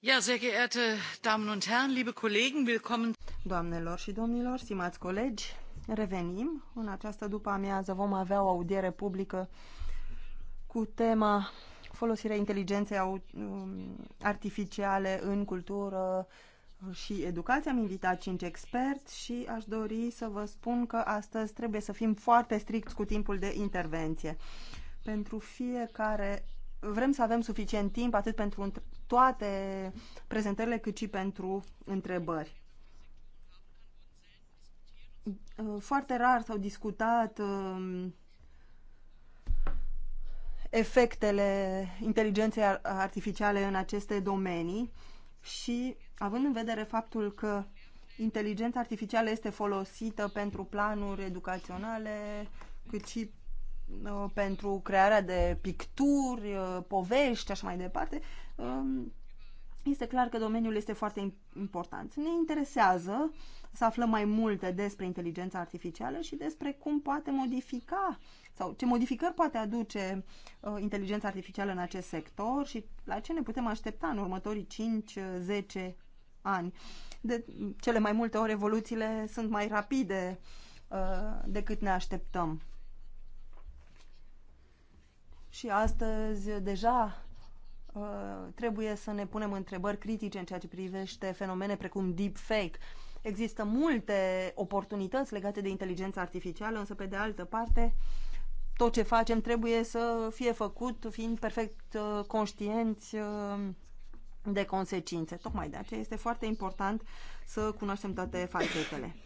Ja, Doamnelor și domnilor, stimați colegi, revenim. În această după amiază vom avea o audiere publică cu tema folosirea inteligenței um, artificiale în cultură și educație. Am invitat cinci experți și aș dori să vă spun că astăzi trebuie să fim foarte stricți cu timpul de intervenție. Pentru fiecare vrem să avem suficient timp atât pentru toate prezentările, cât și pentru întrebări. Uh, foarte rar s-au discutat um, efectele inteligenței artificiale în aceste domenii și având în vedere faptul că inteligența artificială este folosită pentru planuri educaționale, cât și Uh, pentru crearea de picturi, uh, povești, așa mai departe, um, este clar că domeniul este foarte important. Ne interesează să aflăm mai multe despre inteligența artificială și despre cum poate modifica sau ce modificări poate aduce uh, inteligența artificială în acest sector și la ce ne putem aștepta în următorii 5-10 uh, ani. De cele mai multe ori evoluțiile sunt mai rapide uh, decât ne așteptăm și astăzi deja uh, trebuie să ne punem întrebări critice în ceea ce privește fenomene precum deepfake. Există multe oportunități legate de inteligența artificială, însă pe de altă parte tot ce facem trebuie să fie făcut fiind perfect uh, conștienți uh, de consecințe. Tocmai de aceea este foarte important să cunoaștem toate facetele.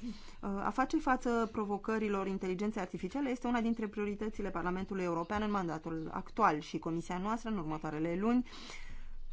Uh, a face față provocărilor inteligenței artificiale este una dintre prioritățile Parlamentului European în mandatul actual și Comisia noastră în următoarele luni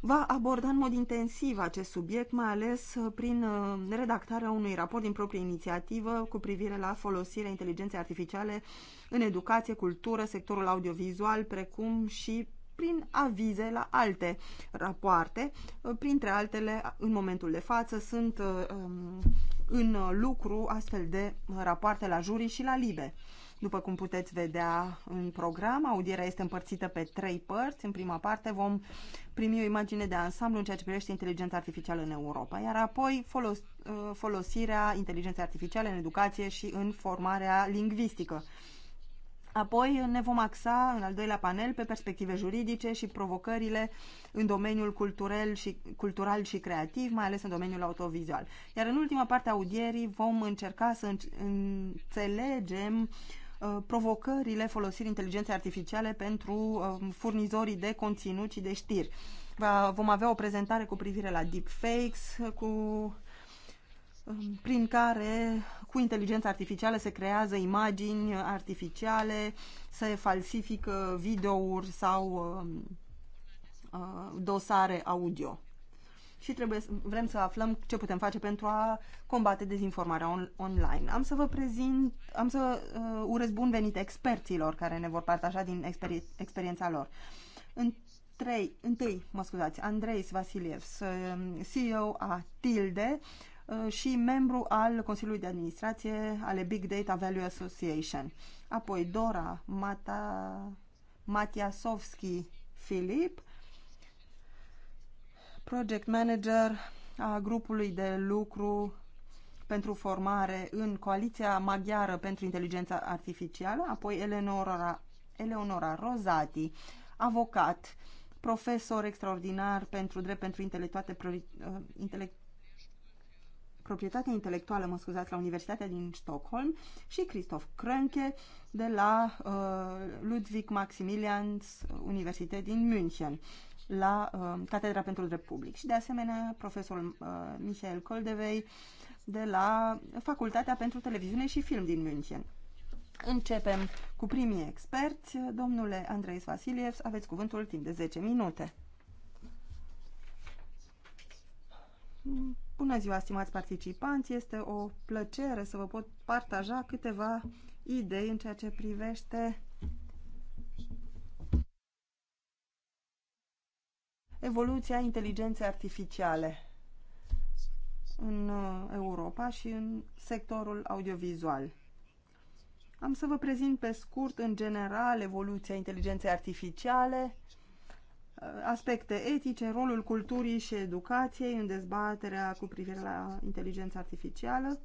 va aborda în mod intensiv acest subiect, mai ales prin uh, redactarea unui raport din proprie inițiativă cu privire la folosirea inteligenței artificiale în educație, cultură, sectorul audiovizual, precum și prin avize la alte rapoarte. Uh, printre altele, în momentul de față, sunt uh, um, în lucru astfel de rapoarte la juri și la libe. După cum puteți vedea în program, audierea este împărțită pe trei părți. În prima parte vom primi o imagine de ansamblu în ceea ce privește inteligența artificială în Europa, iar apoi folos, uh, folosirea inteligenței artificiale în educație și în formarea lingvistică. Apoi ne vom axa în al doilea panel pe perspective juridice și provocările în domeniul cultural și, cultural și creativ, mai ales în domeniul autovizual. Iar în ultima parte a audierii vom încerca să înțelegem uh, provocările folosirii inteligenței artificiale pentru um, furnizorii de conținut și de știri. Vom avea o prezentare cu privire la deepfakes, cu Um, prin care cu inteligența artificială se creează imagini artificiale, se falsifică videouri sau um, uh, dosare audio. Și trebuie, vrem să aflăm ce putem face pentru a combate dezinformarea on, online. Am să vă prezint, am să uh, urez bun venit experților care ne vor partaja din exper- experiența lor. În trei, întâi, mă scuzați, Andrei Vasiliev, um, CEO a Tilde, uh, Uh, și membru al Consiliului de Administrație ale Big Data Value Association. Apoi Dora Mata, Matiasovski Filip, project manager a grupului de lucru pentru formare în Coaliția Maghiară pentru Inteligența Artificială, apoi Eleonora, Eleonora Rozati, avocat, profesor extraordinar pentru drept pentru toate, priori, intele, proprietate intelectuală, mă scuzați, la Universitatea din Stockholm și Christoph Krönke de la uh, Ludwig Maximilians Universitate din München la uh, Catedra pentru Drept Public și de asemenea profesorul uh, Michael Coldevei de la Facultatea pentru Televiziune și Film din München. Începem cu primii experți. Domnule Andrei Vasiliev, aveți cuvântul timp de 10 minute. Bună ziua, stimați participanți! Este o plăcere să vă pot partaja câteva idei în ceea ce privește evoluția inteligenței artificiale în uh, Europa și în sectorul audiovizual. Am să vă prezint pe scurt, în general, evoluția inteligenței artificiale, aspecte etice, rolul culturii și educației în dezbaterea cu privire la inteligența artificială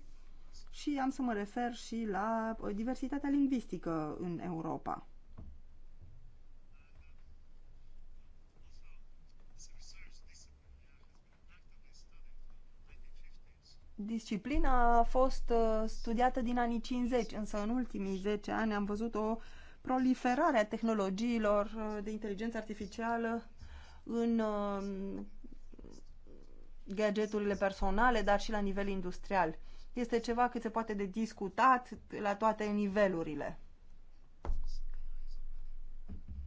și am să mă refer și la uh, diversitatea lingvistică în Europa. Disciplina a fost uh, studiată din anii 50, însă în ultimii 10 ani am văzut o uh, proliferarea tehnologiilor uh, de inteligență artificială în um, gadgeturile personale, dar și la nivel industrial. Este ceva cât se poate de discutat la toate nivelurile.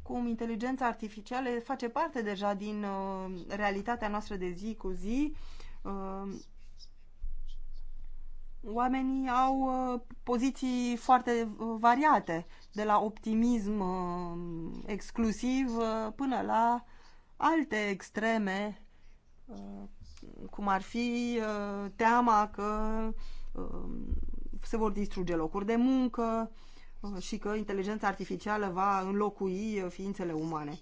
Cum inteligența artificială face parte deja din uh, realitatea noastră de zi cu zi, uh, Oamenii au uh, poziții foarte uh, variate, de la optimism uh, exclusiv până la alte extreme, cum ar fi teama că se vor distruge locuri de muncă și că inteligența artificială va înlocui ființele umane.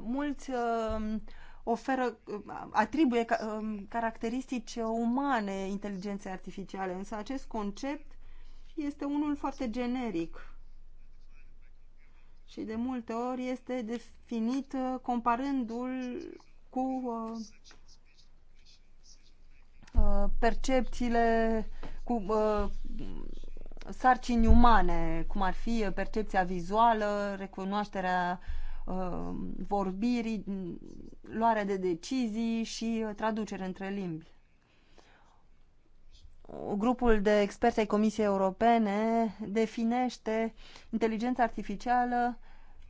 Mulți oferă, atribuie um, caracteristici umane inteligenței artificiale, însă acest concept este unul foarte generic și de multe ori este definit uh, comparându-l cu uh, uh, percepțiile, cu sarcini umane, cum ar fi percepția vizuală, recunoașterea Uh, vorbirii, luarea de decizii și uh, traducere între limbi. Grupul de experți ai Comisiei Europene definește inteligența artificială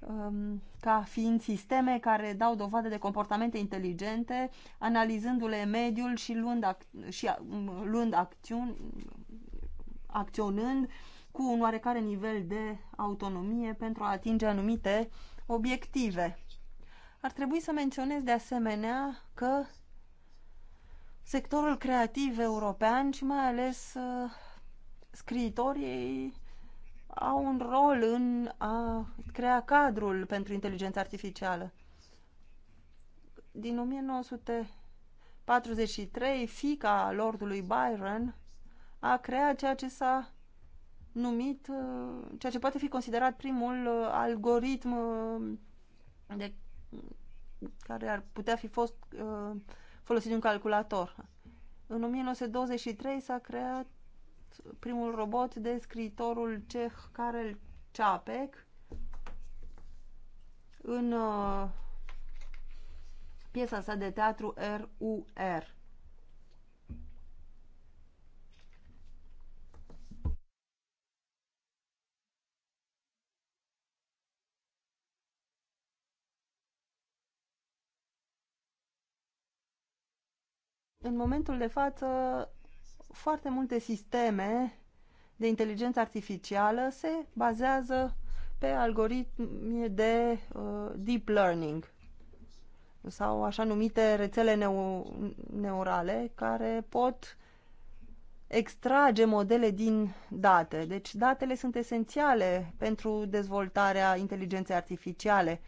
um, ca fiind sisteme care dau dovadă de comportamente inteligente, analizându-le mediul și luând, ac- și, uh, luând acțiuni, acționând cu un oarecare nivel de autonomie pentru a atinge anumite obiective. Ar trebui să menționez de asemenea că sectorul creativ european și mai ales uh, scriitorii au un rol în a crea cadrul pentru inteligența artificială. Din 1943, fica lordului Byron a creat ceea ce s-a numit uh, ceea ce poate fi considerat primul uh, algoritm uh, de, care ar putea fi fost folosit de un calculator. În 1923 s-a creat primul robot de scriitorul ceh Karel Čapek în piesa sa de teatru RUR. În momentul de față, foarte multe sisteme de inteligență artificială se bazează pe algoritmi de uh, deep learning sau așa numite rețele neu neurale care pot extrage modele din date. Deci datele sunt esențiale pentru dezvoltarea inteligenței artificiale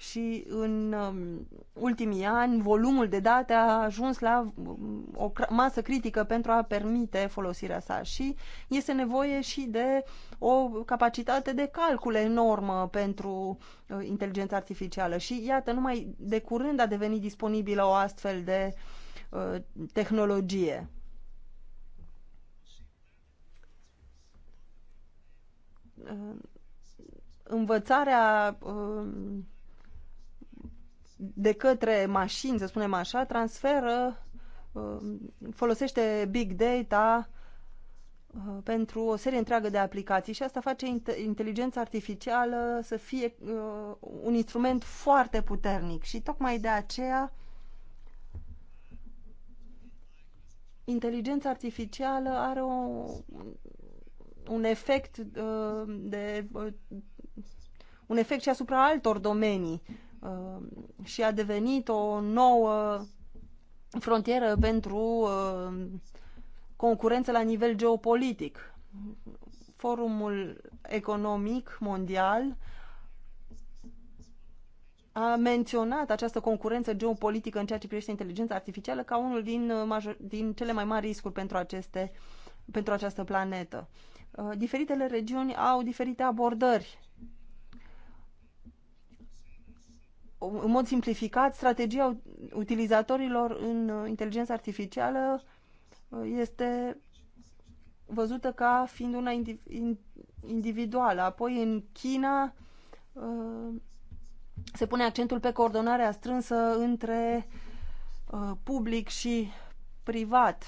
și în um, ultimii ani volumul de date a ajuns la um, o masă critică pentru a permite folosirea sa și este nevoie și de o capacitate de calcul enormă pentru uh, inteligența artificială și iată, numai de curând a devenit disponibilă o astfel de uh, tehnologie. Uh, învățarea uh, de către mașini, să spunem așa, transferă, uh, folosește big data uh, pentru o serie întreagă de aplicații și asta face inteligența artificială să fie uh, un instrument foarte puternic și tocmai de aceea inteligența artificială are o, un efect de un efect și asupra altor domenii Um, și a devenit o nouă frontieră pentru um, concurență la nivel geopolitic. Forumul Economic Mondial a menționat această concurență geopolitică în ceea ce privește inteligența artificială ca unul din, uh, major, din cele mai mari riscuri pentru, aceste, pentru această planetă. Uh, diferitele regiuni au diferite abordări în mod simplificat, strategia utilizatorilor în uh, inteligența artificială uh, este văzută ca fiind una individuală. Apoi, în China, uh, se pune accentul pe coordonarea strânsă între public și privat.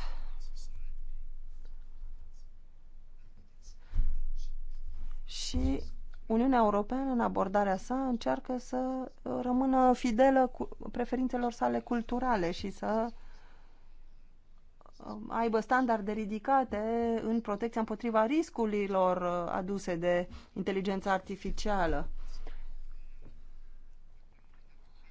Și Uniunea Europeană, în abordarea sa, încearcă să uh, rămână fidelă cu preferințelor sale culturale și să uh, aibă standarde ridicate în protecția împotriva riscurilor uh, aduse de inteligența artificială.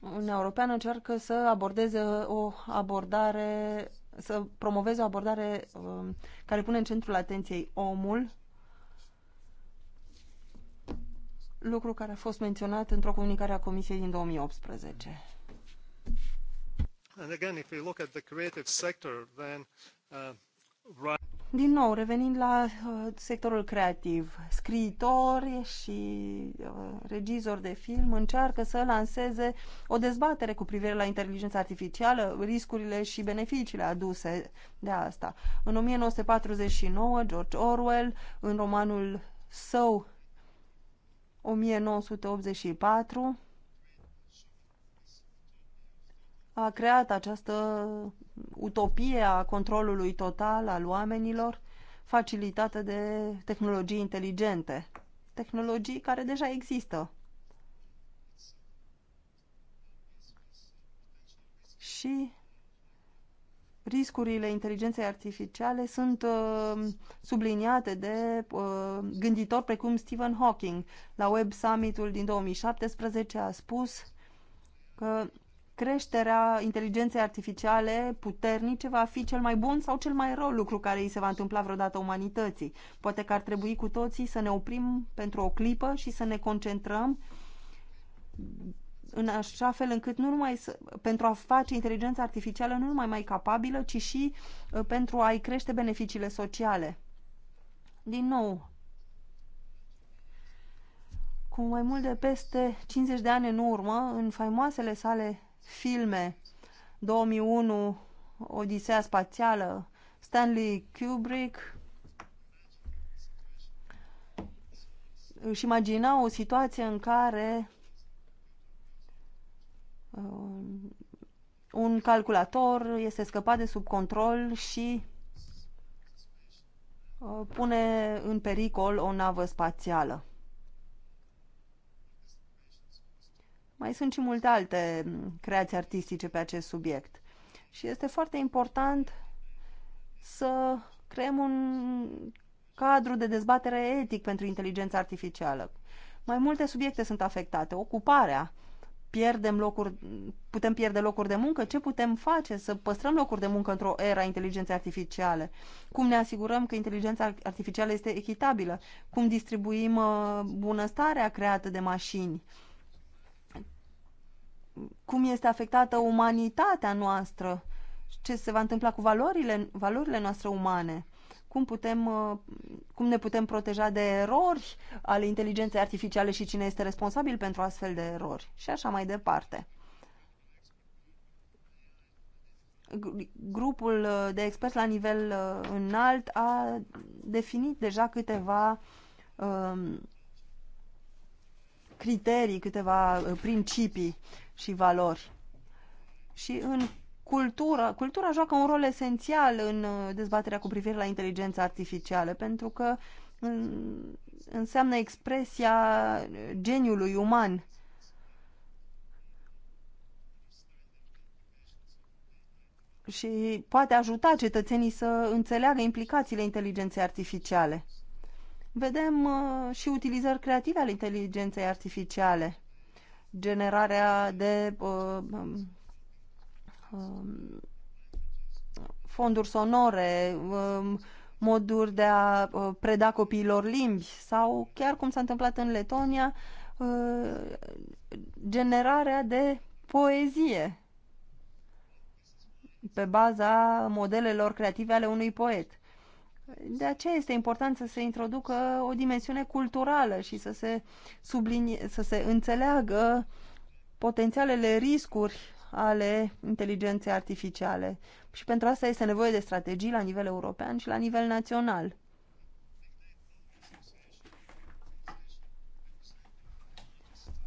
Uniunea Europeană încearcă să abordeze o abordare, să promoveze o abordare um, care pune în centrul atenției omul lucru care a fost menționat într-o comunicare a Comisiei din 2018. And again, if we look at the creative sector, then, uh, right... Din nou, revenind la uh, sectorul creativ, scriitori și uh, regizori de film încearcă să lanseze o dezbatere cu privire la inteligența artificială, riscurile și beneficiile aduse de asta. În 1949, George Orwell, în romanul său 1984 a creat această utopie a controlului total al oamenilor facilitată de tehnologii inteligente, tehnologii care deja există. Și riscurile inteligenței artificiale sunt uh, subliniate de uh, gânditori precum Stephen Hawking. La Web Summit-ul din 2017 a spus că creșterea inteligenței artificiale puternice va fi cel mai bun sau cel mai rău lucru care îi se va întâmpla vreodată umanității. Poate că ar trebui cu toții să ne oprim pentru o clipă și să ne concentrăm în așa fel încât nu numai să, pentru a face inteligența artificială nu numai mai capabilă, ci și uh, pentru a-i crește beneficiile sociale. Din nou, cu mai mult de peste 50 de ani în urmă, în faimoasele sale filme 2001, Odisea spațială, Stanley Kubrick, își imagina o situație în care Um, un calculator este scăpat de sub control și uh, pune în pericol o navă spațială. Mai sunt și multe alte um, creații artistice pe acest subiect. Și este foarte important să creăm un cadru de dezbatere etic pentru inteligența artificială. Mai multe subiecte sunt afectate. Ocuparea, pierdem locuri, putem pierde locuri de muncă? Ce putem face să păstrăm locuri de muncă într-o era inteligenței artificiale? Cum ne asigurăm că inteligența artificială este echitabilă? Cum distribuim uh, bunăstarea creată de mașini? Cum este afectată umanitatea noastră? Ce se va întâmpla cu valorile, valorile noastre umane? cum, putem, uh, cum ne putem proteja de erori ale inteligenței artificiale și cine este responsabil pentru astfel de erori și așa mai departe. Grupul uh, de experți la nivel uh, înalt a definit deja câteva um, criterii, câteva principii și valori. Și în cultură. Cultura joacă un rol esențial în uh, dezbaterea cu privire la inteligența artificială, pentru că înseamnă expresia geniului uman. Și poate ajuta cetățenii să înțeleagă implicațiile inteligenței artificiale. Vedem uh, și utilizări creative ale inteligenței artificiale generarea de uh, Um, fonduri sonore, um, moduri de a uh, preda copiilor limbi sau chiar cum s-a întâmplat în Letonia, uh, generarea de poezie pe baza modelelor creative ale unui poet. De aceea este important să se introducă o dimensiune culturală și să se, sublinie, să se înțeleagă potențialele riscuri ale inteligenței artificiale. Și pentru asta este nevoie de strategii la nivel european și la nivel național.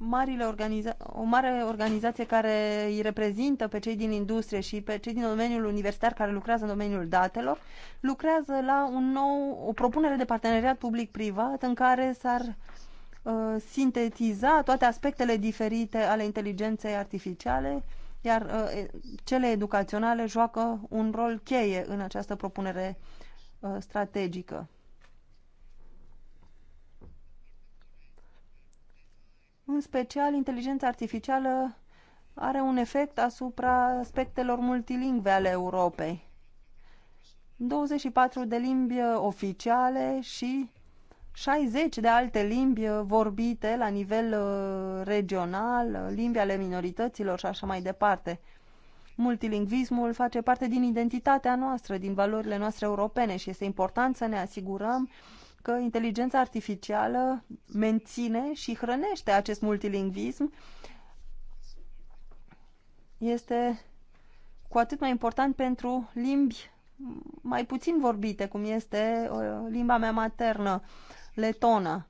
marile organiza- o mare organizație care îi reprezintă pe cei din industrie și pe cei din domeniul universitar care lucrează în domeniul datelor, lucrează la un nou, o propunere de parteneriat public-privat în care s-ar uh, sintetiza toate aspectele diferite ale inteligenței artificiale iar uh, cele educaționale joacă un rol cheie în această propunere uh, strategică. În special, inteligența artificială are un efect asupra aspectelor multilingve ale Europei. 24 de limbi oficiale și 60 de alte limbi uh, vorbite la nivel uh, regional, uh, limbi ale minorităților și așa mai departe. Multilingvismul face parte din identitatea noastră, din valorile noastre europene și este important să ne asigurăm că inteligența artificială menține și hrănește acest multilingvism. Este cu atât mai important pentru limbi mai puțin vorbite, cum este limba mea maternă letonă.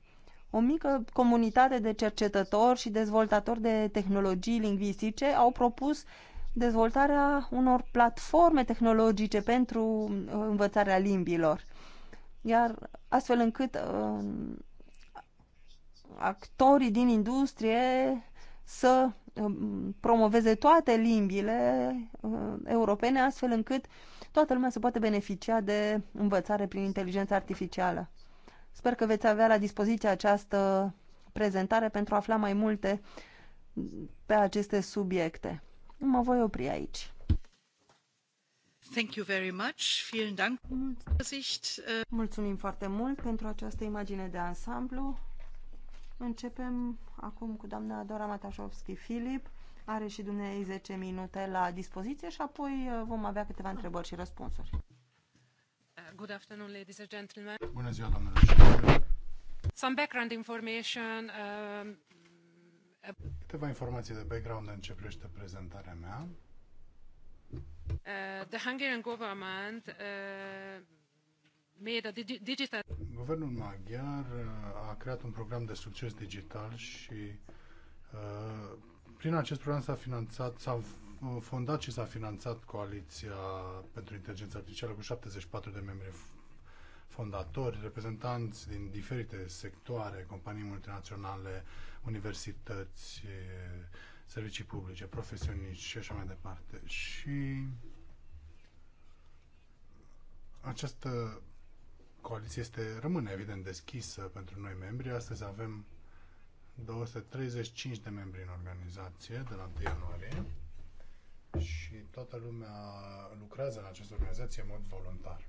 O mică comunitate de cercetători și dezvoltatori de tehnologii lingvistice au propus dezvoltarea unor platforme tehnologice pentru uh, învățarea limbilor. Iar astfel încât uh, actorii din industrie să um, promoveze toate limbile uh, europene, astfel încât toată lumea să poate beneficia de învățare prin inteligență artificială. Sper că veți avea la dispoziție această prezentare pentru a afla mai multe pe aceste subiecte. Mă voi opri aici. Thank you very much. Vielen Dank. Mulțumim foarte mult pentru această imagine de ansamblu. Începem acum cu doamna Dora Matașovski-Filip. Are și dumneavoastră 10 minute la dispoziție și apoi uh, vom avea câteva întrebări și răspunsuri. Good afternoon, ladies and gentlemen. Bună ziua, doamnelor și domnilor. Some background information. Um, Câteva informații de background în ce privește prezentarea mea. Uh, the Hungarian government uh, made a digi digital... Guvernul maghiar uh, a creat un program de succes digital și uh, prin acest program s-a finanțat, s-au fondat și s-a finanțat Coaliția pentru Inteligența Artificială cu 74 de membri fondatori, reprezentanți din diferite sectoare, companii multinaționale, universități, servicii publice, profesioniști și așa mai departe. Și această coaliție este, rămâne evident deschisă pentru noi membri. Astăzi avem 235 de membri în organizație de la 1 ianuarie și toată lumea lucrează în această organizație în mod voluntar.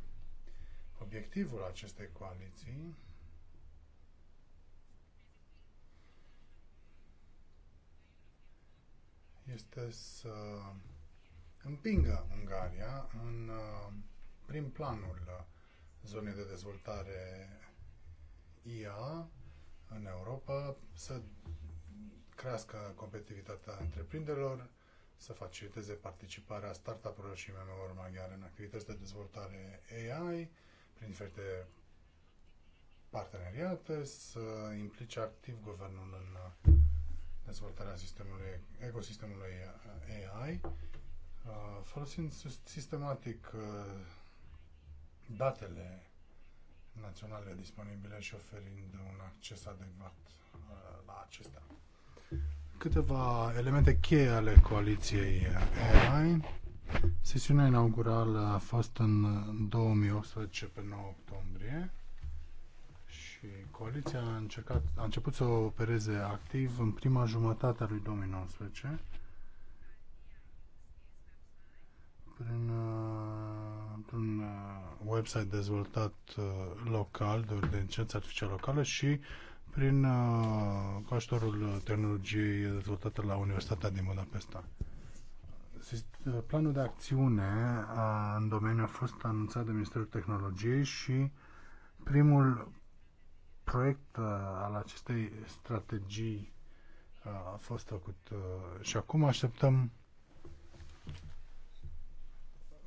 Obiectivul acestei coaliții este să împingă Ungaria în uh, prim planul zonei de dezvoltare IA în Europa, să crească competitivitatea întreprinderilor, să faciliteze participarea startup-urilor și IMM-urilor maghiare în activități de dezvoltare AI prin diferite parteneriate, să implice activ guvernul în dezvoltarea sistemului, ecosistemului AI, uh, folosind sistematic uh, datele naționale disponibile și oferind un acces adecvat uh, la acestea câteva elemente cheie ale coaliției AI. Sesiunea inaugurală a fost în 2018, pe 9 octombrie, și coaliția a, încercat, a început să opereze activ în prima jumătate a lui 2019, prin uh, un uh, website dezvoltat uh, local de o inteligență artificială locală și prin uh, ajutorul tehnologiei dezvoltate la Universitatea din Budapesta. Uh, planul de acțiune a, uh, în domeniu a fost anunțat de Ministerul Tehnologiei și primul proiect uh, al acestei strategii uh, a fost făcut uh, și acum așteptăm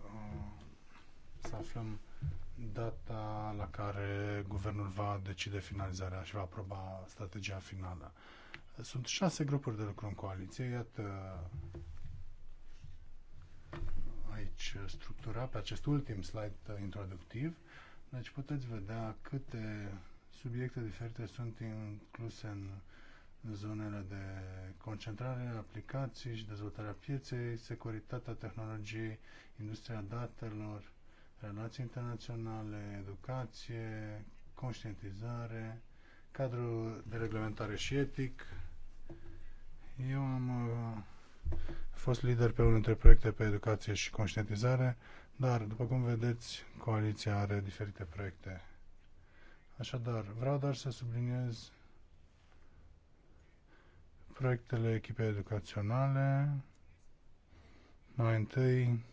uh, să aflăm data la care guvernul va decide finalizarea și va aproba strategia finală. Sunt șase grupuri de lucru în coaliție. Iată aici structura pe acest ultim slide introductiv. Deci puteți vedea câte subiecte diferite sunt incluse în zonele de concentrare, aplicații și dezvoltarea pieței, securitatea tehnologiei, industria datelor, relații internaționale, educație, conștientizare, cadru de reglementare și etic. Eu am uh, fost lider pe unul dintre proiecte pe educație și conștientizare, dar, după cum vedeți, coaliția are diferite proiecte. Așadar, vreau doar să subliniez proiectele echipei educaționale. Mai întâi,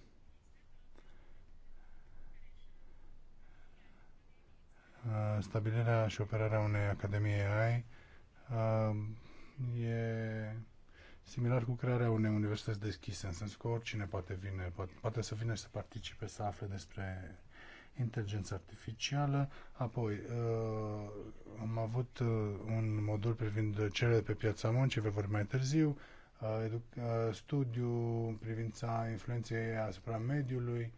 Uh, stabilirea și operarea unei academiei AI uh, e similar cu crearea unei universități deschise, în sensul că oricine poate, vine, poate, să vină și să participe, să afle despre inteligență artificială. Apoi, uh, am avut un modul privind cele pe piața muncii, vă vorbim mai târziu, studiu în privința influenței asupra mediului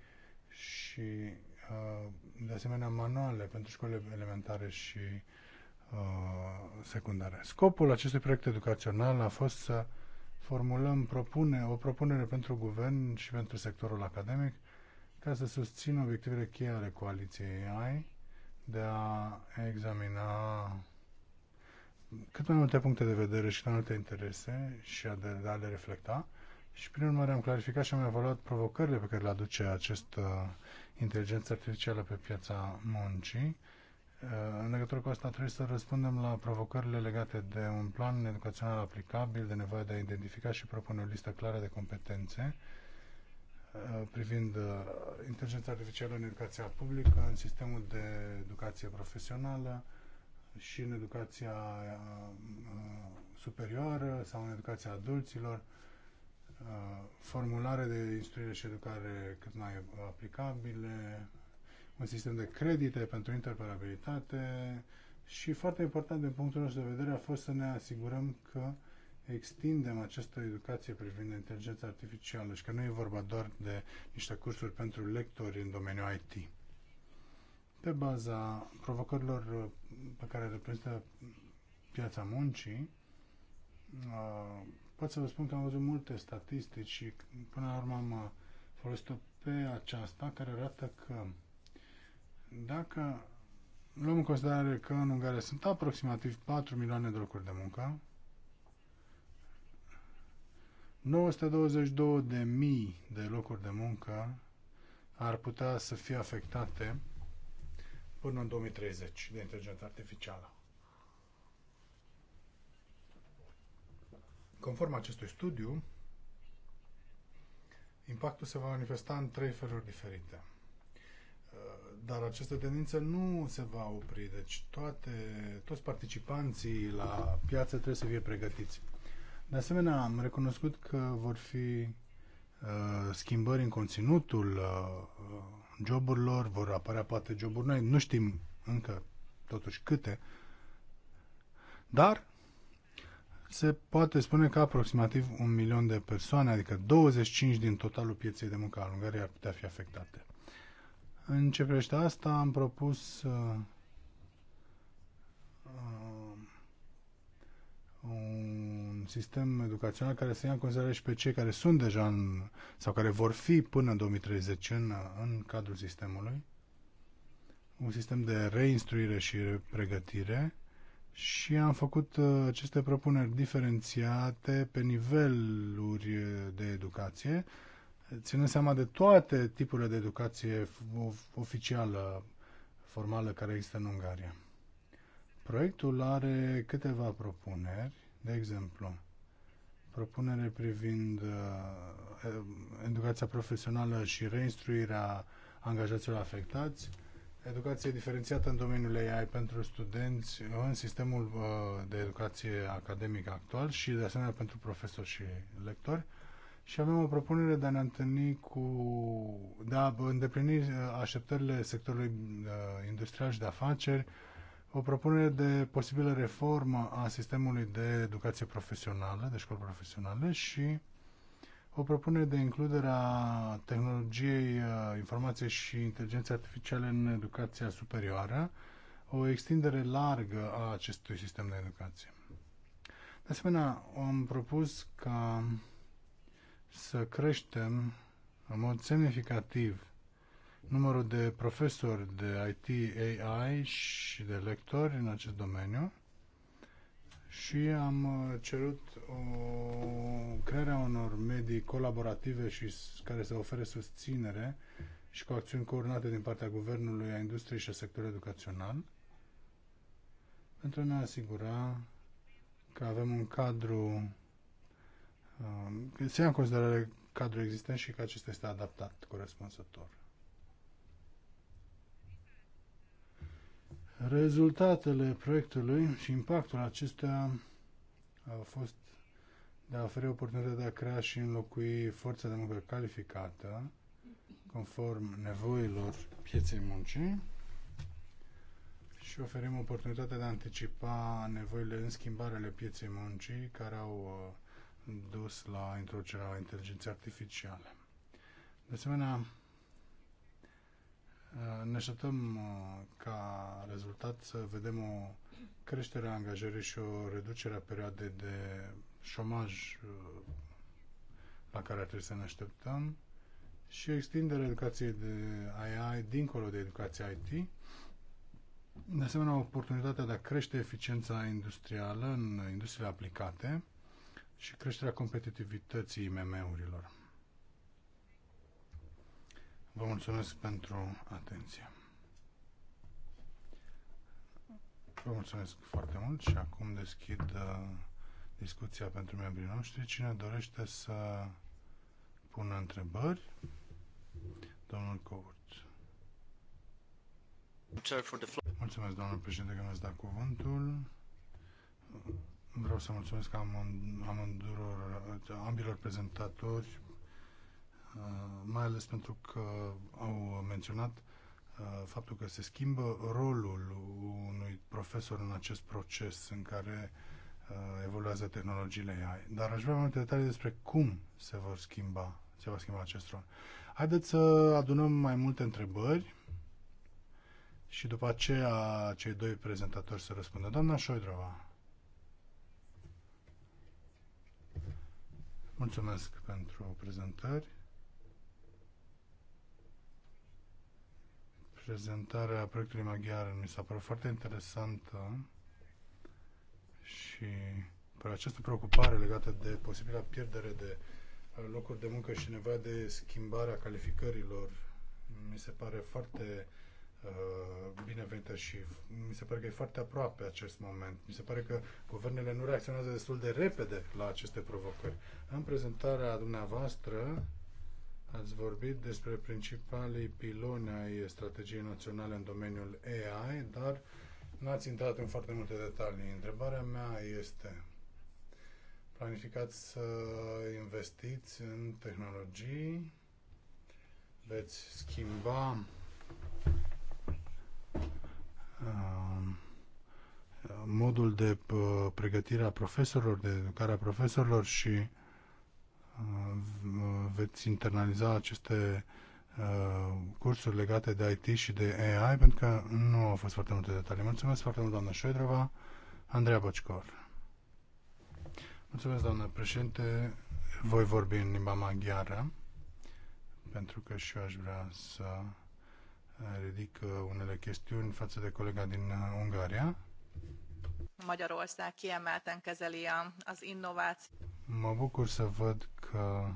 și Uh, de asemenea manuale pentru școlile elementare și uh, secundare. Scopul acestui proiect educațional a fost să formulăm propune, o propunere pentru guvern și pentru sectorul academic ca să susțină obiectivele cheie ale coaliției AI de a examina cât mai multe puncte de vedere și mai multe interese și a de, de a le reflecta și prin urmare am clarificat și am evaluat provocările pe care le aduce această uh, inteligență artificială pe piața muncii. Uh, în legătură cu asta trebuie să răspundem la provocările legate de un plan educațional aplicabil, de nevoia de a identifica și propune o listă clară de competențe uh, privind inteligența artificială în educația publică, în sistemul de educație profesională și în educația superioară sau în educația adulților, Uh, formulare de instruire și educare cât mai aplicabile, un sistem de credite pentru interoperabilitate și foarte important din punctul nostru de vedere a fost să ne asigurăm că extindem această educație privind inteligența artificială și că nu e vorba doar de niște cursuri pentru lectori în domeniul IT. Pe baza provocărilor pe care reprezintă piața muncii, uh, pot să vă spun că am văzut multe statistici și până la urmă am folosit-o pe aceasta, care arată că dacă luăm în considerare că în Ungaria sunt aproximativ 4 milioane de locuri de muncă, 922 de mii de locuri de muncă ar putea să fie afectate până în 2030 de inteligență artificială. Conform acestui studiu, impactul se va manifesta în trei feluri diferite. Uh, dar această tendință nu se va opri, deci toate, toți participanții la piață trebuie să fie pregătiți. De asemenea, am recunoscut că vor fi uh, schimbări în conținutul uh, joburilor, vor apărea poate joburi noi, nu știm încă totuși câte, dar se poate spune că aproximativ un milion de persoane, adică 25 din totalul pieței de muncă al Ungariei, ar putea fi afectate. În ce privește asta, am propus uh, um, un sistem educațional care să ia în considerare și pe cei care sunt deja în, sau care vor fi până în 2030 în, în cadrul sistemului, un sistem de reinstruire și pregătire și am făcut uh, aceste propuneri diferențiate pe niveluri de educație, ținând seama de toate tipurile de educație oficială, formală, care există în Ungaria. Proiectul are câteva propuneri, de exemplu, propunere privind uh, educația profesională și reinstruirea angajaților afectați, educație diferențiată în domeniul AI pentru studenți în sistemul uh, de educație academică actual și de asemenea pentru profesori și lectori. Și avem o propunere de a ne întâlni cu, de a îndeplini uh, așteptările sectorului uh, industrial și de afaceri, o propunere de posibilă reformă a sistemului de educație profesională, de școli profesionale și o propunere de includere a tehnologiei uh, informației și inteligenței artificiale în educația superioară, o extindere largă a acestui sistem de educație. De asemenea, am propus ca să creștem în mod semnificativ numărul de profesori de IT AI și de lectori în acest domeniu și am uh, cerut o, crearea unor medii colaborative și care să ofere susținere și cu acțiuni coordonate din partea Guvernului, a industriei și a sectorului educațional pentru a ne asigura că avem un cadru uh, că se ia în considerare cadrul existent și că acesta este adaptat corespunzător. Rezultatele proiectului și impactul acestea au fost de a oferi oportunitatea de a crea și înlocui forța de muncă calificată conform nevoilor pieței muncii și oferim oportunitatea de a anticipa nevoile în schimbarele pieței muncii care au uh, dus la introducerea inteligenței artificiale. De asemenea, ne așteptăm uh, ca rezultat să vedem o creștere a angajării și o reducere a perioadei de șomaj uh, la care ar trebui să ne așteptăm și extinderea educației de AI dincolo de educația IT. De asemenea, oportunitatea de a crește eficiența industrială în industriile aplicate și creșterea competitivității IMM-urilor. Vă mulțumesc pentru atenție. Vă mulțumesc foarte mult și acum deschid uh, discuția pentru membrii noștri. Cine dorește să pună întrebări? Domnul Covurt. Mulțumesc, domnul președinte, că mi-ați dat cuvântul. Vreau să mulțumesc amânduror, ambilor prezentatori Uh, mai ales pentru că au menționat uh, faptul că se schimbă rolul unui profesor în acest proces în care uh, evoluează tehnologiile AI. Dar aș vrea mai multe detalii despre cum se vor schimba, se va schimba acest rol. Haideți să adunăm mai multe întrebări și după aceea cei doi prezentatori să răspundă. Doamna Șoidrova. Mulțumesc pentru prezentări. prezentarea proiectului maghiar mi s-a părut foarte interesantă și pe această preocupare legată de posibilă pierdere de locuri de muncă și nevoia de schimbare a calificărilor mi se pare foarte uh, binevenită și mi se pare că e foarte aproape acest moment. Mi se pare că guvernele nu reacționează destul de repede la aceste provocări. În prezentarea dumneavoastră Ați vorbit despre principalii piloni ai strategiei naționale în domeniul AI, dar n-ați intrat în foarte multe detalii. Întrebarea mea este, planificați să investiți în tehnologii? Veți schimba um, modul de uh, pregătire a profesorilor, de educare a profesorilor și veți internaliza aceste uh, cursuri legate de IT și de AI, pentru că nu au fost foarte multe detalii. Mulțumesc foarte mult, doamna Șoedrova. Andreea Bocicor. Mulțumesc, doamnă președinte. Voi vorbi în limba maghiară, pentru că și eu aș vrea să ridic uh, unele chestiuni față de colega din uh, Ungaria. Magyarország kiemelten kezeli az innovációt. Mă bucur să văd că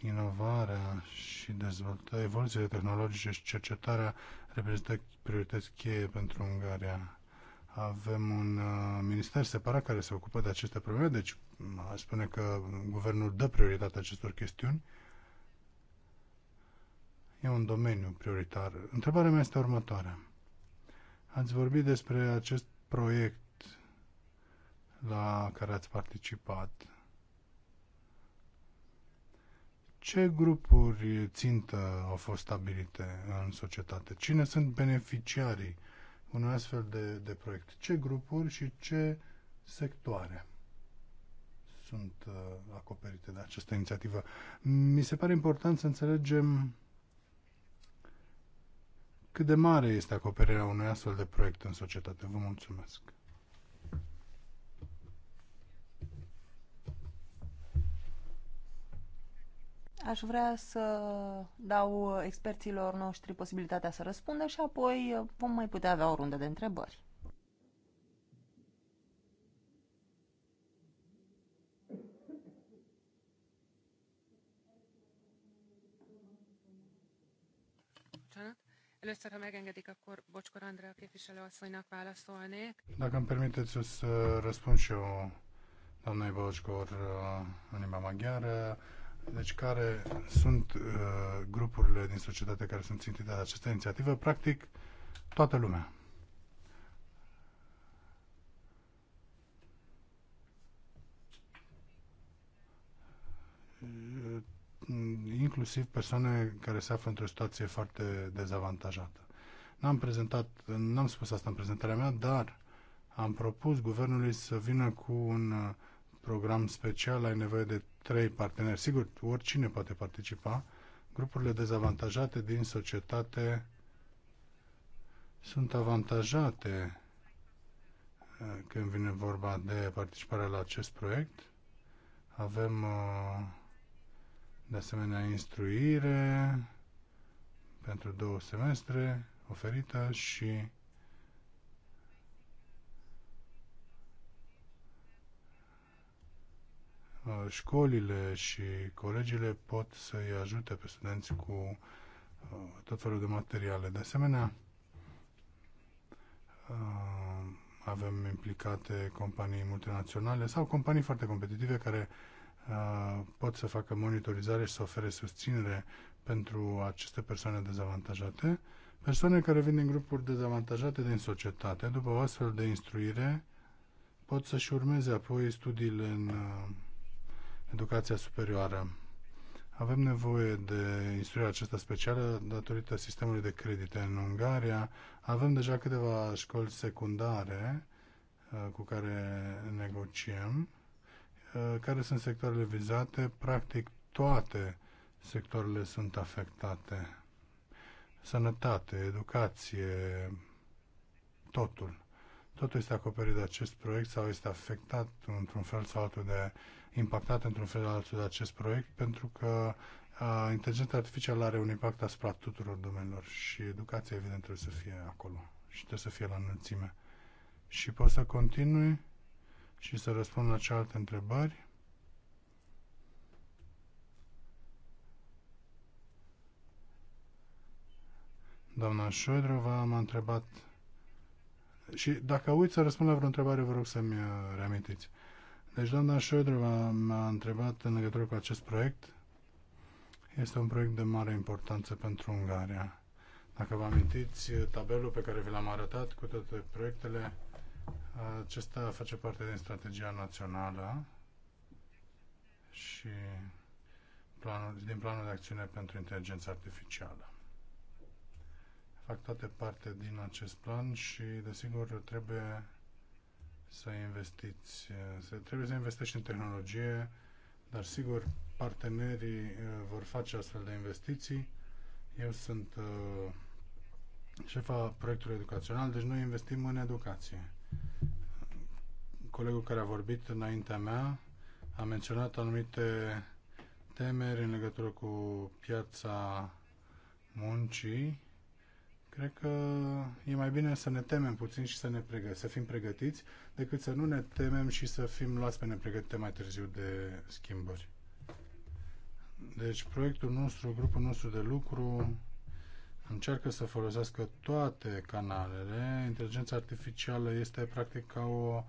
inovarea și dezvoltarea, evoluțiile tehnologice și cercetarea reprezintă priorități cheie pentru Ungaria. Avem un uh, minister separat care se ocupă de aceste probleme, deci aș spune că guvernul dă prioritate acestor chestiuni. E un domeniu prioritar. Întrebarea mea este următoarea. Ați vorbit despre acest proiect la care ați participat. Ce grupuri țintă au fost stabilite în societate? Cine sunt beneficiarii unui astfel de, de proiect? Ce grupuri și ce sectoare sunt uh, acoperite de această inițiativă? Mi se pare important să înțelegem cât de mare este acoperirea unui astfel de proiect în societate. Vă mulțumesc! Aș vrea să dau experților noștri posibilitatea să răspundă și apoi vom mai putea avea o rundă de întrebări. Először, ha megengedik, akkor Bocskor Andrea képviselőasszonynak válaszolnék. Dacă îmi permiteți, o să răspund și eu doamnei Bocskor uh, în limba maghiară deci care sunt uh, grupurile din societate care sunt țintite de această inițiativă, practic toată lumea. Uh, inclusiv persoane care se află într-o situație foarte dezavantajată. N-am prezentat, n-am spus asta în prezentarea mea, dar am propus guvernului să vină cu un uh, program special, ai nevoie de trei parteneri. Sigur, oricine poate participa. Grupurile dezavantajate din societate sunt avantajate eh, când vine vorba de participarea la acest proiect. Avem eh, de asemenea instruire pentru două semestre oferită și Uh, școlile și colegiile pot să-i ajute pe studenți cu uh, tot felul de materiale. De asemenea, uh, avem implicate companii multinaționale sau companii foarte competitive care pot să facă monitorizare și să ofere susținere pentru aceste persoane dezavantajate, persoane care vin din grupuri dezavantajate din societate, după o astfel de instruire, pot să-și urmeze apoi studiile în educația superioară. Avem nevoie de instruirea aceasta specială datorită sistemului de credite în Ungaria. Avem deja câteva școli secundare uh, cu care negociem, uh, care sunt sectoarele vizate. Practic toate sectoarele sunt afectate. Sănătate, educație, totul totul este acoperit de acest proiect sau este afectat într-un fel sau altul de impactat într-un fel sau altul de acest proiect pentru că uh, inteligența artificială are un impact asupra tuturor domeniilor și educația evident trebuie să fie acolo și trebuie să fie la înălțime. Și pot să continui și să răspund la cealaltă întrebări. Doamna Șoedrova m-a întrebat și dacă uit să răspund la vreo întrebare, vă rog să-mi uh, reamintiți. Deci doamna Șoedrova m-a întrebat în legătură cu acest proiect. Este un proiect de mare importanță pentru Ungaria. Dacă vă amintiți, uh, tabelul pe care vi l-am arătat cu toate proiectele, uh, acesta face parte din strategia națională și planul, din planul de acțiune pentru inteligență artificială fac toate parte din acest plan și, desigur, trebuie să investiți, să, trebuie să investești în tehnologie, dar, sigur, partenerii uh, vor face astfel de investiții. Eu sunt uh, șefa proiectului educațional, deci noi investim în educație. Colegul care a vorbit înaintea mea a menționat anumite temeri în legătură cu piața muncii Cred că e mai bine să ne temem puțin și să, ne pregă- să fim pregătiți decât să nu ne temem și să fim luați pe nepregătite mai târziu de schimbări. Deci proiectul nostru, grupul nostru de lucru încearcă să folosească toate canalele. Inteligența artificială este practic ca o,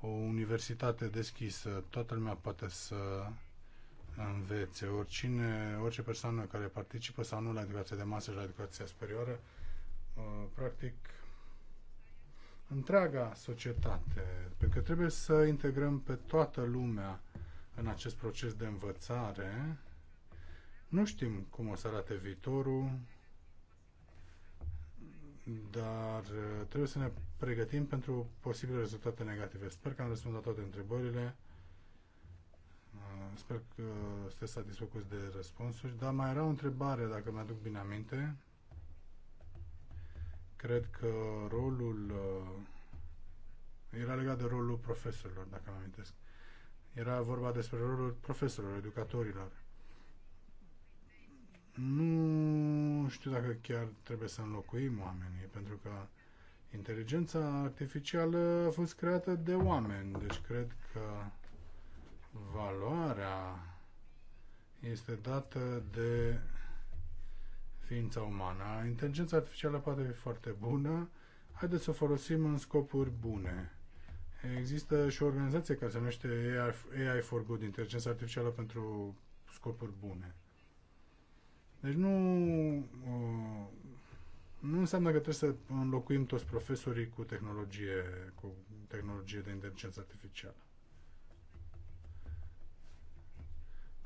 o universitate deschisă. Toată lumea poate să învețe. Oricine, orice persoană care participă sau nu la educația de masă și la educația superioară Uh, practic, întreaga societate, pentru că trebuie să integrăm pe toată lumea în acest proces de învățare. Nu știm cum o să arate viitorul, dar uh, trebuie să ne pregătim pentru posibile rezultate negative. Sper că am răspuns la toate întrebările. Uh, sper că sunteți satisfăcuți de răspunsuri, dar mai era o întrebare, dacă mi-aduc bine aminte. Cred că rolul uh, era legat de rolul profesorilor, dacă mă amintesc. Era vorba despre rolul profesorilor, educatorilor. Nu știu dacă chiar trebuie să înlocuim oamenii, pentru că inteligența artificială a fost creată de oameni, deci cred că valoarea este dată de ființa umană. Inteligența artificială poate fi foarte bună, haideți să o folosim în scopuri bune. Există și o organizație care se numește AI for Good, inteligența artificială pentru scopuri bune. Deci nu, uh, nu înseamnă că trebuie să înlocuim toți profesorii cu tehnologie, cu tehnologie de inteligență artificială.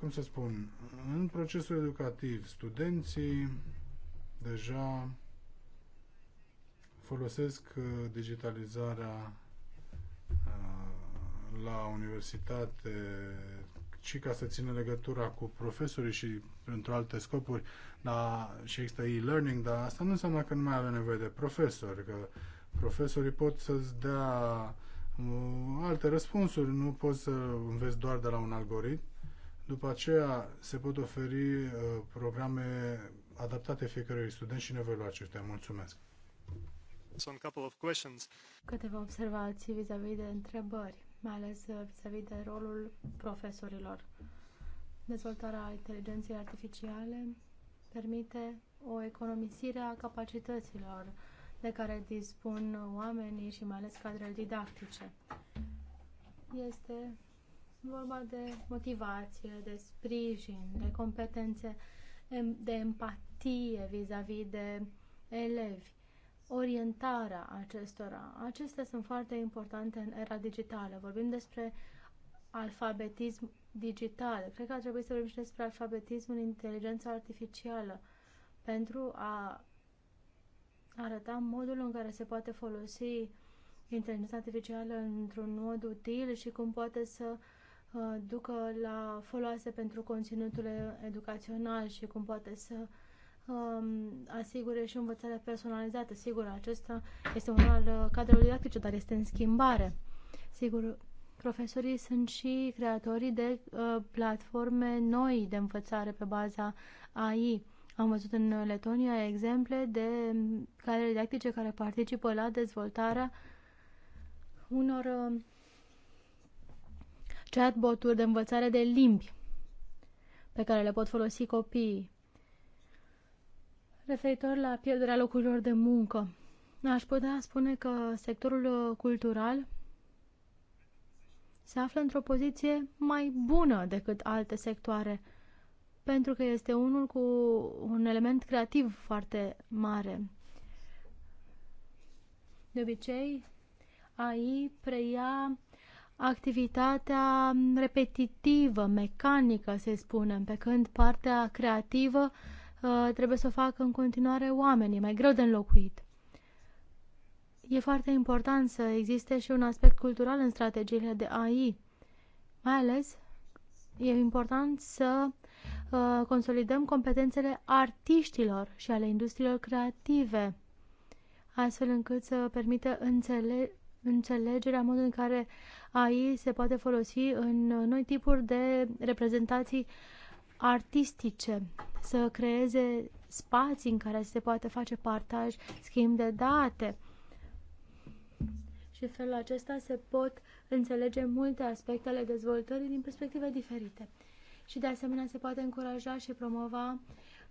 cum să spun, în procesul educativ, studenții deja folosesc uh, digitalizarea uh, la universitate ci ca să țină legătura cu profesorii și pentru alte scopuri dar, și există e-learning, dar asta nu înseamnă că nu mai are nevoie de profesori, că profesorii pot să-ți dea uh, alte răspunsuri, nu poți să înveți doar de la un algoritm după aceea se pot oferi uh, programe adaptate fiecărui student și nevoilor acestuia. Mulțumesc! Câteva observații vis-a-vis -vis de întrebări, mai ales uh, vis-a-vis -vis de rolul profesorilor. Dezvoltarea inteligenței artificiale permite o economisire a capacităților de care dispun oamenii și mai ales cadrele didactice. Este vorba de motivație, de sprijin, de competențe, de empatie vis-a-vis -vis de elevi, orientarea acestora. Acestea sunt foarte importante în era digitală. Vorbim despre alfabetism digital. Cred că ar trebui să vorbim și despre în inteligența artificială pentru a arăta modul în care se poate folosi inteligența artificială într-un mod util și cum poate să uh, Uh, ducă la foloase pentru conținutul educațional și cum poate să um, asigure și învățarea personalizată. Sigur, acesta este un al uh, cadrului didactice, dar este în schimbare. Sigur, profesorii sunt și creatorii de uh, platforme noi de învățare pe baza AI. Am văzut în Letonia exemple de cadre didactice care participă la dezvoltarea unor uh, chatbot-uri de învățare de limbi pe care le pot folosi copiii. Referitor la pierderea locurilor de muncă, aș putea spune că sectorul uh, cultural se află într-o poziție mai bună decât alte sectoare, pentru că este unul cu un element creativ foarte mare. De obicei, AI preia activitatea repetitivă, mecanică, să spunem, pe când partea creativă uh, trebuie să o facă în continuare oamenii, mai greu de înlocuit. E foarte important să existe și un aspect cultural în strategiile de AI. Mai ales e important să uh, consolidăm competențele artiștilor și ale industriilor creative, astfel încât să permită înțele- înțelegerea modului în care AI se poate folosi în uh, noi tipuri de reprezentații artistice, să creeze spații în care se poate face partaj, schimb de date. Și în felul acesta se pot înțelege multe aspecte ale dezvoltării din perspective diferite. Și de asemenea se poate încuraja și promova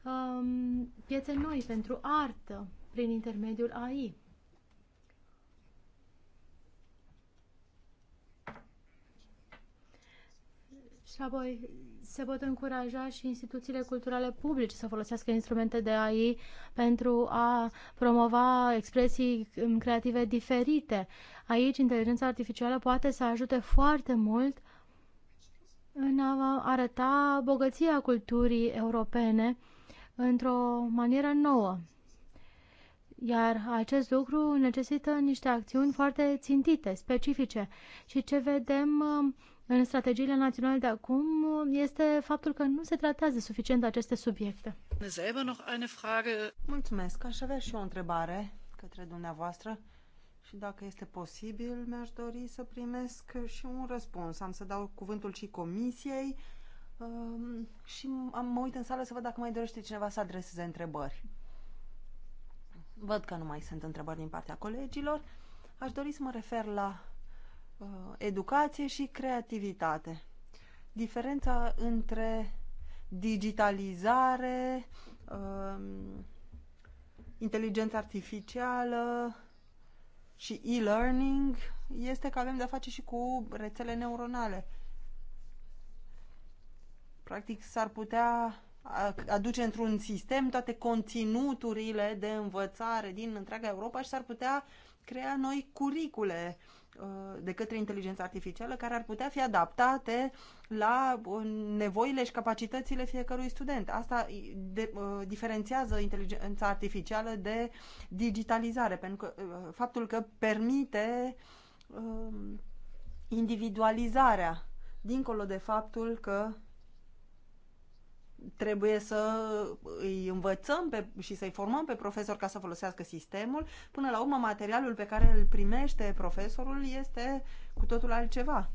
um, piețe noi pentru artă prin intermediul AI. Și apoi se pot încuraja și instituțiile culturale publice să folosească instrumente de AI pentru a promova expresii um, creative diferite. Aici inteligența artificială poate să ajute foarte mult în a arăta bogăția culturii europene într-o manieră nouă. Iar acest lucru necesită niște acțiuni foarte țintite, specifice. Și ce vedem um, în strategiile naționale de acum este faptul că nu se tratează suficient aceste subiecte. Er Mulțumesc. Aș avea și o întrebare către dumneavoastră și dacă este posibil, mi-aș dori să primesc și un răspuns. Am să dau cuvântul și comisiei um, și am, mă uit în sală să văd dacă mai dorește cineva să adreseze întrebări. Văd că nu mai sunt întrebări din partea colegilor. Aș dori să mă refer la Uh, educație și creativitate. Diferența între digitalizare, um, inteligență artificială și e-learning este că avem de-a face și cu rețele neuronale. Practic s-ar putea aduce într-un sistem toate conținuturile de învățare din întreaga Europa și s-ar putea crea noi curicule uh, Uh, de către inteligența artificială care ar putea fi adaptate la uh, nevoile și capacitățile fiecărui student. Asta de, uh, diferențiază inteligența artificială de digitalizare, pentru că faptul că permite individualizarea, dincolo de faptul că trebuie să îi învățăm pe, și să-i formăm pe profesor ca să folosească sistemul. Până la urmă, materialul pe care îl primește profesorul este cu totul altceva.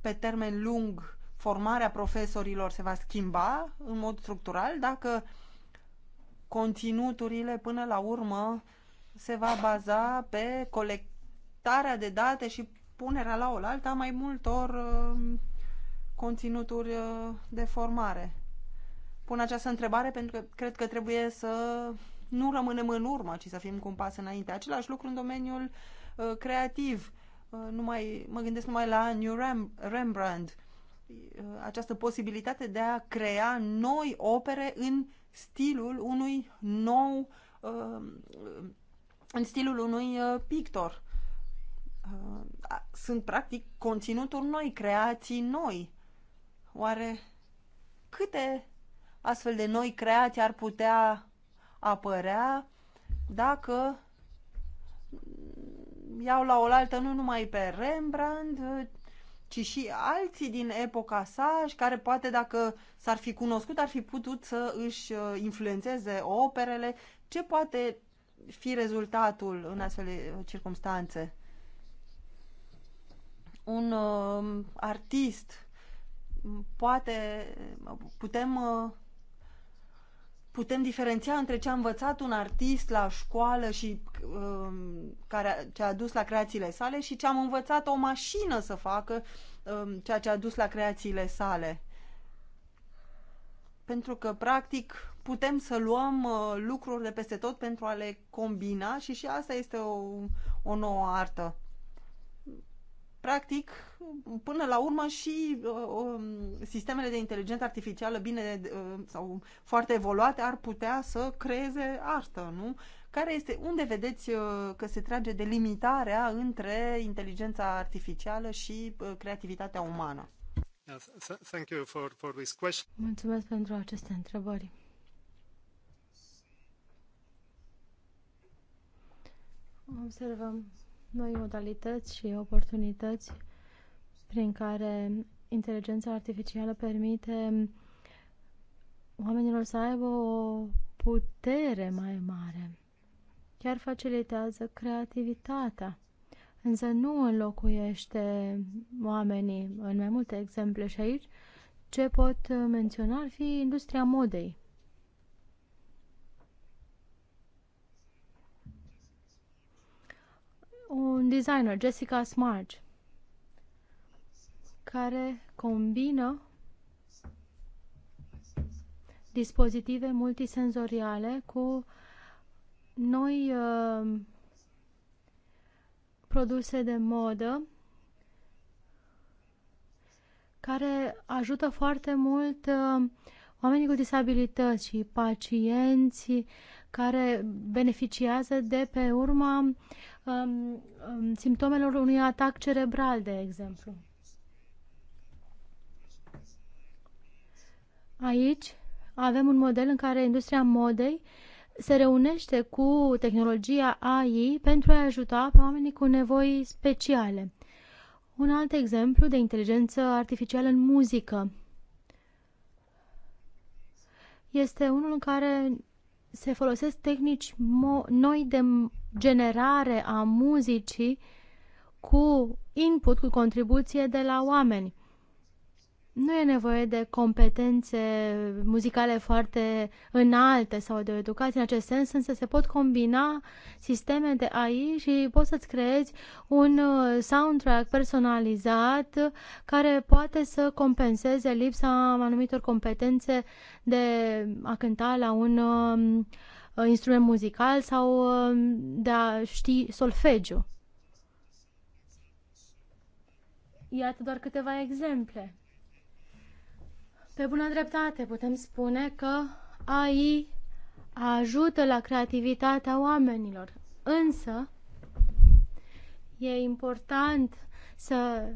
Pe termen lung, formarea profesorilor se va schimba în mod structural dacă conținuturile până la urmă se va baza pe colectarea de date și punerea la oaltă a mai multor uh, conținuturi uh, de formare. Pun această întrebare pentru că cred că trebuie să nu rămânem în urmă, ci să fim cu un pas înainte. Același lucru în domeniul uh, creativ. Uh, nu numai, mă gândesc numai la New Rem Rembrandt. această posibilitate de a crea noi opere în stilul unui nou în stilul unui pictor. Sunt practic conținuturi noi, creații noi. Oare câte astfel de noi creații ar putea apărea dacă iau la oaltă nu numai pe Rembrandt, ci și alții din epoca sa și care poate dacă s-ar fi cunoscut ar fi putut să își uh, influențeze operele. Ce poate fi rezultatul în astfel de uh, circunstanțe? Un uh, artist poate, putem, uh, putem diferenția între ce a învățat un artist la școală și um, care, ce a dus la creațiile sale și ce am învățat o mașină să facă um, ceea ce a dus la creațiile sale. Pentru că, practic, putem să luăm uh, lucruri de peste tot pentru a le combina și și asta este o, o nouă artă practic, până la urmă și uh, um, sistemele de inteligență artificială bine uh, sau foarte evoluate ar putea să creeze artă, nu? Care este, unde vedeți uh, că se trage delimitarea între inteligența artificială și uh, creativitatea umană? Thank you for, for this question. Mulțumesc pentru aceste întrebări. Observăm noi modalități și oportunități prin care inteligența artificială permite oamenilor să aibă o putere mai mare. Chiar facilitează creativitatea, însă nu înlocuiește oamenii în mai multe exemple și aici ce pot menționa ar fi industria modei. un designer, Jessica Smart, care combină dispozitive multisenzoriale cu noi uh, produse de modă care ajută foarte mult uh, oamenii cu disabilități și pacienții care beneficiază de pe urma um, um, simptomelor unui atac cerebral, de exemplu. Aici avem un model în care industria modei se reunește cu tehnologia AI pentru a ajuta pe oamenii cu nevoi speciale. Un alt exemplu de inteligență artificială în muzică este unul în care se folosesc tehnici noi de generare a muzicii cu input, cu contribuție de la oameni. Nu e nevoie de competențe muzicale foarte înalte sau de o educație în acest sens, însă se pot combina sisteme de AI și poți să-ți creezi un uh, soundtrack personalizat care poate să compenseze lipsa anumitor competențe de a cânta la un um, Uh, instrument muzical sau uh, de a ști solfegiu. Iată doar câteva exemple. Pe bună dreptate putem spune că AI ajută la creativitatea oamenilor, însă e important să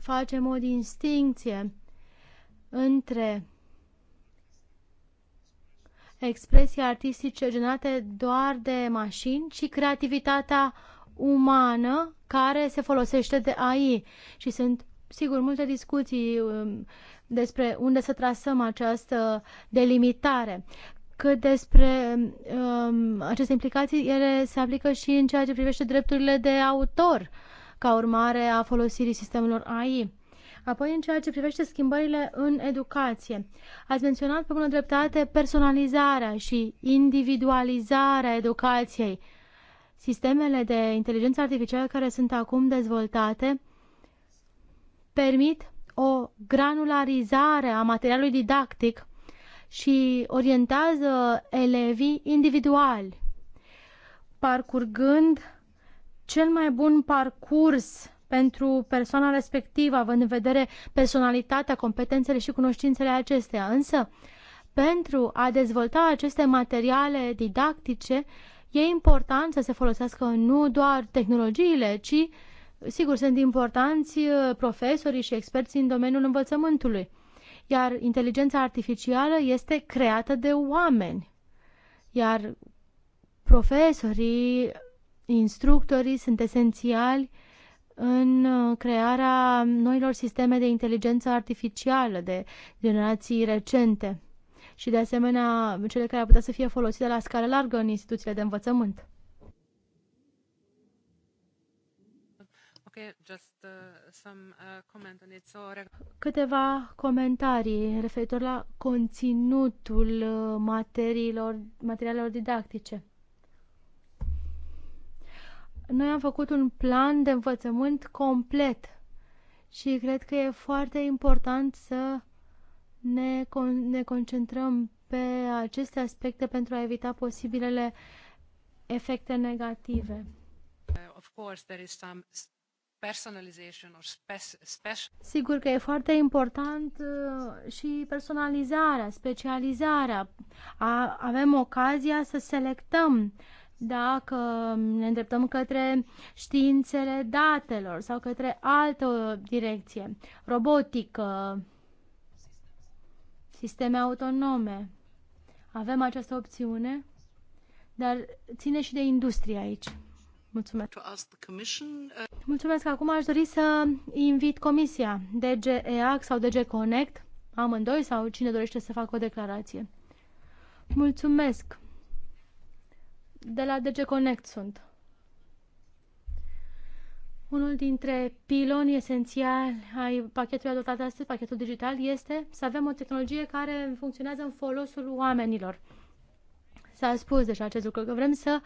facem o distinție între expresii artistice generate doar de mașini, ci creativitatea umană care se folosește de AI. Și sunt, sigur, multe discuții um, despre unde să trasăm această delimitare. Cât despre um, aceste implicații, ele se aplică și în ceea ce privește drepturile de autor, ca urmare a folosirii sistemelor AI. Apoi, în ceea ce privește schimbările în educație, ați menționat pe bună dreptate personalizarea și individualizarea educației. Sistemele de inteligență artificială care sunt acum dezvoltate permit o granularizare a materialului didactic și orientează elevii individuali, parcurgând cel mai bun parcurs pentru persoana respectivă, având în vedere personalitatea, competențele și cunoștințele acesteia. Însă, pentru a dezvolta aceste materiale didactice, e important să se folosească nu doar tehnologiile, ci, sigur, sunt importanți uh, profesorii și experții în domeniul învățământului. Iar inteligența artificială este creată de oameni. Iar profesorii, instructorii sunt esențiali uh, în uh, crearea noilor sisteme de inteligență artificială de generații recente și, de asemenea, cele care ar putea să fie folosite la scară largă în instituțiile de învățământ. Uh, uh, Câteva comentarii referitor la conținutul materiilor, materialelor didactice. Noi am făcut un plan de învățământ complet și cred că e foarte important să ne, con- ne concentrăm pe aceste aspecte pentru a evita posibilele efecte negative. Uh, of course, there is some personalization or special. Sigur că e foarte important uh, și personalizarea, specializarea. A, avem ocazia să selectăm dacă ne îndreptăm către științele datelor sau către altă direcție, robotică, sisteme autonome. Avem această opțiune, dar ține și de industrie aici. Mulțumesc. Uh, Mulțumesc. Acum aș dori să invit comisia DG EAC sau DG Connect, amândoi sau cine dorește să facă o declarație. Mulțumesc. De la DG Connect sunt. Unul dintre piloni esențiali ai pachetului adoptat astăzi, pachetul digital, este să avem o tehnologie care funcționează în folosul oamenilor. S-a spus deja acest lucru, că vrem să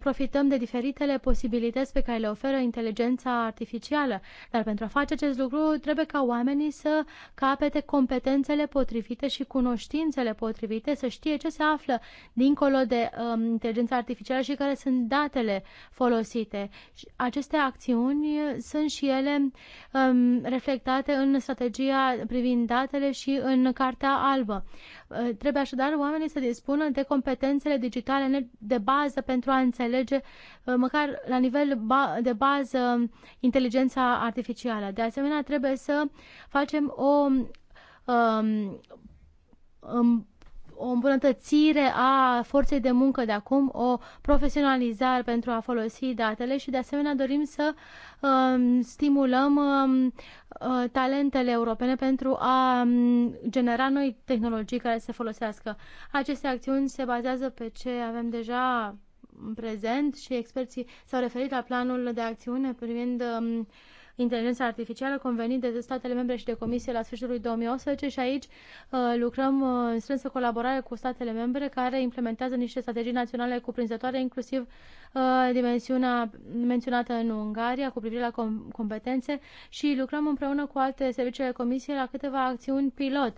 profităm de diferitele posibilități pe care le oferă inteligența artificială. Dar pentru a face acest lucru trebuie ca oamenii să capete competențele potrivite și cunoștințele potrivite, să știe ce se află dincolo de um, inteligența artificială și care sunt datele folosite. Aceste acțiuni sunt și ele um, reflectate în strategia privind datele și în Cartea Albă. Uh, trebuie așadar oamenii să dispună de competențele digitale de bază pentru pentru a înțelege uh, măcar la nivel de bază inteligența artificială. De asemenea, trebuie să facem o um, o îmbunătățire a forței de muncă de acum, o profesionalizare pentru a folosi datele și de asemenea dorim să um, stimulăm um, uh, talentele europene pentru a um, genera noi tehnologii care se folosească. Aceste acțiuni se bazează pe ce avem deja prezent și experții s-au referit la planul de acțiune privind um, inteligența artificială convenit de statele membre și de comisie la sfârșitul 2018 și aici uh, lucrăm uh, în strânsă colaborare cu statele membre care implementează niște strategii naționale cuprinzătoare, inclusiv uh, dimensiunea menționată în Ungaria cu privire la competențe și lucrăm împreună cu alte servicii ale comisiei la câteva acțiuni pilot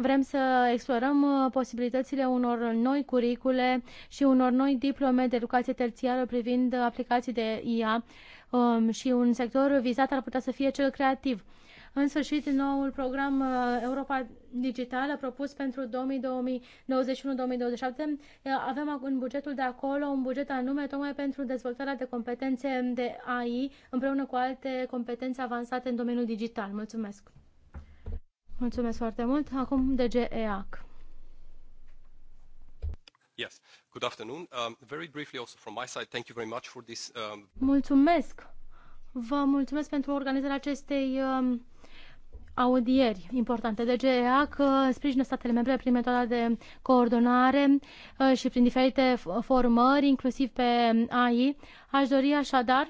Vrem să explorăm uh, posibilitățile unor noi curicule și unor noi diplome de educație terțiară privind uh, aplicații de IA um, și un sector vizat ar putea să fie cel creativ. În sfârșit, noul program uh, Europa Digitală propus pentru 2021-2027, avem în bugetul de acolo un buget anume tocmai pentru dezvoltarea de competențe de AI împreună cu alte competențe avansate în domeniul digital. Mulțumesc! Mulțumesc foarte mult. Acum DG EAC. Yes. Good afternoon. Um, very briefly also from my side, thank you very much for this. Um... Mulțumesc. Vă mulțumesc pentru organizarea acestei um, audieri importante. GEA că uh, sprijină statele membre prin metoda de coordonare uh, și prin diferite formări, inclusiv pe AI. Aș dori așadar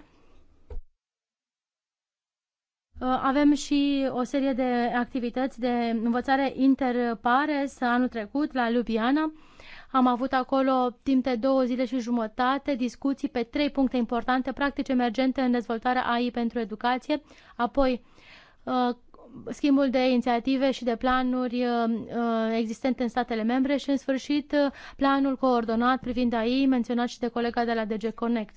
Uh, avem și o serie de activități de învățare interpares anul trecut la Ljubljana. Am avut acolo timp de două zile și jumătate discuții pe trei puncte importante, practici emergente în dezvoltarea AI pentru educație, apoi uh, schimbul de inițiative și de planuri uh, existente în statele membre și, în sfârșit, planul coordonat privind AI menționat și de colega de la DG Connect.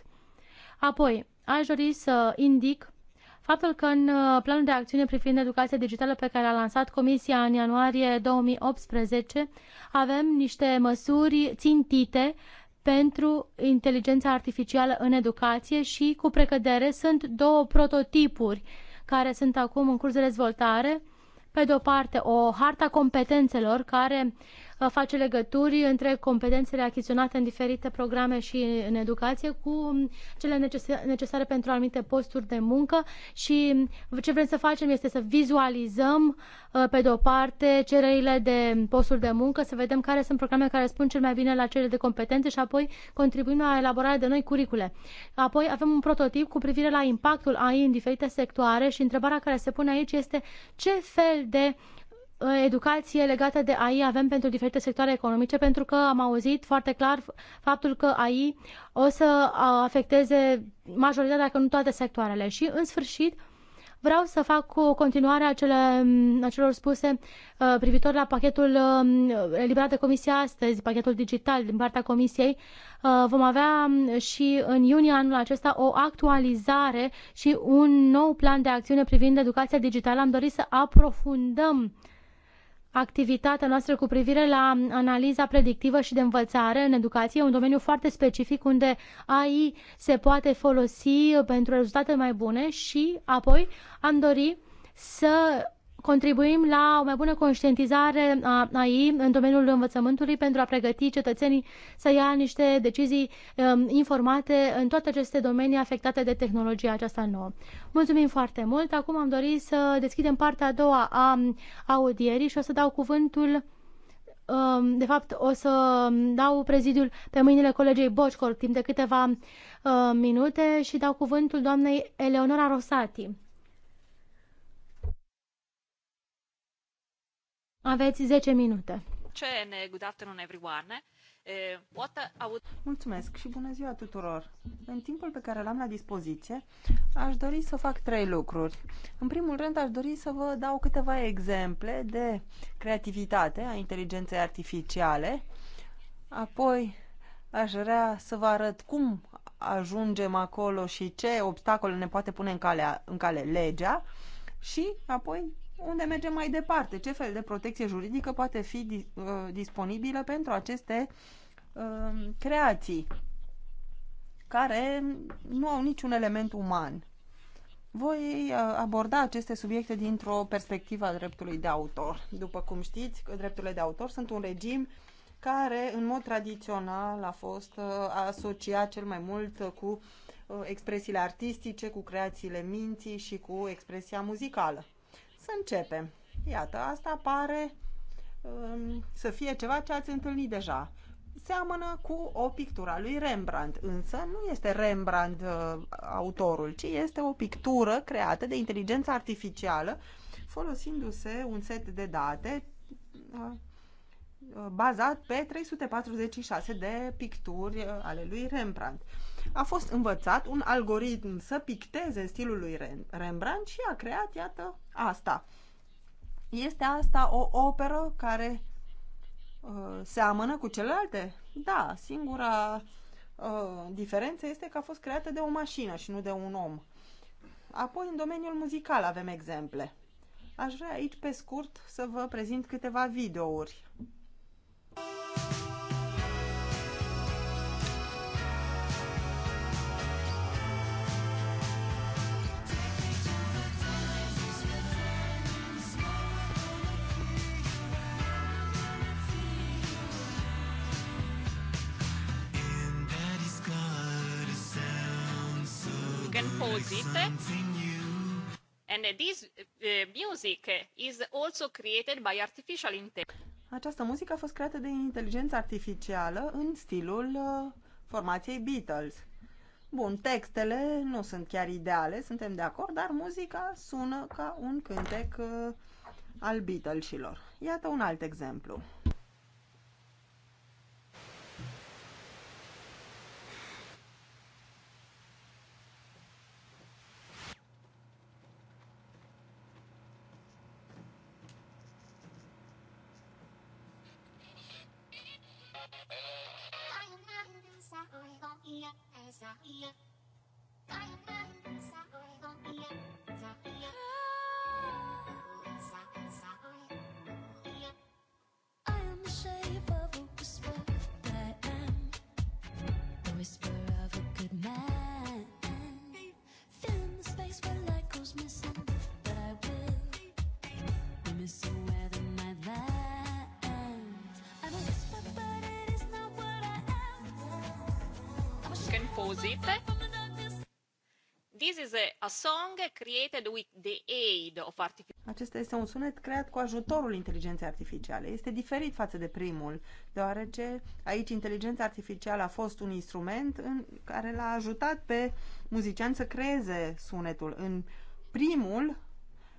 Apoi, aș dori să indic Faptul că în uh, planul de acțiune privind educația digitală pe care a lansat Comisia în ianuarie 2018 avem niște măsuri țintite pentru inteligența artificială în educație și cu precădere sunt două prototipuri care sunt acum în curs de dezvoltare. Pe de o parte, o harta competențelor care face legături între competențele achiziționate în diferite programe și în educație cu cele necesare pentru anumite posturi de muncă și ce vrem să facem este să vizualizăm uh, pe de o parte cererile de posturi de muncă, să vedem care sunt programe care răspund cel mai bine la cele de competențe și apoi contribuim la elaborarea de noi curicule. Apoi avem un prototip cu privire la impactul AI în diferite sectoare și întrebarea care se pune aici este ce fel de educație legată de AI avem pentru diferite sectoare economice, pentru că am auzit foarte clar faptul că AI o să afecteze majoritatea, dacă nu toate sectoarele. Și, în sfârșit, vreau să fac o continuare a, celor spuse uh, privitor la pachetul um, eliberat de comisie astăzi, pachetul digital din partea comisiei. Uh, vom avea um, și în iunie anul acesta o actualizare și un nou plan de acțiune privind educația digitală. Am dorit să aprofundăm uh, activitatea noastră cu privire la analiza predictivă și de învățare în educație, un domeniu foarte specific unde AI se poate folosi pentru rezultate mai bune și apoi am dori să contribuim la o mai bună conștientizare a AI în domeniul învățământului pentru a pregăti cetățenii să ia niște decizii um, informate în toate aceste domenii afectate de tehnologia aceasta nouă. Mulțumim foarte mult! Acum am dorit să deschidem partea a doua a um, audierii și o să dau cuvântul um, de fapt, o să um, dau prezidiul pe mâinile colegei Boșcor timp de câteva uh, minute și dau cuvântul doamnei Eleonora Rosati Aveți 10 minute. ne good afternoon everyone. Mulțumesc și bună ziua tuturor! În timpul pe care l-am la dispoziție, aș dori să fac trei lucruri. În primul rând, aș dori să vă dau câteva exemple de creativitate a inteligenței artificiale. Apoi, aș vrea să vă arăt cum ajungem acolo și ce obstacole ne poate pune în, calea, în cale legea. Și apoi unde mergem mai departe, ce fel de protecție juridică poate fi uh, disponibilă pentru aceste um, creații care nu au niciun element uman. Voi uh, aborda aceste subiecte dintr-o perspectivă a dreptului de autor. După cum știți, drepturile de autor sunt un regim care în mod tradițional a fost uh, asociat cel mai mult cu expresiile artistice, cu creațiile minții și cu expresia muzicală. Să începem. Iată, asta pare um, să fie ceva ce ați întâlnit deja. Seamănă cu o pictură a lui Rembrandt, însă nu este Rembrandt uh, autorul, ci este o pictură creată de inteligență artificială folosindu-se un set de date uh, bazat pe 346 de picturi uh, ale lui Rembrandt a fost învățat un algoritm să picteze stilul lui Rembrandt și a creat, iată, asta. Este asta o operă care uh, seamănă cu celelalte? Da, singura uh, diferență este că a fost creată de o mașină și nu de un om. Apoi, în domeniul muzical avem exemple. Aș vrea aici, pe scurt, să vă prezint câteva videouri. this uh, uh, music is also created by artificial intelligence. Această muzică a fost creată de inteligență artificială în stilul uh, formației Beatles. Bun, textele nu sunt chiar ideale, suntem de acord, dar muzica sună ca un cântec al Beatlesilor. Iată un alt exemplu. I am the shape of a whisper I am the whisper of a good man Filling the space where light goes missing auzite. This is a, song created with the aid of Acesta este un sunet creat cu ajutorul inteligenței artificiale. Este diferit față de primul, deoarece aici inteligența artificială a fost un instrument în care l-a ajutat pe muzician să creeze sunetul. În primul,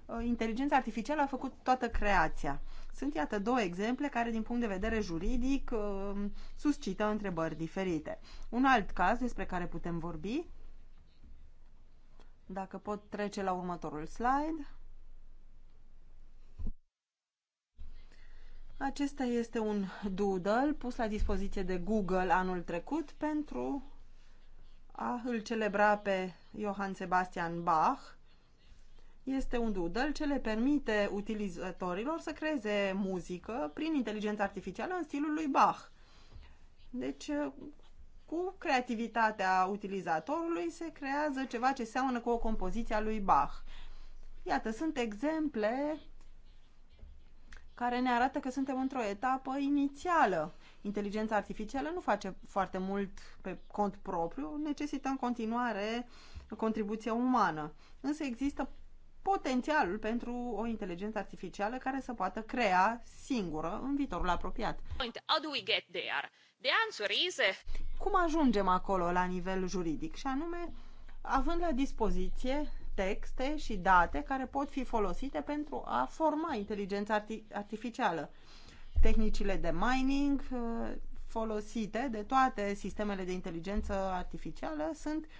uh, inteligența artificială a făcut toată creația. Sunt, iată, două exemple care, din punct de vedere juridic, uh, suscită întrebări diferite. Un alt caz despre care putem vorbi, dacă pot trece la următorul slide. Acesta este un doodle pus la dispoziție de Google anul trecut pentru a îl celebra pe Johann Sebastian Bach, este un doodle ce le permite utilizatorilor să creeze muzică prin inteligență artificială în stilul lui Bach. Deci, uh, cu creativitatea utilizatorului se creează ceva ce seamănă cu o compoziție a lui Bach. Iată, sunt exemple care ne arată că suntem într-o etapă inițială. Inteligența artificială nu face foarte mult pe cont propriu, necesită în continuare contribuția umană. Însă există potențialul pentru o inteligență artificială care să poată crea singură în viitorul apropiat. How do we get there? The answer is... Cum ajungem acolo la nivel juridic? Și anume, având la dispoziție texte și date care pot fi folosite pentru a forma inteligența arti- artificială. Tehnicile de mining uh, folosite de toate sistemele de inteligență artificială sunt uh,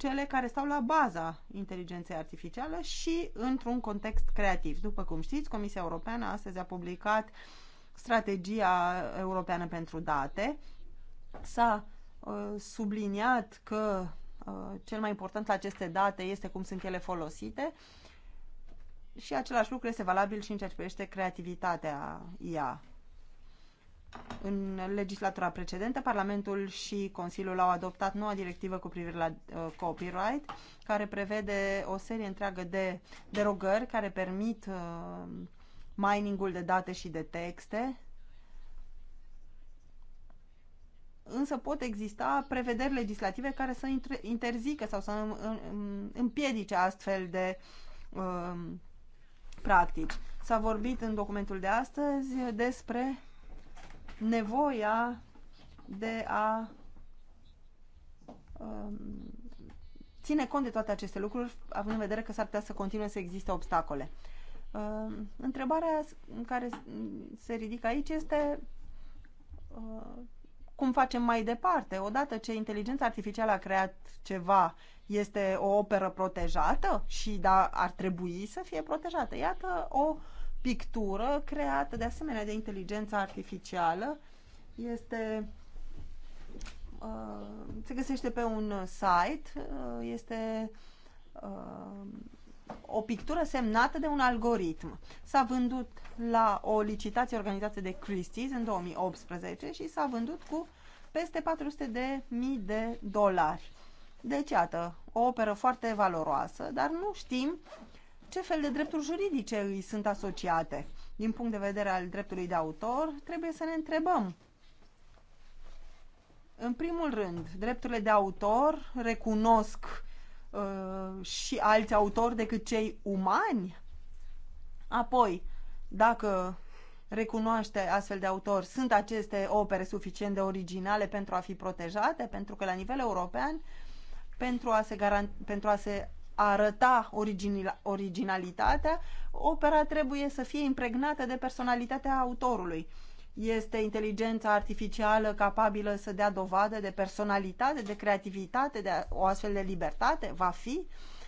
cele care stau la baza inteligenței artificiale și într-un context creativ. După cum știți, Comisia Europeană astăzi a publicat strategia europeană pentru date. S-a uh, subliniat că uh, cel mai important la aceste date este cum sunt ele folosite și același lucru este valabil și în ceea ce privește creativitatea IA. În legislatura precedentă, Parlamentul și Consiliul au adoptat noua directivă cu privire la uh, copyright, care prevede o serie întreagă de derogări care permit uh, miningul de date și de texte, însă pot exista prevederi legislative care să interzică sau să împiedice astfel de uh, practici. S-a vorbit în documentul de astăzi despre nevoia de a um, ține cont de toate aceste lucruri, având în vedere că s-ar putea să continue să existe obstacole. Um, întrebarea în care se ridică aici este uh, cum facem mai departe? Odată ce inteligența artificială a creat ceva, este o operă protejată și da, ar trebui să fie protejată. Iată o uh, pictură creată de asemenea de inteligența artificială. Este uh, se găsește pe un site, uh, este uh, o pictură semnată de un algoritm. S-a vândut la o licitație organizată de Christie's în 2018 și s-a vândut cu peste 400 de mii de dolari. Deci, iată, o operă foarte valoroasă, dar nu știm ce fel de drepturi juridice îi sunt asociate. Din punct de vedere al dreptului de autor, trebuie să ne întrebăm. În primul rând, drepturile de autor recunosc uh, și alți autori decât cei umani? Apoi, dacă recunoaște astfel de autor, sunt aceste opere suficient de originale pentru a fi protejate? Pentru că la nivel european, pentru a se, garan- pentru a se arăta originalitatea, opera trebuie să fie impregnată de personalitatea autorului. Este inteligența artificială capabilă să dea dovadă de personalitate, de creativitate, de o astfel de libertate? Va fi?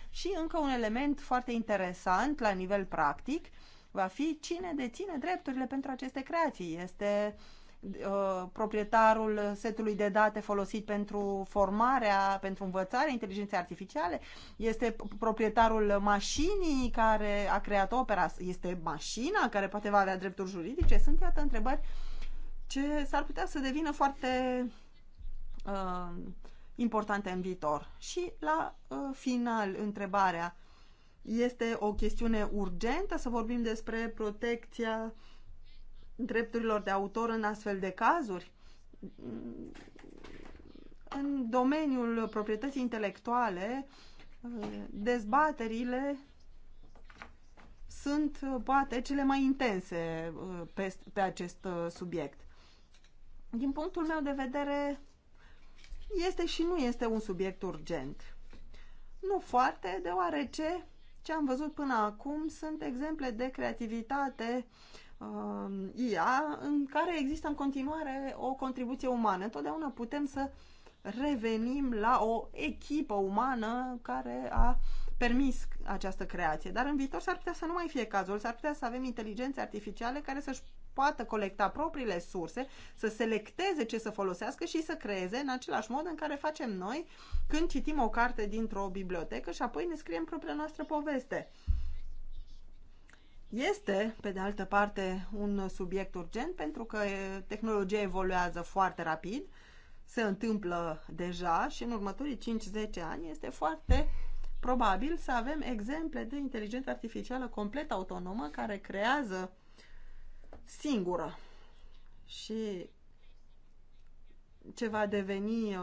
Și încă un element foarte interesant la nivel practic va fi cine deține drepturile pentru aceste creații. Este uh, Uh, proprietarul setului de date folosit pentru formarea, pentru învățarea inteligenței artificiale, este proprietarul mașinii care a creat opera, este mașina care poate va avea drepturi juridice? Sunt, iată, întrebări ce s-ar putea să devină foarte uh, importante în viitor. Și la uh, final, întrebarea este o chestiune urgentă să vorbim despre protecția drepturilor de autor în astfel de cazuri? În domeniul proprietății intelectuale, dezbaterile sunt poate cele mai intense pe, pe acest uh, subiect. Din punctul meu de vedere, este și nu este un subiect urgent. Nu foarte, deoarece ce am văzut până acum sunt exemple de creativitate uh, Um, IA, în care există în continuare o contribuție umană. Întotdeauna putem să revenim la o echipă umană care a permis această creație. Dar în viitor s-ar putea să nu mai fie cazul, s-ar putea să avem inteligențe artificiale care să-și poată colecta propriile surse, să selecteze ce să folosească și să creeze în același mod în care facem noi când citim o carte dintr-o bibliotecă și apoi ne scriem propria noastră poveste. Este, pe de altă parte, un subiect urgent pentru că tehnologia evoluează foarte rapid, se întâmplă deja și în următorii 5-10 ani este foarte probabil să avem exemple de inteligență artificială complet autonomă care creează singură. Și ce va deveni uh,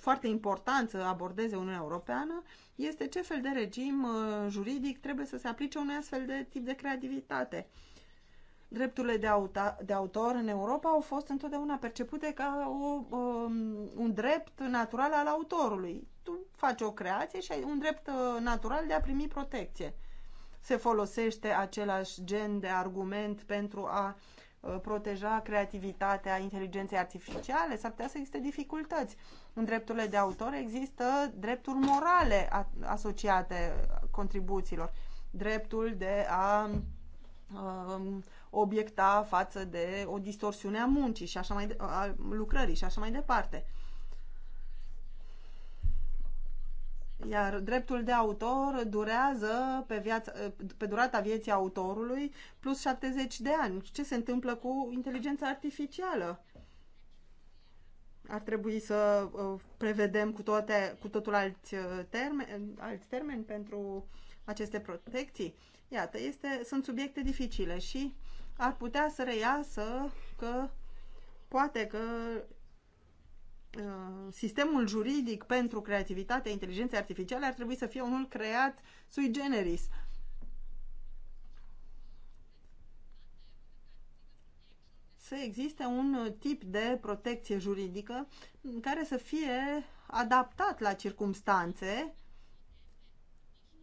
foarte important să abordeze Uniunea Europeană este ce fel de regim uh, juridic trebuie să se aplice unui astfel de tip de creativitate. Drepturile de, auta, de autor în Europa au fost întotdeauna percepute ca o, um, un drept natural al autorului. Tu faci o creație și ai un drept uh, natural de a primi protecție. Se folosește același gen de argument pentru a uh, Uh, proteja creativitatea inteligenței artificiale, s-ar putea să existe dificultăți. În drepturile de autor există drepturi morale asociate contribuțiilor. Dreptul de a um, obiecta față de o distorsiune a muncii și așa mai de, a lucrării și așa mai departe. Iar dreptul de autor durează pe, viața, pe durata vieții autorului plus 70 de ani. Ce se întâmplă cu inteligența artificială? Ar trebui să uh, prevedem cu, toate, cu totul alți uh, termeni, alți termeni pentru aceste protecții. Iată, este, sunt subiecte dificile și ar putea să reiasă că poate că Uh, sistemul juridic pentru creativitatea inteligenței artificiale ar trebui să fie unul creat sui generis. Să existe un tip de protecție juridică care să fie adaptat la circumstanțe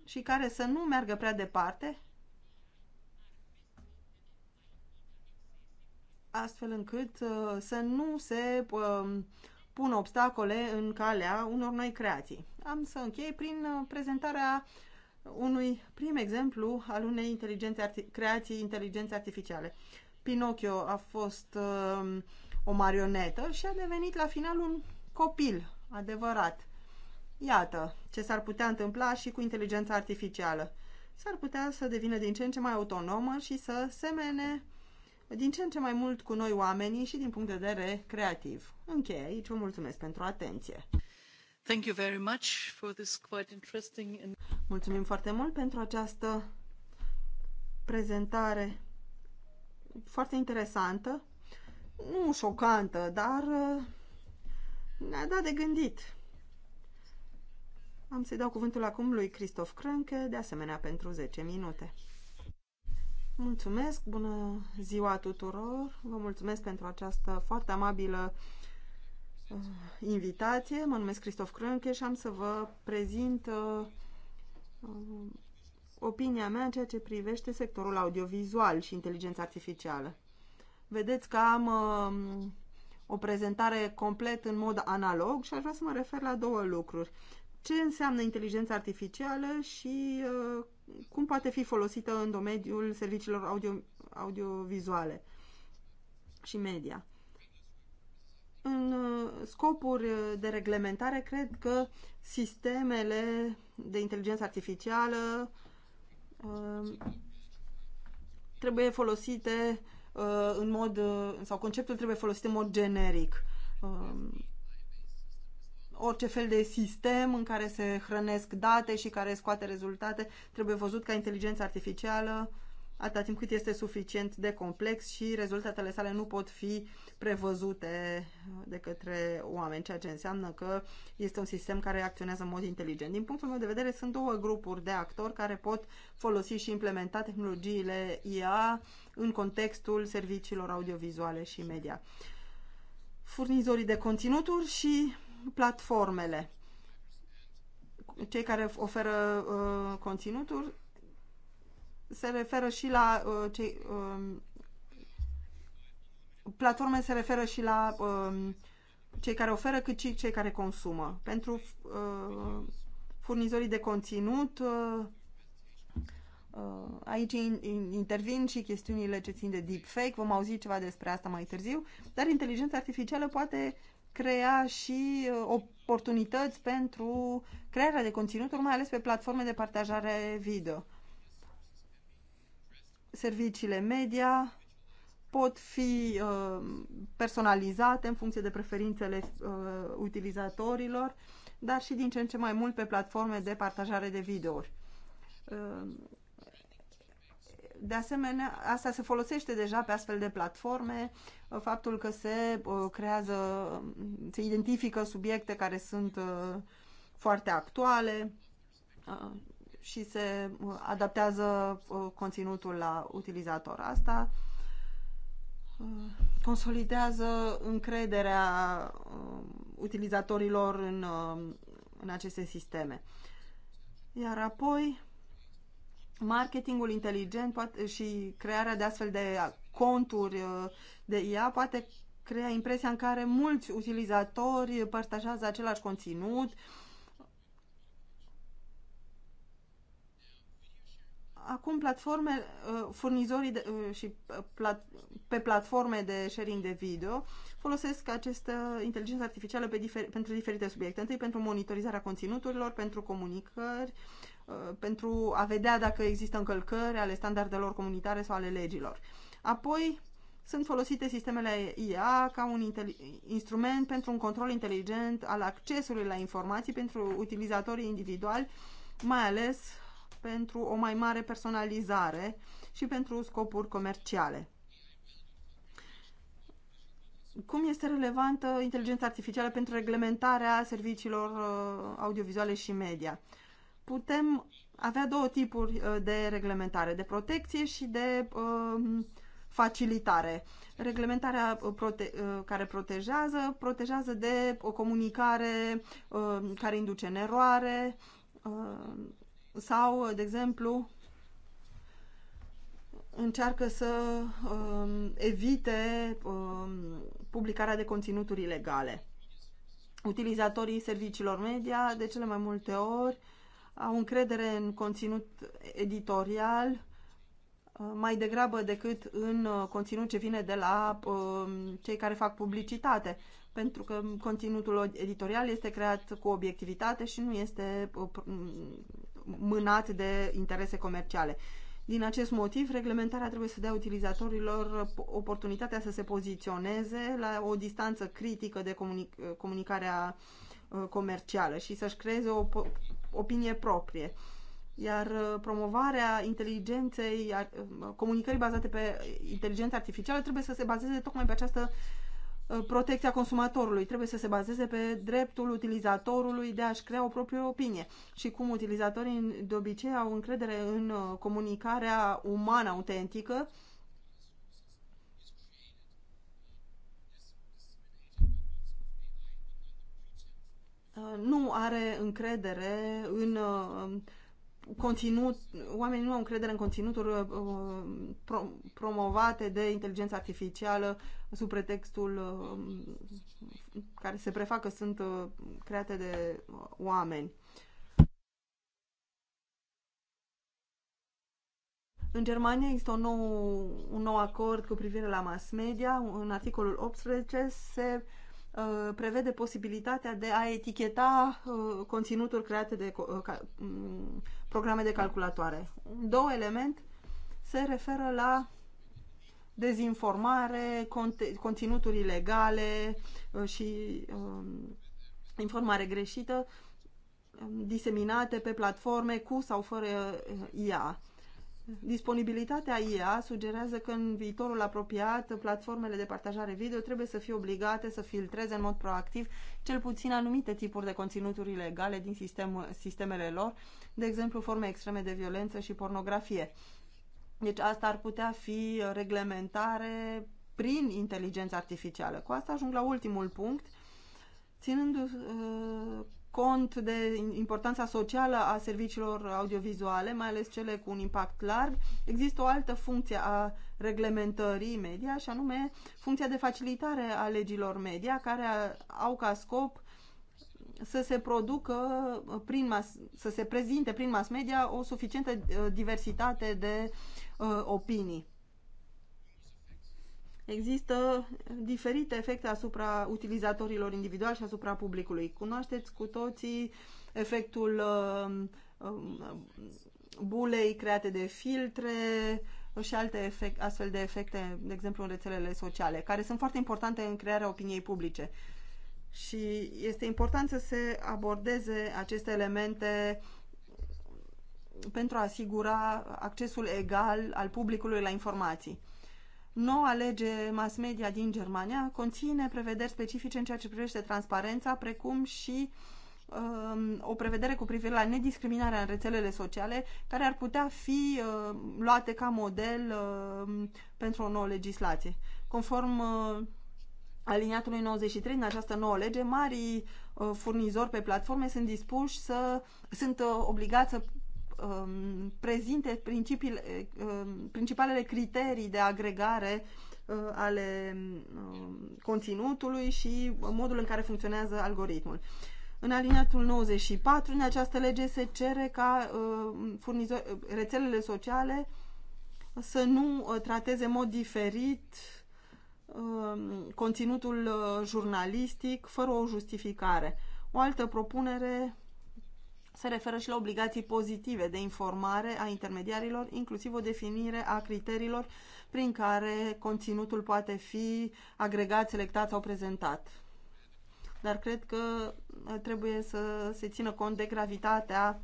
și care să nu meargă prea departe, astfel încât uh, să nu se uh, pun obstacole în calea unor noi creații. Am să închei prin uh, prezentarea unui prim exemplu al unei inteligențe creații inteligențe artificiale. Pinocchio a fost uh, o marionetă și a devenit la final un copil adevărat. Iată ce s-ar putea întâmpla și cu inteligența artificială. S-ar putea să devină din ce în ce mai autonomă și să semene din ce în ce mai mult cu noi oamenii și din punct de vedere creativ. Încheie aici, vă mulțumesc pentru atenție. Thank you very much for this quite interesting and... Mulțumim foarte mult pentru această prezentare foarte interesantă, nu șocantă, dar uh, ne-a dat de gândit. Am să-i dau cuvântul acum lui Christoph Krânke, de asemenea pentru 10 minute. Mulțumesc, bună ziua tuturor, vă mulțumesc pentru această foarte amabilă uh, invitație. Mă numesc Cristof Crânche și am să vă prezint uh, uh, opinia mea în ceea ce privește sectorul audiovizual și inteligența artificială. Vedeți că am uh, o prezentare complet în mod analog și aș vrea să mă refer la două lucruri. Ce înseamnă inteligența artificială și uh, cum poate fi folosită în domeniul serviciilor audio, audiovizuale și media. În uh, scopuri de reglementare, cred că sistemele de inteligență artificială uh, trebuie folosite uh, în mod, sau conceptul trebuie folosit în mod generic orice fel de sistem în care se hrănesc date și care scoate rezultate trebuie văzut ca inteligența artificială atâta timp cât este suficient de complex și rezultatele sale nu pot fi prevăzute uh, de către oameni, ceea ce înseamnă că este un sistem care acționează în mod inteligent. Din punctul meu de vedere, sunt două grupuri de actori care pot folosi și implementa tehnologiile IA în contextul serviciilor audiovizuale și media. Furnizorii de conținuturi și platformele. Cei care oferă uh, conținuturi se referă și la uh, cei, uh, platforme se referă și la uh, cei care oferă cât și cei care consumă. Pentru uh, furnizorii de conținut uh, uh, aici in, in, intervin și chestiunile ce țin de deepfake, vom auzi ceva despre asta mai târziu, dar inteligența artificială poate crea și uh, oportunități pentru crearea de conținuturi, mai ales pe platforme de partajare video. Serviciile media pot fi uh, personalizate în funcție de preferințele uh, utilizatorilor, dar și din ce în ce mai mult pe platforme de partajare de videouri de asemenea, asta se folosește deja pe astfel de platforme, uh, faptul că se uh, creează, um, se identifică subiecte care sunt uh, foarte actuale și se adaptează conținutul la utilizator. Asta consolidează încrederea utilizatorilor în, în aceste sisteme. Iar apoi, marketingul inteligent poate, și crearea de astfel de conturi uh, de IA poate crea impresia în care mulți utilizatori partajează același conținut. Acum platforme, uh, furnizorii de, uh, și plat, pe platforme de sharing de video folosesc această inteligență artificială pe difer, pentru diferite subiecte. Întâi pentru monitorizarea conținuturilor, pentru comunicări, Uh, pentru a vedea dacă există încălcări ale standardelor comunitare sau ale legilor. Apoi, sunt folosite sistemele IA ca un instrument pentru un control inteligent al accesului la informații pentru utilizatorii individuali, mai ales pentru o mai mare personalizare și pentru scopuri comerciale. Cum este relevantă inteligența artificială pentru reglementarea serviciilor uh, audiovizuale și media? putem avea două tipuri uh, de reglementare, de protecție și de uh, facilitare. Reglementarea uh, prote- uh, care protejează, protejează de o comunicare uh, care induce în eroare uh, sau, de exemplu, încearcă să evite publicarea de conținuturi ilegale. Utilizatorii serviciilor media, de cele mai multe ori, uh, au încredere în conținut editorial uh, mai degrabă decât în uh, conținut ce vine de la um, cei care fac publicitate, pentru că conținutul editorial este creat cu obiectivitate și nu este uh, mânat de interese comerciale. Din acest motiv, reglementarea trebuie să dea utilizatorilor oportunitatea să se poziționeze la o distanță critică de comunic comunicarea comercială și să-și creeze o opinie proprie. Iar uh, promovarea inteligenței, uh, comunicării bazate pe inteligența artificială trebuie să se bazeze tocmai pe această uh, protecția consumatorului. Trebuie să se bazeze pe dreptul utilizatorului de a-și crea o proprie opinie și cum utilizatorii de obicei au încredere în comunicarea umană autentică nu are încredere în uh, conținut, oamenii nu au încredere în conținuturi uh, promovate de inteligența artificială sub pretextul uh, care se prefacă sunt create de oameni. În Germania există un nou, un nou acord cu privire la mass media. În articolul 18 se uh, Uh, prevede posibilitatea de a eticheta uh, conținutul creat de uh, mm, programe de calculatoare. Două element se referă la dezinformare, conținuturi ilegale și um, informare greșită um, diseminate pe platforme cu sau fără IA. Disponibilitatea IA sugerează că în viitorul apropiat platformele de partajare video trebuie să fie obligate să filtreze în mod proactiv cel puțin anumite tipuri de conținuturi ilegale din sistem, sistemele lor, de exemplu forme extreme de violență și pornografie. Deci asta ar putea fi reglementare prin inteligența artificială. Cu asta ajung la ultimul punct, ținându uh, cont de importanța socială a serviciilor audiovizuale, mai ales cele cu un impact larg, există o altă funcție a reglementării media și anume funcția de facilitare a legilor media care au ca scop să se producă prin mas, să se prezinte prin mass media o suficientă uh, diversitate de uh, opinii există diferite efecte asupra utilizatorilor individuali și asupra publicului. Cunoașteți cu toții efectul um, um, bulei create de filtre și alte efect, astfel de efecte, de exemplu în rețelele sociale, care sunt foarte importante în crearea opiniei publice. Și este important să se abordeze aceste elemente pentru a asigura accesul egal al publicului la informații. Noua lege mass media din Germania conține prevederi specifice în ceea ce privește transparența, precum și um, o prevedere cu privire la nediscriminarea în rețelele sociale, care ar putea fi um, luate ca model um, pentru o nouă legislație. Conform uh, aliniatului 93 în această nouă lege, marii uh, furnizori pe platforme sunt dispuși să sunt uh, obligați să um, prezinte principiile, um, principalele criterii de agregare uh, ale um, conținutului și modul în care funcționează algoritmul. În aliniatul 94, în această lege se cere ca uh, furnizor, rețelele sociale să nu uh, trateze în mod diferit um, uh, conținutul jurnalistic fără o justificare. O altă propunere se referă și la obligații pozitive de informare a intermediarilor, inclusiv o definire a criteriilor prin care conținutul poate fi agregat, selectat sau prezentat. Dar cred că uh, trebuie să se țină cont de gravitatea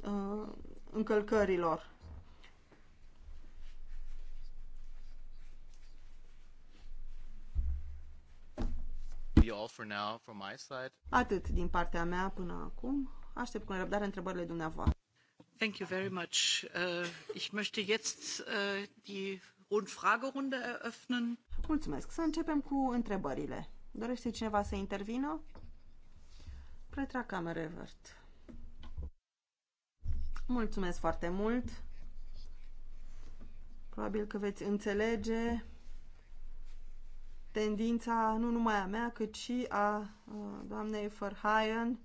uh, încălcărilor. Atât din partea mea până acum. Aștept cu nerăbdare întrebările dumneavoastră. Thank you very much. Uh, ich möchte jetzt uh, die Rundfragerunde eröffnen. Mulțumesc. Să începem cu întrebările. Dorește cineva să intervină? Pretra Camerevert. Mulțumesc foarte mult. Probabil că veți înțelege tendința nu numai a mea, cât și a uh, doamnei Verheyen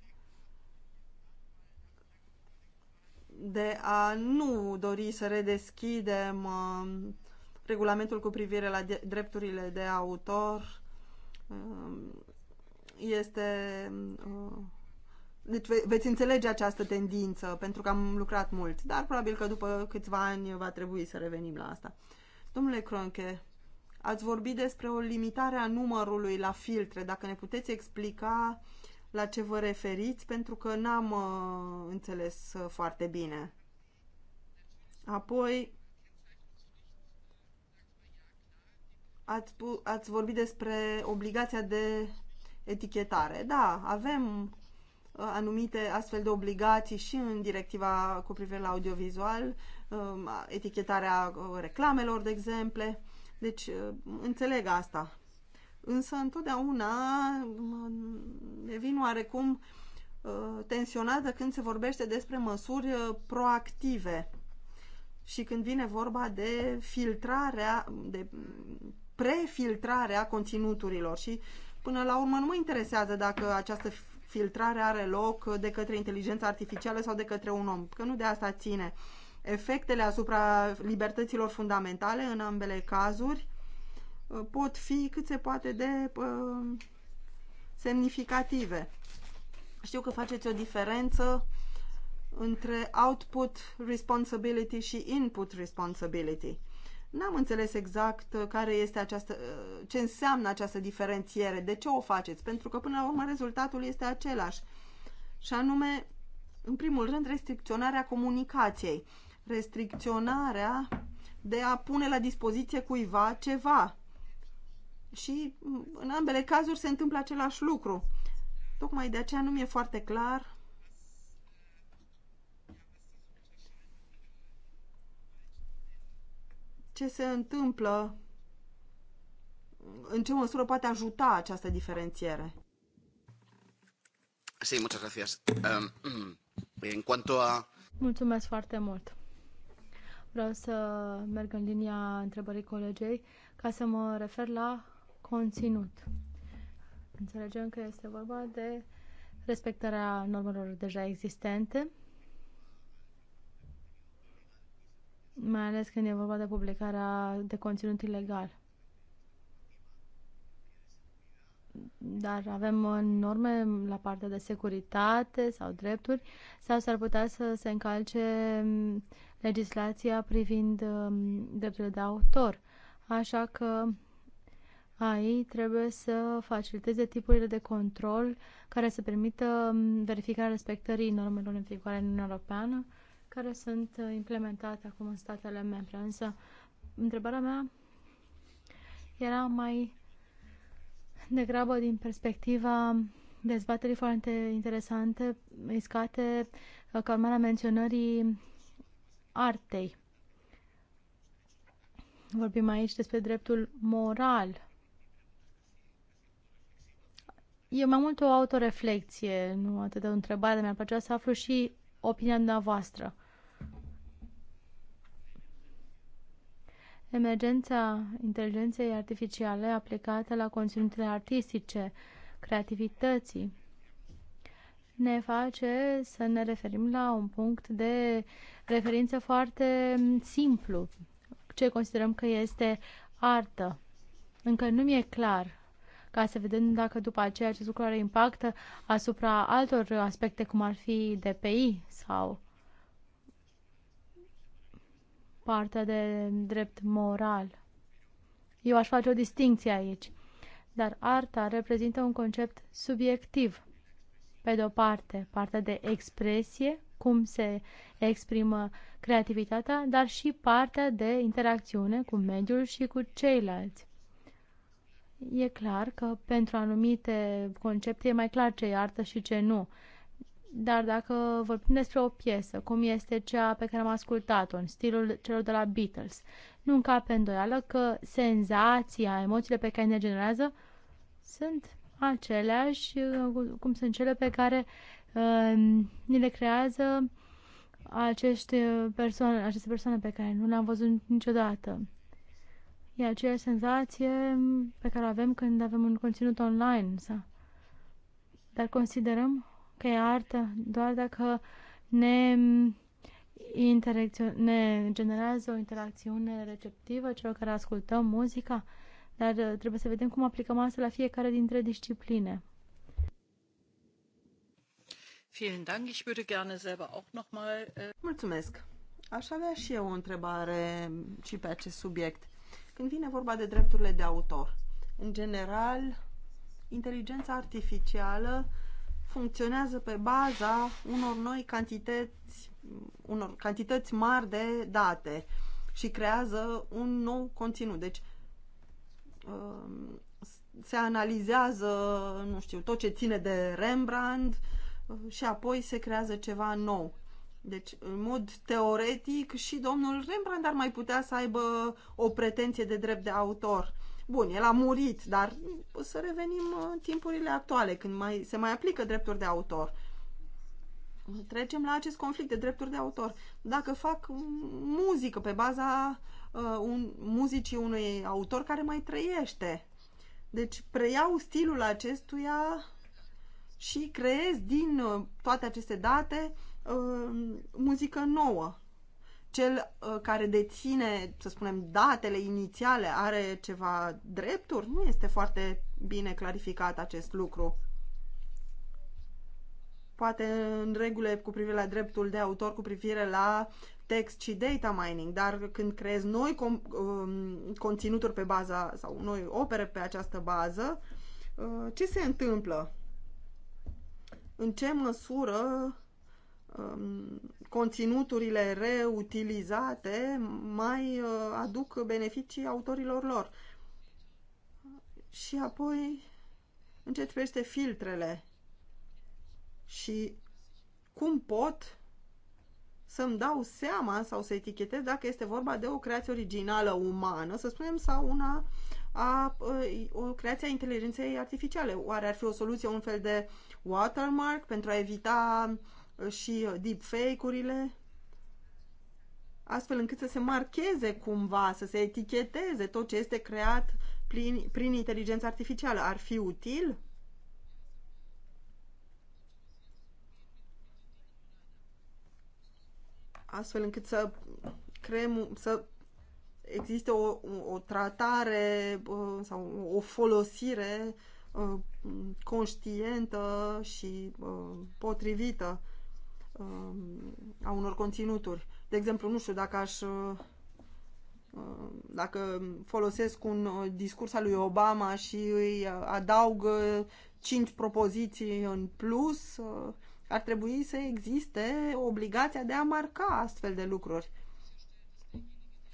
de a nu dori să redeschidem uh, regulamentul cu privire la drepturile de autor uh, este... Uh, deci veți înțelege această tendință, pentru că am lucrat mult, dar probabil că după câțiva ani va trebui să revenim la asta. Domnule Cronche, ați vorbit despre o limitare a numărului la filtre. Dacă ne puteți explica uh, la ce vă referiți, pentru că n-am uh, înțeles uh, foarte bine. Apoi, ați, ați vorbit despre obligația de etichetare. Da, avem uh, anumite astfel de obligații și în directiva cu privire la audiovizual, uh, etichetarea uh, reclamelor, de exemplu. Deci, uh, înțeleg asta însă întotdeauna vin oarecum uh, tensionată când se vorbește despre măsuri uh, proactive și când vine vorba de filtrarea, de prefiltrarea conținuturilor și până la urmă nu mă interesează dacă această filtrare are loc de către inteligența artificială sau de către un om, că nu de asta ține. Efectele asupra libertăților fundamentale în ambele cazuri Uh, pot fi cât se poate de uh, semnificative. Știu că faceți o diferență între output responsibility și input responsibility. N-am înțeles exact uh, care este această, ce înseamnă această diferențiere, de ce o faceți, pentru că până la urmă rezultatul este același. Și anume, în primul rând, restricționarea comunicației, restricționarea de a pune la dispoziție cuiva ceva, și în ambele cazuri se întâmplă același lucru. Tocmai de aceea nu mi-e foarte clar ce se întâmplă, în ce măsură poate ajuta această diferențiere. Sí, muchas gracias. Um, en cuanto a... Mulțumesc foarte mult. Vreau să merg în linia întrebării colegei ca să mă refer la conținut. Înțelegem că este vorba de respectarea normelor deja existente, mai ales când e vorba de publicarea de conținut ilegal. Dar avem norme la partea de securitate sau drepturi sau s-ar putea să se încalce mm, legislația privind mm, drepturile de autor. Așa că AI trebuie să faciliteze tipurile de control care să permită mm, verificarea respectării normelor în vigoare în Uniunea Europeană, care sunt uh, implementate acum în statele membre. Însă, întrebarea mea era mai degrabă din perspectiva dezbaterii foarte interesante, iscate uh, ca urmare a menționării artei. Vorbim aici despre dreptul moral E mai mult o autoreflecție, nu atât de o întrebare, dar mi-ar plăcea să aflu și opinia dumneavoastră. Emergența inteligenței artificiale aplicată la conținuturile artistice, creativității, ne face să ne referim la un punct de referință foarte simplu, ce considerăm că este artă. Încă nu mi-e clar ca să vedem dacă după aceea acest lucru are impact asupra altor aspecte, cum ar fi DPI sau partea de drept moral. Eu aș face o distinție aici. Dar arta reprezintă un concept subiectiv. Pe de o parte, partea de expresie, cum se exprimă creativitatea, dar și partea de interacțiune cu mediul și cu ceilalți. E clar că pentru anumite concepte e mai clar ce e artă și ce nu. Dar dacă vorbim despre o piesă, cum este cea pe care am ascultat-o, în stilul celor de la Beatles, nu încape îndoială că senzația, emoțiile pe care ne generează sunt aceleași cum sunt cele pe care uh, ni le creează acești persoane, aceste persoane pe care nu le-am văzut niciodată. E aceeași senzație pe care o avem când avem un conținut online. Sau... Dar considerăm că e artă doar dacă ne, ne generează o interacțiune receptivă celor care ascultăm muzica, dar uh, trebuie să vedem cum aplicăm asta la fiecare dintre discipline. Äh, Mulțumesc! Aș avea și eu o întrebare și pe acest subiect. Când vine vorba de drepturile de autor, în general, inteligența artificială funcționează pe baza unor noi cantități, unor cantități mari de date și creează un nou conținut. Deci um, se analizează, nu știu, tot ce ține de Rembrandt uh, și apoi se creează ceva nou. Deci, în mod teoretic, și domnul Rembrandt ar mai putea să aibă o pretenție de drept de autor. Bun, el a murit, dar să revenim uh, în timpurile actuale, când mai, se mai aplică drepturi de autor. Trecem la acest conflict de drepturi de autor. Dacă fac muzică pe baza uh, un, muzicii unui autor care mai trăiește, deci preiau stilul acestuia și creez din uh, toate aceste date Uh, muzică nouă. Cel uh, care deține, să spunem, datele inițiale are ceva drepturi? Nu este foarte bine clarificat acest lucru. Poate în regulă cu privire la dreptul de autor, cu privire la text și data mining, dar când creezi noi com, um, conținuturi pe baza sau noi opere pe această bază, uh, ce se întâmplă? În ce măsură Um, conținuturile reutilizate mai uh, aduc beneficii autorilor lor. Și apoi, încet peste filtrele și cum pot să-mi dau seama sau să etichetez dacă este vorba de o creație originală umană, să spunem, sau una a, uh, o creație a inteligenței artificiale. Oare ar fi o soluție, un fel de watermark pentru a evita și uh, deepfake-urile, astfel încât să se marcheze cumva, să se eticheteze tot ce este creat prin, prin inteligența artificială. Ar fi util? Astfel încât să creăm, să existe o, o tratare uh, sau o folosire uh, conștientă și potrivită Um, a unor conținuturi. De exemplu, nu știu dacă aș uh, dacă folosesc un uh, discurs al lui Obama și îi uh, adaug cinci propoziții în plus, ar trebui să existe obligația de a marca astfel de lucruri.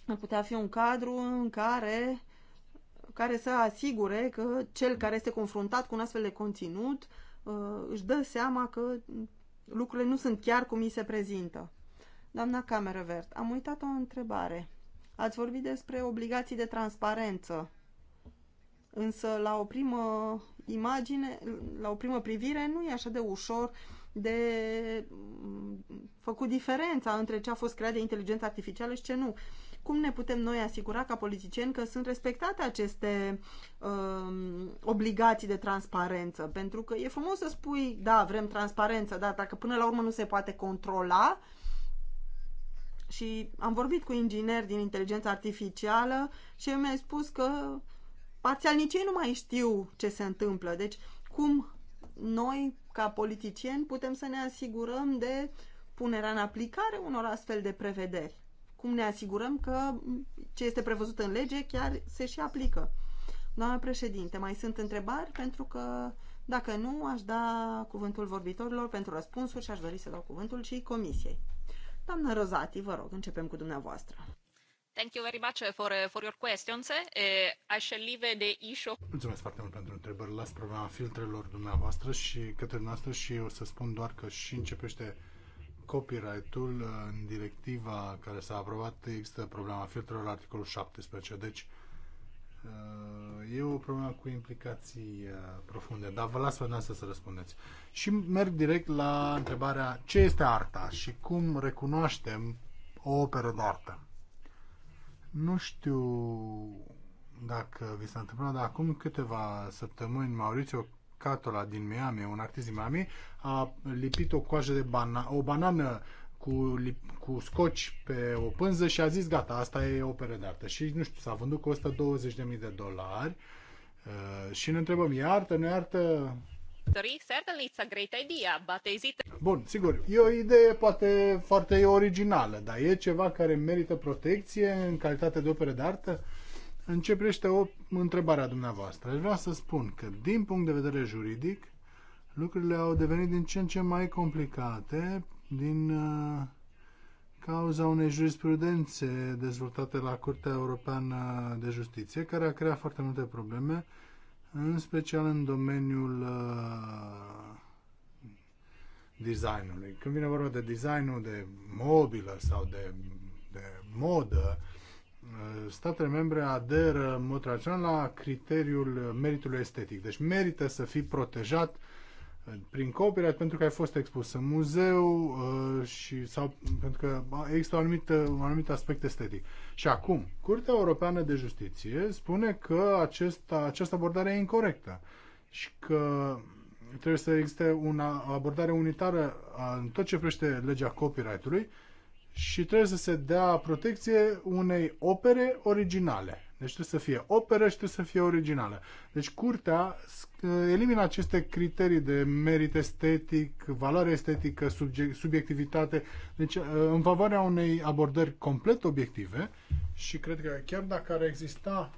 Ar putea fi un cadru în care, care să asigure că cel care este confruntat cu un astfel de conținut își dă seama că lucrurile nu sunt chiar cum mi se prezintă. Doamna Vert, am uitat o întrebare. Ați vorbit despre obligații de transparență. Însă, la o primă imagine, la o primă privire, nu e așa de ușor de mm, făcut diferența între ce a fost creat de inteligență artificială și ce nu cum ne putem noi asigura ca politicieni că sunt respectate aceste um, obligații de transparență? Pentru că e frumos să spui, da, vrem transparență, dar dacă până la urmă nu se poate controla, și am vorbit cu ingineri din inteligența artificială și mi a spus că parțial nici ei nu mai știu ce se întâmplă. Deci, cum noi, ca politicieni, putem să ne asigurăm de punerea în aplicare unor astfel de prevederi? cum ne asigurăm că ce este prevăzut în lege chiar se și aplică. Doamna președinte, mai sunt întrebări? Pentru că dacă nu, aș da cuvântul vorbitorilor pentru răspunsuri și aș dori să dau cuvântul și comisiei. Doamna Rozati, vă rog, începem cu dumneavoastră. Thank you very much uh, for, uh, for your questions. Uh, I shall leave the issue. Mulțumesc foarte mult pentru întrebări. Las problema filtrelor dumneavoastră și către noastră și o să spun doar că și începește copyright-ul uh, în directiva care s-a aprobat există problema filtrelor articolul 17, deci uh, e o problemă cu implicații uh, profunde, dar vă las pe noastră să răspundeți. Și merg direct la întrebarea ce este arta și cum recunoaștem o operă de artă. Nu știu dacă vi s-a întâmplat, dar acum câteva săptămâni Mauricio Catola din Miami, un artist din Miami, a lipit o coajă de bana- o banană cu, cu scoci pe o pânză și a zis gata, asta e operă de artă. Și nu știu, s-a vândut cu 120.000 de dolari uh, și ne întrebăm, e artă, nu e artă? Certainly it's a great idea, but is it... Bun, sigur, e o idee poate foarte originală, dar e ceva care merită protecție în calitate de operă de artă? începește o întrebare a dumneavoastră, aș vrea să spun că, din punct de vedere juridic, lucrurile au devenit din ce în ce mai complicate din uh, cauza unei jurisprudențe dezvoltate la Curtea Europeană de Justiție, care a creat foarte multe probleme, în special în domeniul uh, designului. Când vine vorba de designul de mobilă sau de, de modă, uh, statele membre aderă în mod tradițional la criteriul meritului estetic. Deci merită să fii protejat uh, prin copyright pentru că ai fost expus în muzeu uh, și, sau pentru că există un anumit, un anumit aspect estetic. Și acum, Curtea Europeană de Justiție spune că acesta, această abordare e incorrectă și că trebuie să existe o abordare unitară uh, în tot ce privește legea copyright-ului și trebuie să se dea protecție unei opere originale. Deci trebuie să fie operă și trebuie să fie originală. Deci curtea elimină aceste criterii de merit estetic, valoare estetică, subiectivitate, deci uh, în favoarea unei abordări complet obiective și cred că chiar dacă ar exista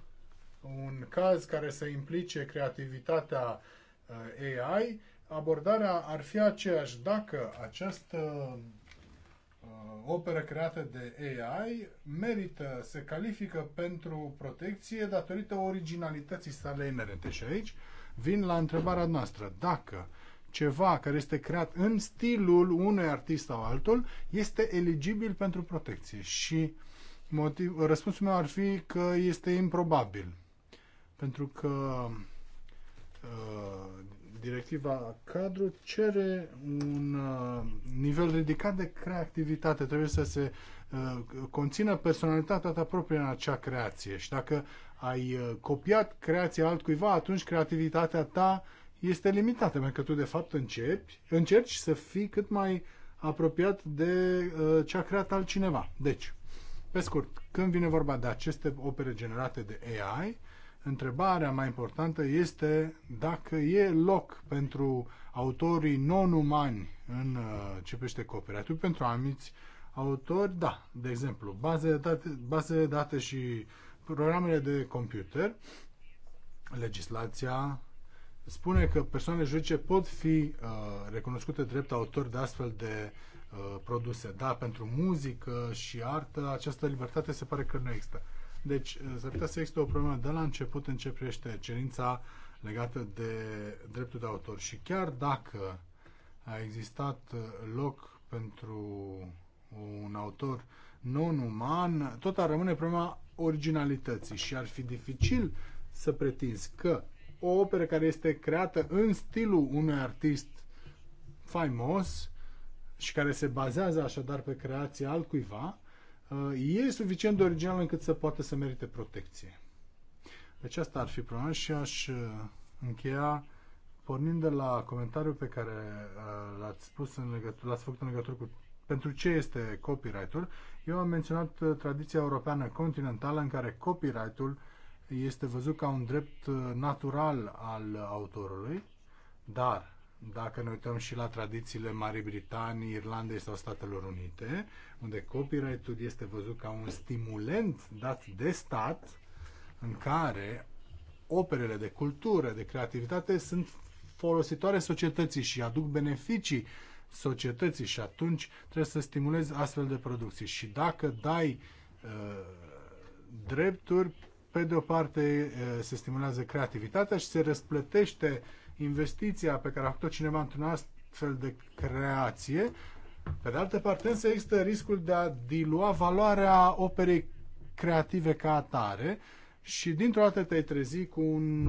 un caz care să implice creativitatea uh, AI, abordarea ar fi aceeași dacă această Uh, operă creată de AI merită, se califică pentru protecție datorită originalității sale inerente. Și aici vin la întrebarea noastră. Dacă ceva care este creat în stilul unui artist sau altul este eligibil pentru protecție și motiv, răspunsul meu ar fi că este improbabil. Pentru că uh, directiva cadru cere un uh, nivel ridicat de creativitate. Trebuie să se uh, conțină personalitatea ta proprie în acea creație. Și dacă ai uh, copiat creația altcuiva, atunci creativitatea ta este limitată, pentru că tu de fapt începi, încerci să fii cât mai apropiat de uh, ce a creat altcineva. Deci, pe scurt, când vine vorba de aceste opere generate de AI, Întrebarea mai importantă este dacă e loc pentru autorii non-umani în uh, ce privește cooperativ, pentru anumiți autori, da, de exemplu, baze de date, baze de date și programele de computer, legislația spune că persoanele juridice pot fi uh, recunoscute drept autori de astfel de uh, produse, Da, pentru muzică și artă această libertate se pare că nu există. Deci eh, s-ar putea să există o problemă de la început în ce privește cerința legată de dreptul de autor. Și chiar dacă a existat eh, loc pentru un autor non-uman, tot ar rămâne problema originalității și ar fi dificil să pretinzi că o operă care este creată în stilul unui artist faimos și care se bazează așadar pe creația altcuiva, Uh, e suficient de original încât să poată să merite protecție. Deci asta ar fi problema și aș uh, încheia pornind de la comentariul pe care uh, l-ați spus în legătură, l-ați făcut în legătură cu pentru ce este copyright-ul, eu am menționat tradiția europeană continentală în care copyright-ul este văzut ca un drept natural al autorului, dar dacă ne uităm și la tradițiile Marii Britanii, Irlandei sau Statelor Unite, unde copyright-ul este văzut ca un stimulent dat de stat în care operele de cultură, de creativitate sunt folositoare societății și aduc beneficii societății și atunci trebuie să stimulezi astfel de producții. Și dacă dai uh, drepturi, pe de o parte uh, se stimulează creativitatea și se răsplătește uh, investiția pe care a făcut-o cineva într-un astfel de creație. Pe de altă parte, însă există riscul de a dilua valoarea operei creative ca atare și dintr-o dată te-ai trezi cu un,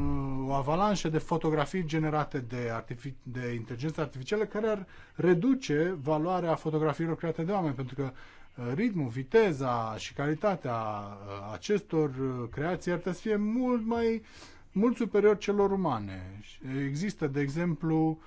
o avalanșă de fotografii generate de, artific- de inteligență artificială care ar reduce valoarea fotografiilor create de oameni, pentru că uh, ritmul, viteza și calitatea uh, acestor uh, creații ar trebui să fie mult mai uh, mult superior celor umane. Există, de exemplu,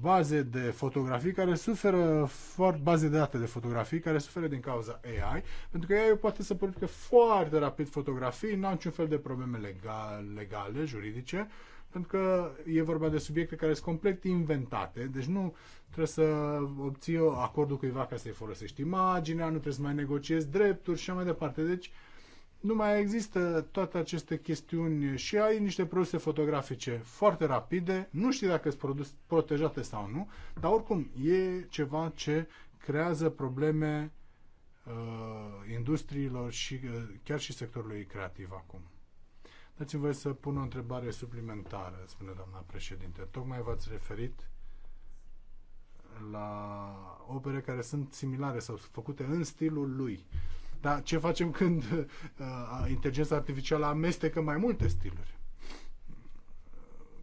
baze de fotografii care suferă foarte baze de date de fotografii care suferă din cauza AI, pentru că AI poate să producă foarte rapid fotografii, nu au niciun fel de probleme legale, legale, juridice, pentru că e vorba de subiecte care sunt complet inventate, deci nu trebuie să obții acordul cuiva ca să-i folosești imaginea, nu trebuie să mai negociezi drepturi și așa mai departe. Deci, uh, nu mai există toate aceste chestiuni și ai niște produse fotografice foarte rapide, nu știi dacă sunt produs, protejate sau nu, dar oricum e ceva ce creează probleme uh, industriilor și uh, chiar și sectorului creativ acum. Dați-mi voi să pun o întrebare suplimentară, spune doamna președinte. Tocmai v-ați referit la opere care sunt similare sau făcute în stilul lui. Uh, dar ce facem când uh, inteligența artificială amestecă mai multe stiluri?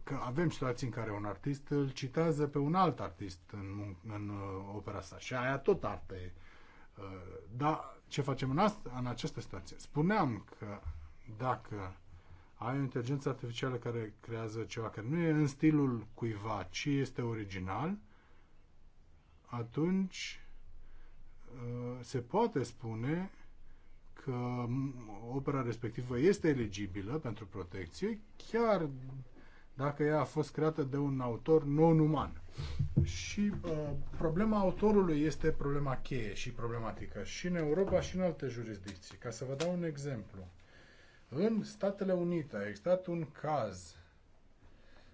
Că avem situații în care un artist îl citează pe un alt artist în, în uh, opera sa și aia tot arte. Uh, dar ce facem în, asta, în această situație? Spuneam că dacă ai o inteligență artificială care creează ceva care nu e în stilul cuiva, ci este original, atunci uh, se poate spune că um, opera respectivă este eligibilă pentru protecție, chiar dacă ea a fost creată de un autor non-uman. Și uh, problema autorului este problema cheie și problematică și în Europa și în alte jurisdicții. Ca să vă dau un exemplu. În Statele Unite a existat un caz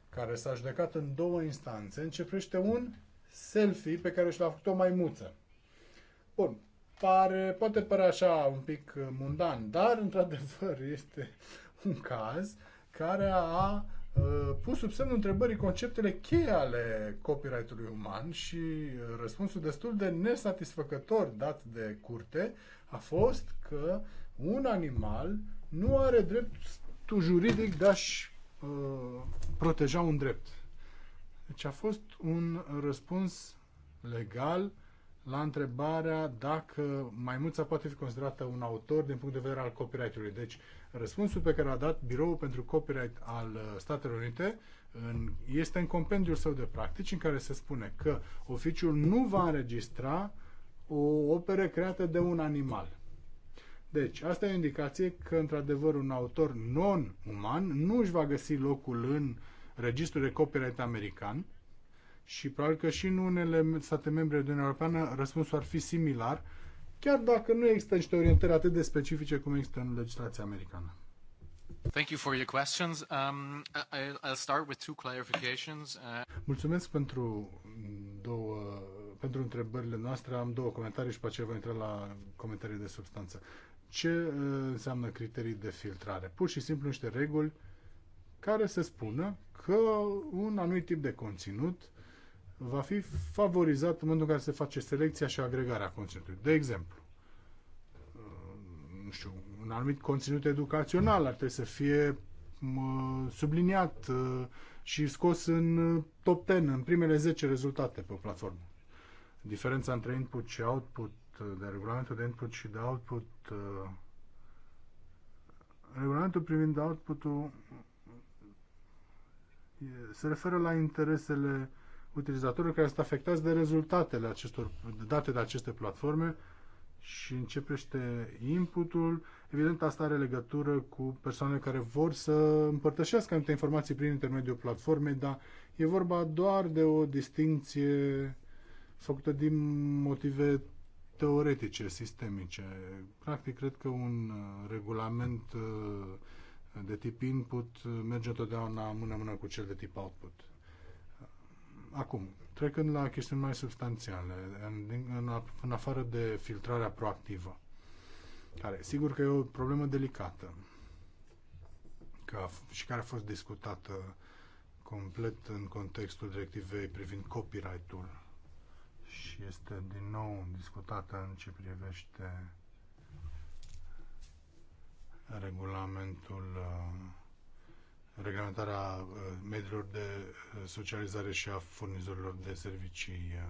care s-a judecat în două instanțe, începește un selfie pe care și l-a făcut o maimuță. Bun, pare, poate părea așa un pic uh, mundan, dar într-adevăr este un caz care a uh, pus sub semnul întrebării conceptele cheie ale copyright-ului uman și uh, răspunsul destul de nesatisfăcător dat de curte a fost că un animal nu are dreptul juridic de a-și uh, proteja un drept. Deci a fost un răspuns legal la întrebarea dacă maimuța poate fi considerată un autor din punct de vedere al copyright-ului. Deci, răspunsul pe care a dat Biroul pentru Copyright al uh, Statelor Unite în, este în compendiul său de practici în care se spune că oficiul nu va înregistra o operă creată de un animal. Deci, asta e o indicație că, într-adevăr, un autor non-uman nu își va găsi locul în registrul de copyright american, și probabil că și în unele state membre din Uniunea Europeană răspunsul ar fi similar, chiar dacă nu există niște orientări atât de specifice cum există în legislația americană. Thank you for your questions. Um, I'll start with two clarifications. Uh... Mulțumesc pentru două pentru întrebările noastre. Am două comentarii și pe aceea voi intra la comentarii de substanță. Ce uh, înseamnă criterii de filtrare? Pur și simplu niște reguli care să spună că un anumit tip de conținut va fi favorizat în momentul în care se face selecția și agregarea conținutului. De exemplu, nu știu, un anumit conținut educațional ar trebui să fie subliniat uh, și scos în uh, top 10, în primele 10 rezultate pe platformă. Diferența între input și output, uh, de regulamentul de input și de output, regulamentul privind output-ul se referă la interesele utilizatorilor care sunt afectați de rezultatele acestor date de aceste platforme și începește inputul. Evident, asta are legătură cu persoanele care vor să împărtășească anumite informații prin intermediul platformei, dar e vorba doar de o distinție făcută din motive teoretice, sistemice. Practic, cred că un uh, regulament uh, de tip input uh, merge întotdeauna mână-mână cu cel de tip output. Acum, trecând la chestiuni mai substanțiale, în, în, în afară de filtrarea proactivă, care sigur că e o problemă delicată că, și care a fost discutată complet în contextul directivei privind copyright-ul și este din nou discutată în ce privește regulamentul uh, reglementarea uh, mediilor de uh, socializare și a furnizorilor de servicii uh,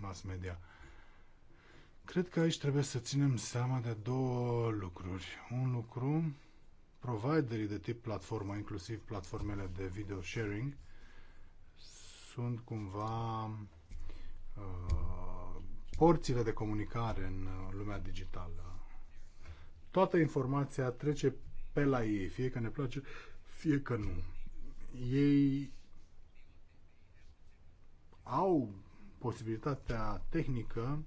mass media. Cred că aici trebuie să ținem seama de două lucruri. Un lucru, providerii de tip platformă, inclusiv platformele de video sharing, sunt cumva uh, porțile de comunicare în lumea digitală. Toată informația trece pe la ei, fie că ne place, fie că nu. Ei au posibilitatea tehnică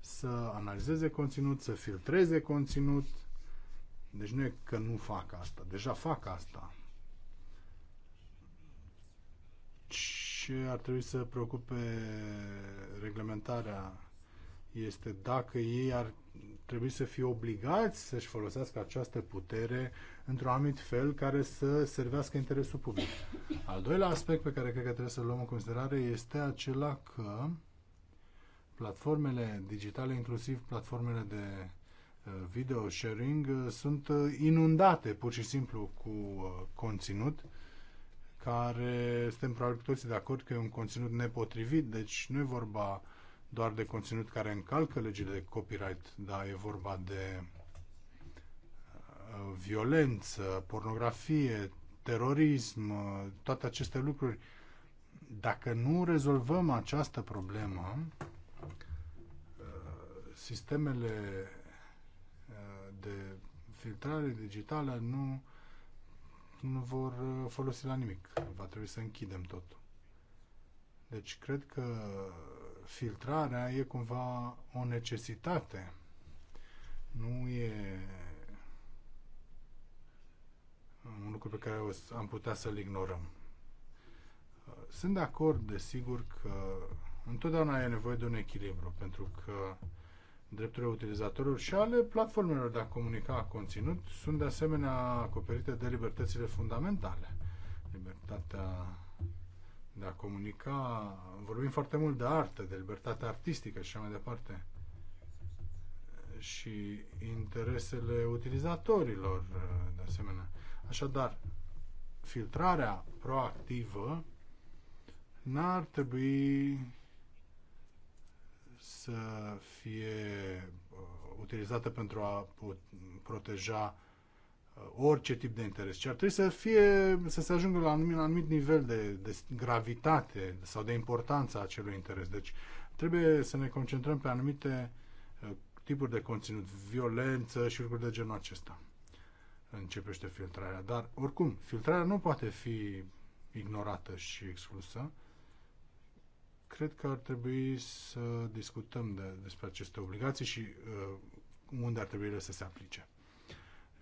să analizeze conținut, să filtreze conținut. Deci nu e că nu fac asta, deja fac asta. Ce ar trebui să preocupe reglementarea este dacă ei ar trebui să fie obligați să-și folosească această putere într-un anumit fel care să servească interesul public. Al doilea aspect pe care cred că trebuie să-l luăm în considerare este acela că platformele digitale, inclusiv platformele de uh, video sharing, uh, sunt uh, inundate pur și simplu cu conținut care suntem probabil cu toții de acord că e un conținut nepotrivit, deci nu e vorba doar de conținut care încalcă legile de copyright, dar e vorba de Uh, violență, pornografie, terorism, uh, toate aceste lucruri, dacă nu rezolvăm această problemă, uh, sistemele de filtrare digitală nu, nu vor folosi la nimic. Va trebui să închidem totul. Deci cred că filtrarea e cumva o necesitate. Nu e un lucru pe care am putea să-l ignorăm. Sunt de acord, desigur, că întotdeauna e nevoie de un echilibru, pentru că drepturile utilizatorilor și ale platformelor de a comunica conținut sunt de asemenea acoperite de libertățile fundamentale. Libertatea de a comunica, vorbim foarte mult de artă, de libertate artistică și așa mai departe, și interesele utilizatorilor de asemenea. Așadar, filtrarea proactivă n-ar trebui să fie uh, utilizată pentru a proteja uh, orice tip de interes, ci ar trebui să, fie, să se ajungă la un anumit nivel de, de gravitate sau de importanță a acelui interes. Deci trebuie să ne concentrăm pe anumite uh, tipuri de conținut, violență și lucruri de genul acesta începește filtrarea. Dar, oricum, filtrarea nu poate fi ignorată și exclusă. Cred că ar trebui să discutăm de, despre aceste obligații și uh, unde ar trebui ele să se aplice.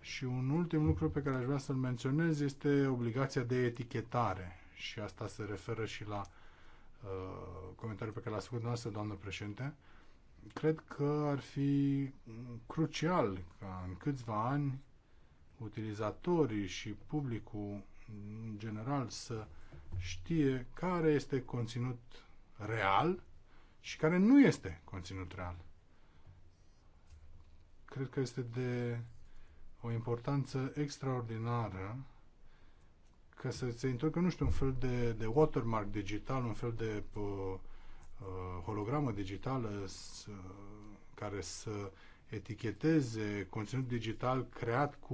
Și un ultim lucru pe care aș vrea să-l menționez este obligația de etichetare. Și asta se referă și la uh, comentariul pe care l a făcut dumneavoastră, doamnă președinte. Cred că ar fi crucial ca în câțiva ani utilizatorii și publicul în general să știe care este conținut real și care nu este conținut real. Cred că este de o importanță extraordinară ca să se întoarcă nu știu, un fel de, de watermark digital, un fel de uh, uh hologramă digitală uh, care să eticheteze conținut digital creat cu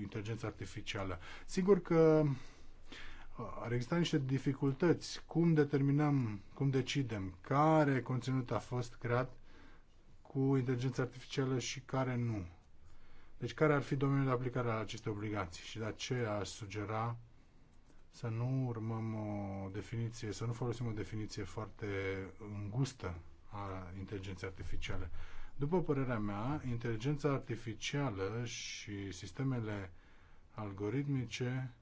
inteligența artificială. Sigur că uh, ar exista niște dificultăți. Cum determinăm, cum decidem care conținut a fost creat cu inteligența artificială și care nu. Deci care ar fi domeniul de aplicare al acestei obligații și de aceea aș sugera să nu urmăm o definiție, să nu folosim o definiție foarte îngustă a inteligenței artificiale. După părerea mea, inteligența artificială și sistemele algoritmice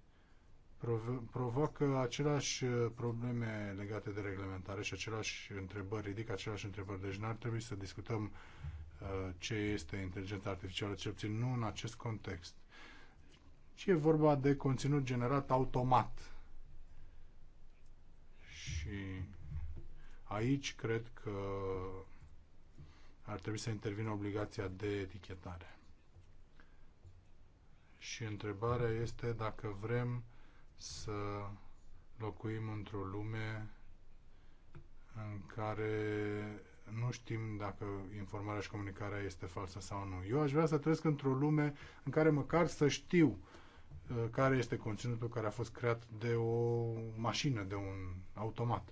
prov- provoacă aceleași uh, probleme legate de reglementare și aceleași întrebări, ridică aceleași întrebări. Deci n-ar trebui să discutăm uh, ce este inteligența artificială, cel puțin nu în acest context. Și e vorba de conținut generat automat. Și aici cred că ar trebui să intervină obligația de etichetare. Și întrebarea este dacă vrem să locuim într-o lume în care nu știm dacă informarea și comunicarea este falsă sau nu. Eu aș vrea să trăiesc într-o lume în care măcar să știu uh, care este conținutul care a fost creat de o mașină, de un automat.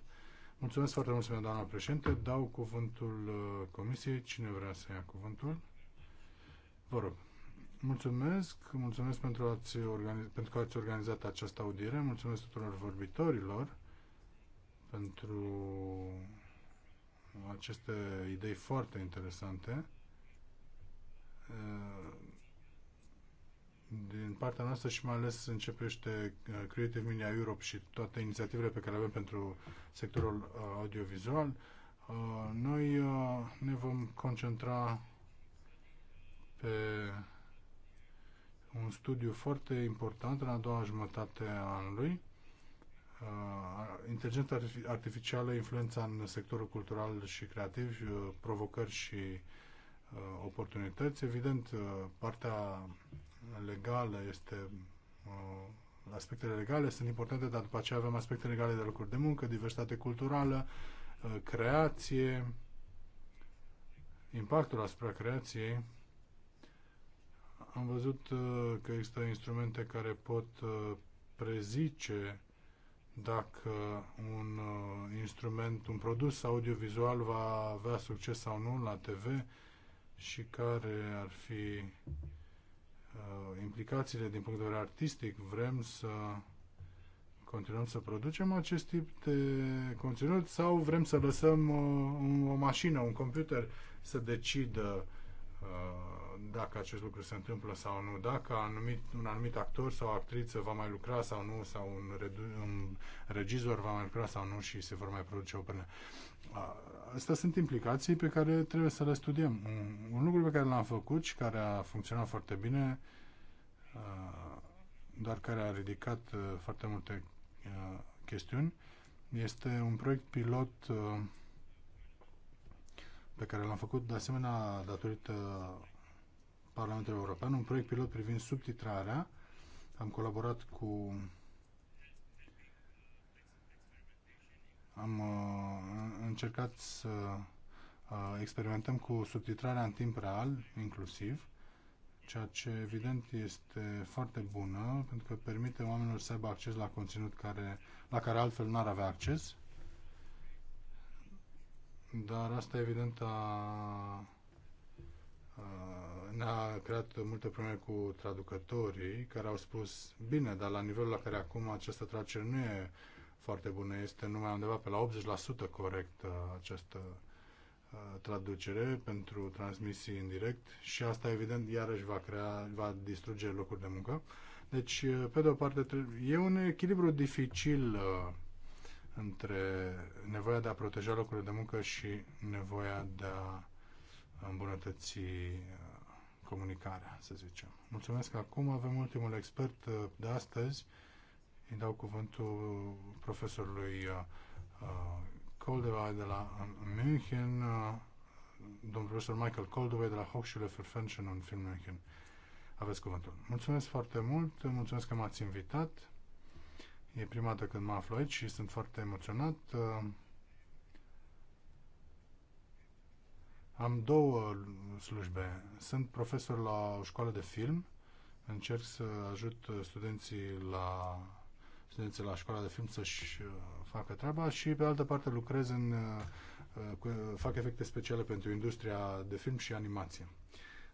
Mulțumesc foarte mult, doamna președinte. Dau cuvântul uh, comisiei. Cine vrea să ia cuvântul? Vă rog. Mulțumesc, mulțumesc pentru, ați pentru că ați organizat această audiere, mulțumesc tuturor vorbitorilor pentru aceste idei foarte interesante. Uh, partea noastră și mai ales începește uh, Creative Media Europe și toate inițiativele pe care le avem pentru sectorul uh, audiovizual. Uh, noi ne vom concentra pe un studiu foarte important în a doua jumătate a anului. Inteligența artificială, influența în sectorul cultural și creativ, provocări și oportunități. Evident, partea legală este uh, aspectele legale sunt importante, dar după aceea avem aspecte legale de locuri de muncă, diversitate culturală, uh, creație, impactul asupra creației. Am văzut uh, că există instrumente care pot prezice dacă un instrument, un produs audiovizual va avea succes sau nu la TV și care ar fi Uh, implicațiile din punct de vedere artistic, vrem să continuăm să producem acest tip de conținut sau vrem să lăsăm uh, o mașină, un computer să decidă uh, dacă acest lucru se întâmplă sau nu, dacă anumit, un anumit actor sau actriță va mai lucra sau nu, sau un, un regizor va mai lucra sau nu și se vor mai produce operele. Astea sunt implicații pe care trebuie să le studiem. Un lucru pe care l-am făcut și care a funcționat foarte bine, dar care a ridicat uh, foarte multe uh, chestiuni, este un proiect pilot uh, pe care l-am făcut de asemenea datorită Parlamentului European, un proiect pilot privind subtitrarea. Am colaborat cu Am uh, încercat să uh, experimentăm cu subtitrarea în timp real, inclusiv, ceea ce evident este foarte bună, pentru că permite oamenilor să aibă acces la conținut care, la care altfel n-ar avea acces. Dar asta evident a, a, ne-a creat multe probleme cu traducătorii care au spus, bine, dar la nivelul la care acum această traducere nu e foarte bună. Este numai undeva pe la 80% corect uh, această uh, traducere pentru transmisii în direct și asta evident iarăși va crea, va distruge locuri de muncă. Deci, uh, pe de o parte, e un echilibru dificil între nevoia de a proteja locurile de muncă și nevoia de a îmbunătăți comunicarea, să zicem. Mulțumesc. Acum avem ultimul expert de astăzi, îi dau cuvântul profesorului uh, uh, Coldewey de la München, uh, domnul profesor Michael Coldewey de la Hochschule für Fernsehen und Film München. Aveți cuvântul. Mulțumesc foarte mult, mulțumesc că m-ați invitat. E prima dată când mă aflu aici și sunt foarte emoționat. Am două slujbe. Sunt profesor la o școală de film. Încerc să ajut studenții la studenții la școala de film să-și uh, facă treaba și pe altă parte lucrez în uh, fac efecte speciale pentru industria de film și animație.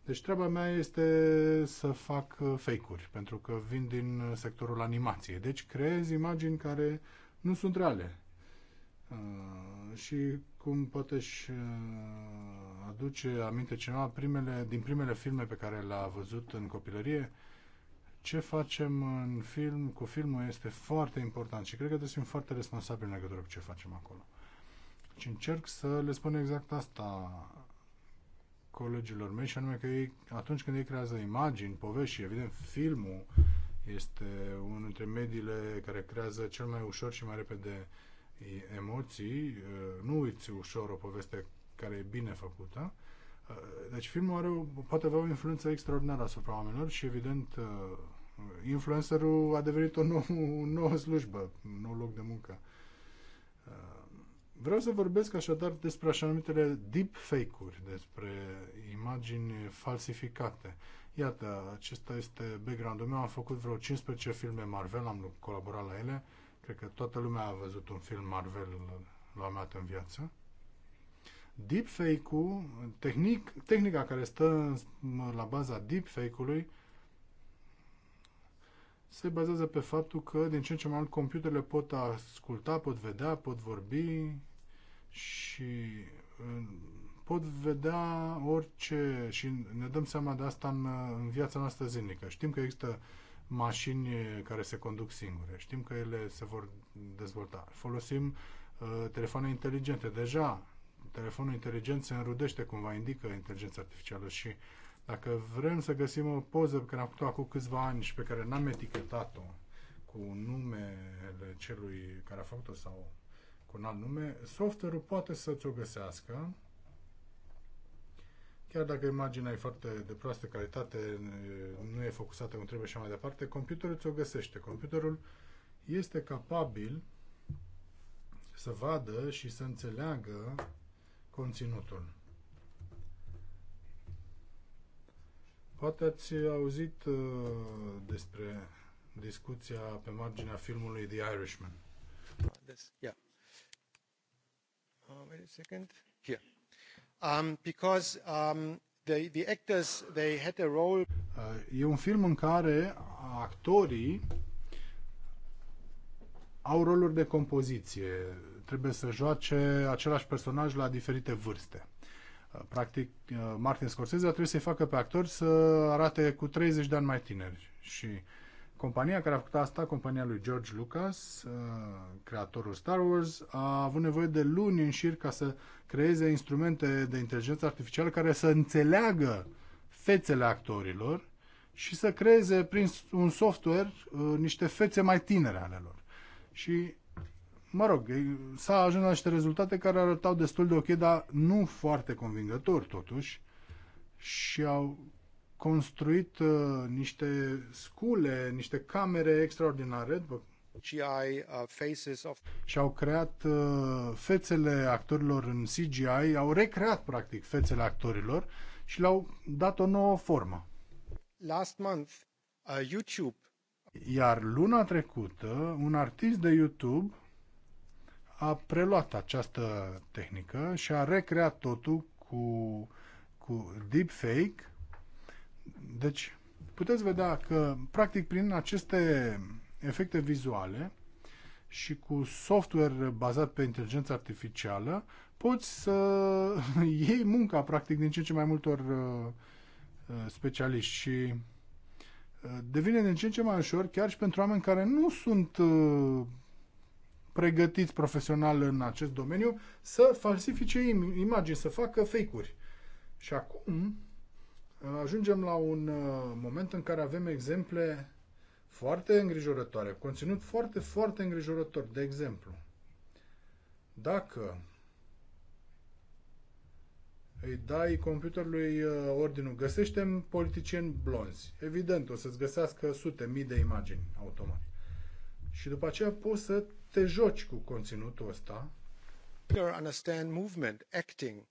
Deci treaba mea este să fac uh, fake-uri, pentru că vin din sectorul animației. Deci creez imagini care nu sunt reale. Și cum poate și aduce aminte cineva primele, din primele filme pe care le-a văzut în copilărie, uh, ce facem în film, cu filmul este foarte important și cred că trebuie să foarte responsabili în legătură cu ce facem acolo. Și încerc să le spun exact asta colegilor mei și anume că ei, atunci când ei creează imagini, povești și evident filmul este unul dintre mediile care creează cel mai ușor și mai repede emoții, uh, nu uiți ușor o poveste care e bine făcută. Uh, deci filmul are, o, poate avea o influență extraordinară asupra oamenilor și evident uh, influencerul a devenit o nouă, nouă slujbă, un nou loc de muncă. Uh, vreau să vorbesc așadar despre așa numitele deepfake-uri, despre imagini falsificate. Iată, acesta este background-ul meu. Am făcut vreo 15 filme Marvel, am colaborat la ele. Cred că toată lumea a văzut un film Marvel la mea în viață. Deepfake-ul, tehnic, tehnica care stă la baza deepfake-ului, se bazează pe faptul că din ce în ce mai mult computerele pot asculta, pot vedea, pot vorbi și pot vedea orice și ne dăm seama de asta în, în viața noastră zilnică. Știm că există mașini care se conduc singure, știm că ele se vor dezvolta. Folosim uh, telefoane inteligente. Deja telefonul inteligent se înrudește cumva, indică inteligența artificială și uh, dacă vrem să găsim o poză pe care am făcut-o acum câțiva ani și pe care n-am etichetat-o cu numele celui care a făcut-o sau cu un alt nume, software-ul poate să-ți o găsească. Chiar dacă imaginea e foarte de proastă calitate, nu e focusată cum trebuie și mai departe, computerul ți-o găsește. Computerul este capabil să vadă și să înțeleagă conținutul. Poate ați auzit uh, despre discuția pe marginea filmului The Irishman. This, yeah. Uh, wait a second. Here. Um, because um, the, the actors, they had a role... Uh, e un film în care actorii au roluri de compoziție. Trebuie să joace același personaj la diferite vârste. Practic, uh, Martin Scorsese a trebuit să-i facă pe actori să arate cu 30 de ani mai tineri. Și compania care a făcut asta, compania lui George Lucas, uh, creatorul Star Wars, a avut nevoie de luni în șir ca să creeze instrumente de inteligență artificială care să înțeleagă fețele actorilor și să creeze prin un software uh, niște fețe mai tinere ale lor. Și Mă rog, s-a ajuns la niște rezultate care arătau destul de ok, dar nu foarte convingător totuși și au construit uh, niște scule, niște camere extraordinare după... GI, uh, faces of... și au creat uh, fețele actorilor în CGI, au recreat practic fețele actorilor și le-au dat o nouă formă. Last month, uh, YouTube. Iar luna trecută, un artist de YouTube a preluat această tehnică și a recreat totul cu, cu deepfake. Deci, puteți vedea că, practic, prin aceste efecte vizuale și cu software bazat pe inteligență artificială, poți să iei munca, practic, din ce în ce mai multor uh, uh, specialiști și uh, devine din ce în ce mai ușor, chiar și pentru oameni care nu sunt pregătiți profesional în acest domeniu să falsifice imagini, să facă fake-uri. Și acum uh, ajungem la un uh, moment în care avem exemple foarte îngrijorătoare, conținut foarte, foarte îngrijorător. De exemplu, dacă îi dai computerului uh, ordinul, găsește politicieni blonzi. Evident, o să-ți găsească sute mii de imagini automat. Și după aceea poți să te joci cu conținutul ăsta. Understand movement, acting.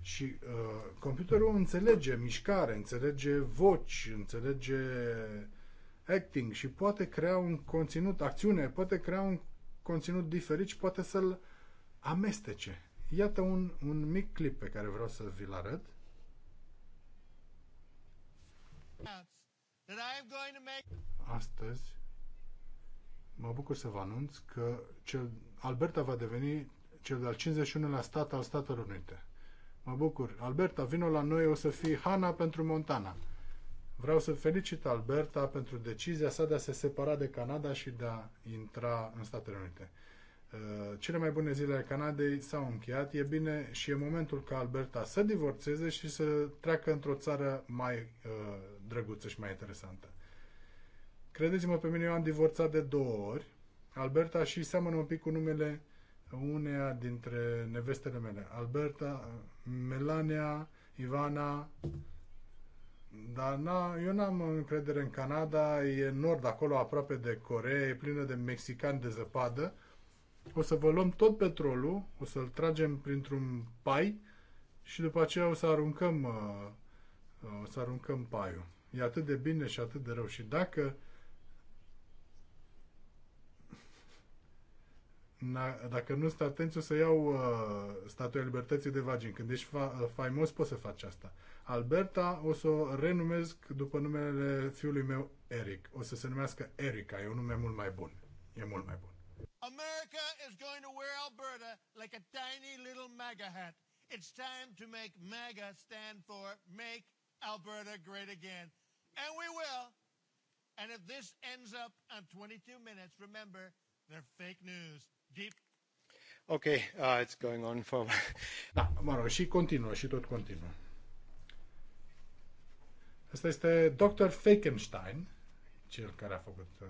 Și uh, computerul înțelege mișcare, înțelege voci, înțelege acting și poate crea un conținut, acțiune, poate crea un conținut diferit și poate să-l amestece. Iată un, un mic clip pe care vreau să vi-l arăt. Astăzi Mă bucur să vă anunț că cel, Alberta va deveni cel de-al 51-lea stat al Statelor Unite. Mă bucur. Alberta, vino la noi, o să fii Hana pentru Montana. Vreau să felicit Alberta pentru decizia sa de a se separa de Canada și de a intra în Statele Unite. Uh, cele mai bune zile ale Canadei s-au încheiat. E bine și e momentul ca Alberta să divorțeze și să treacă într-o țară mai uh, drăguță și mai interesantă. Credeți-mă pe mine, eu am divorțat de două ori. Alberta și seamănă un pic cu numele uneia dintre nevestele mele. Alberta, Melania, Ivana, dar na, eu n-am încredere în Canada, e nord acolo, aproape de Corea, e plină de mexicani de zăpadă. O să vă luăm tot petrolul, o să-l tragem printr-un pai și după aceea o să aruncăm, uh, uh, o să aruncăm paiul. E atât de bine și atât de rău. Și dacă dacă nu sunt atenți, o să iau uh, Statuia Libertății de Vagin. Când ești fa- uh, faimos, poți să faci asta. Alberta o să o renumesc după numele fiului meu, Eric. O să se numească Erica. E un nume mult mai bun. E mult mai bun. America is going to wear Alberta like a tiny little MAGA hat. It's time to make MAGA stand for Make Alberta Great Again. And we will. And if this ends up on 22 minutes, remember, they're fake news. Ok, uh, it's going on for... Da, mă rog, și continuă, și tot continuă. Asta este Dr. Fakenstein, cel care a făcut uh,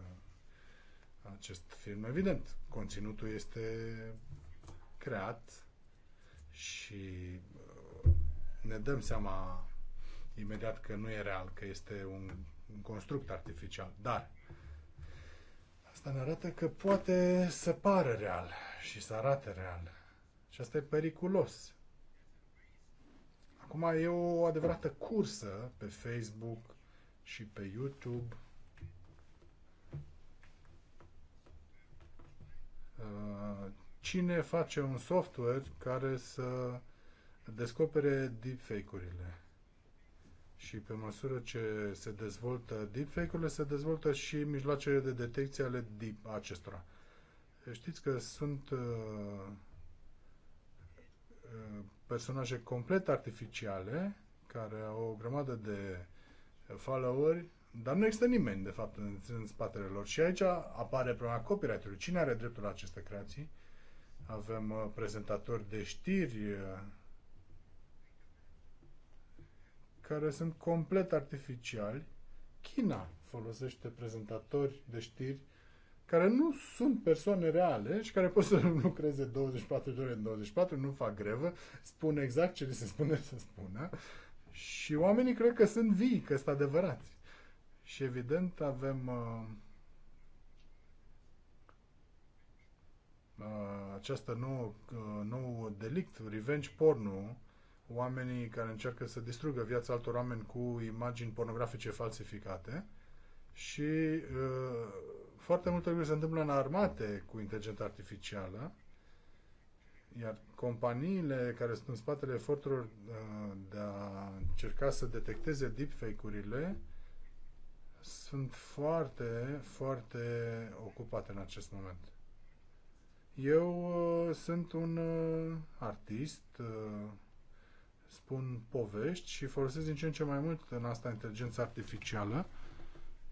acest film. Evident, conținutul este creat și uh, ne dăm seama imediat că nu e real, că este un, un construct artificial. Dar Asta ne arată că poate să pară real și să arate real. Și asta e periculos. Acum e o adevărată cursă pe Facebook și pe YouTube. Uh, cine face un software care să descopere deepfake-urile? și pe măsură ce se dezvoltă deepfake-urile, se dezvoltă și mijloacele de detecție ale deep acestora. Știți că sunt uh, uh personaje complet artificiale care au o grămadă de followeri, dar nu există nimeni, de fapt, în, în spatele lor. Și aici apare problema copyright-ului. Cine are dreptul la aceste creații? Avem uh, prezentatori de știri, uh, care sunt complet artificiali. China folosește prezentatori de știri care nu sunt persoane reale și care pot să lucreze 24 de ore în 24, nu fac grevă, spun exact ce li se spune să spună și oamenii cred că sunt vii, că sunt adevărați. Și evident avem uh, uh, această nouă, uh, nou delict, revenge porno, oamenii care încearcă să distrugă viața altor oameni cu imagini pornografice falsificate și uh, foarte multe lucruri se întâmplă în armate cu inteligența artificială, iar companiile care sunt în spatele eforturilor uh, de a încerca să detecteze deepfake-urile sunt foarte, foarte ocupate în acest moment. Eu uh, sunt un uh, artist, uh, spun povești și folosesc din ce în ce mai mult în asta inteligența artificială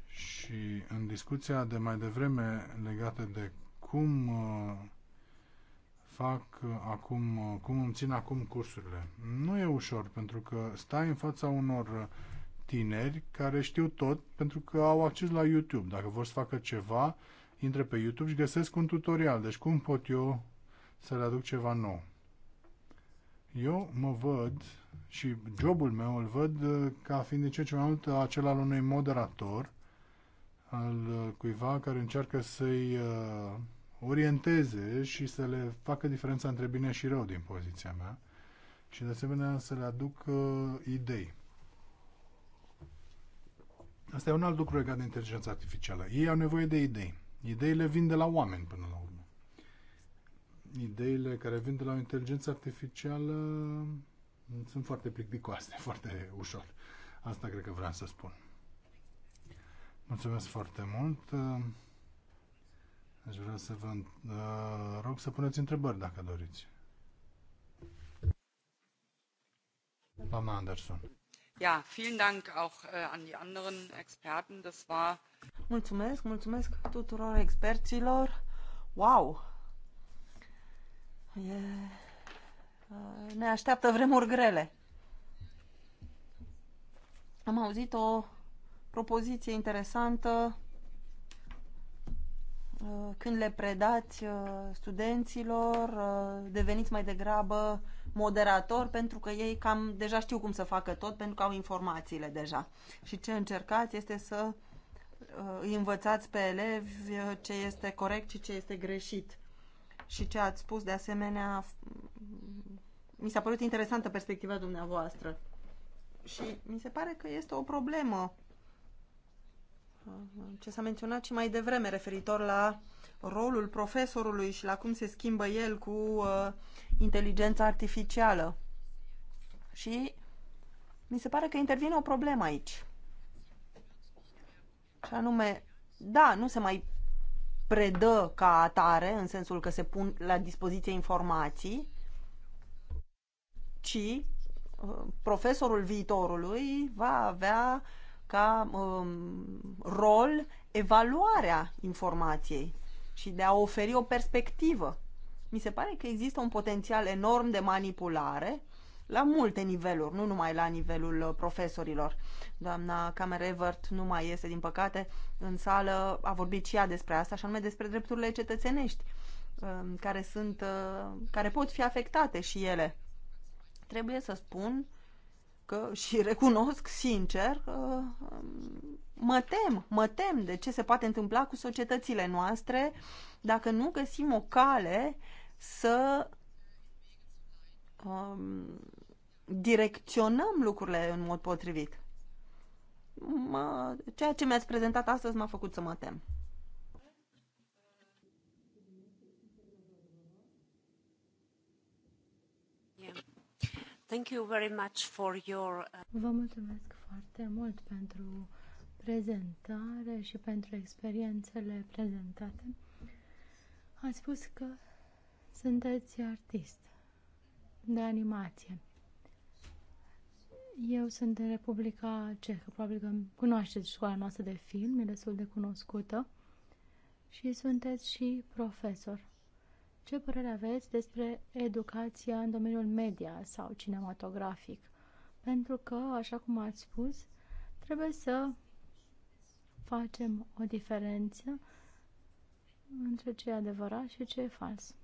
și în discuția de mai devreme legată de cum uh, fac uh, acum, uh, cum îmi țin acum cursurile. Nu e ușor, pentru că stai în fața unor tineri care știu tot pentru că au acces la YouTube. Dacă vor să facă ceva, intre pe YouTube și găsesc un tutorial. Deci cum pot eu să le aduc ceva nou? Eu mă văd și jobul meu îl văd uh, ca fiind din ce ce mai mult uh, acela al unui moderator, al uh, cuiva care încearcă să-i orienteze și să le facă diferența între bine și rău din poziția mea și de asemenea să le aduc idei. Asta e un alt lucru legat de inteligența artificială. Ei au nevoie de idei. Ideile vin de la oameni până la urmă ideile care vin de la o inteligență artificială sunt foarte plicticoase, foarte ușor. Asta cred că vreau să spun. Mulțumesc foarte mult. Aș vrea să vă uh, rog să puneți întrebări dacă doriți. Doamna Anderson. Ja, vielen Dank auch uh, an die anderen Experten. Das war Mulțumesc, mulțumesc tuturor experților. Wow, E, ne așteaptă vremuri grele. Am auzit o propoziție interesantă când le predați studenților, deveniți mai degrabă moderator pentru că ei cam deja știu cum să facă tot pentru că au informațiile deja. Și ce încercați este să îi învățați pe elevi ce este corect și ce este greșit și ce ați spus de asemenea mi s-a părut interesantă perspectiva dumneavoastră și mi se pare că este o problemă uh, ce s-a menționat și mai devreme referitor la rolul profesorului și la cum se schimbă el cu uh, inteligența artificială. Și mi se pare că intervine o problemă aici. Și anume, da, nu se mai predă ca atare, în sensul că se pun la dispoziție informații, ci uh, profesorul viitorului va avea ca um, rol evaluarea informației și de a oferi o perspectivă. Mi se pare că există un potențial enorm de manipulare la multe niveluri, nu numai la nivelul uh, profesorilor. Doamna Camerevert nu mai este, din păcate, în sală, a vorbit și ea despre asta, și anume despre drepturile cetățenești, um, care, sunt, uh, care pot fi afectate și ele. Trebuie să spun că și recunosc sincer, uh, um, mă tem, mă tem de ce se poate întâmpla cu societățile noastre dacă nu găsim o cale să um, direcționăm lucrurile în mod potrivit. Mă, ceea ce mi-ați prezentat astăzi m-a făcut să mă tem. Thank you very much for your... Uh, Vă mulțumesc foarte mult pentru prezentare și pentru experiențele prezentate. Ați spus că sunteți artist de animație. Eu sunt din Republica Cehă, probabil că cunoașteți școala noastră de film, e destul de cunoscută, și sunteți și profesor. Ce părere aveți despre educația în domeniul media sau cinematografic? Pentru că, așa cum ați spus, trebuie să facem o diferență între ce e adevărat și ce e fals.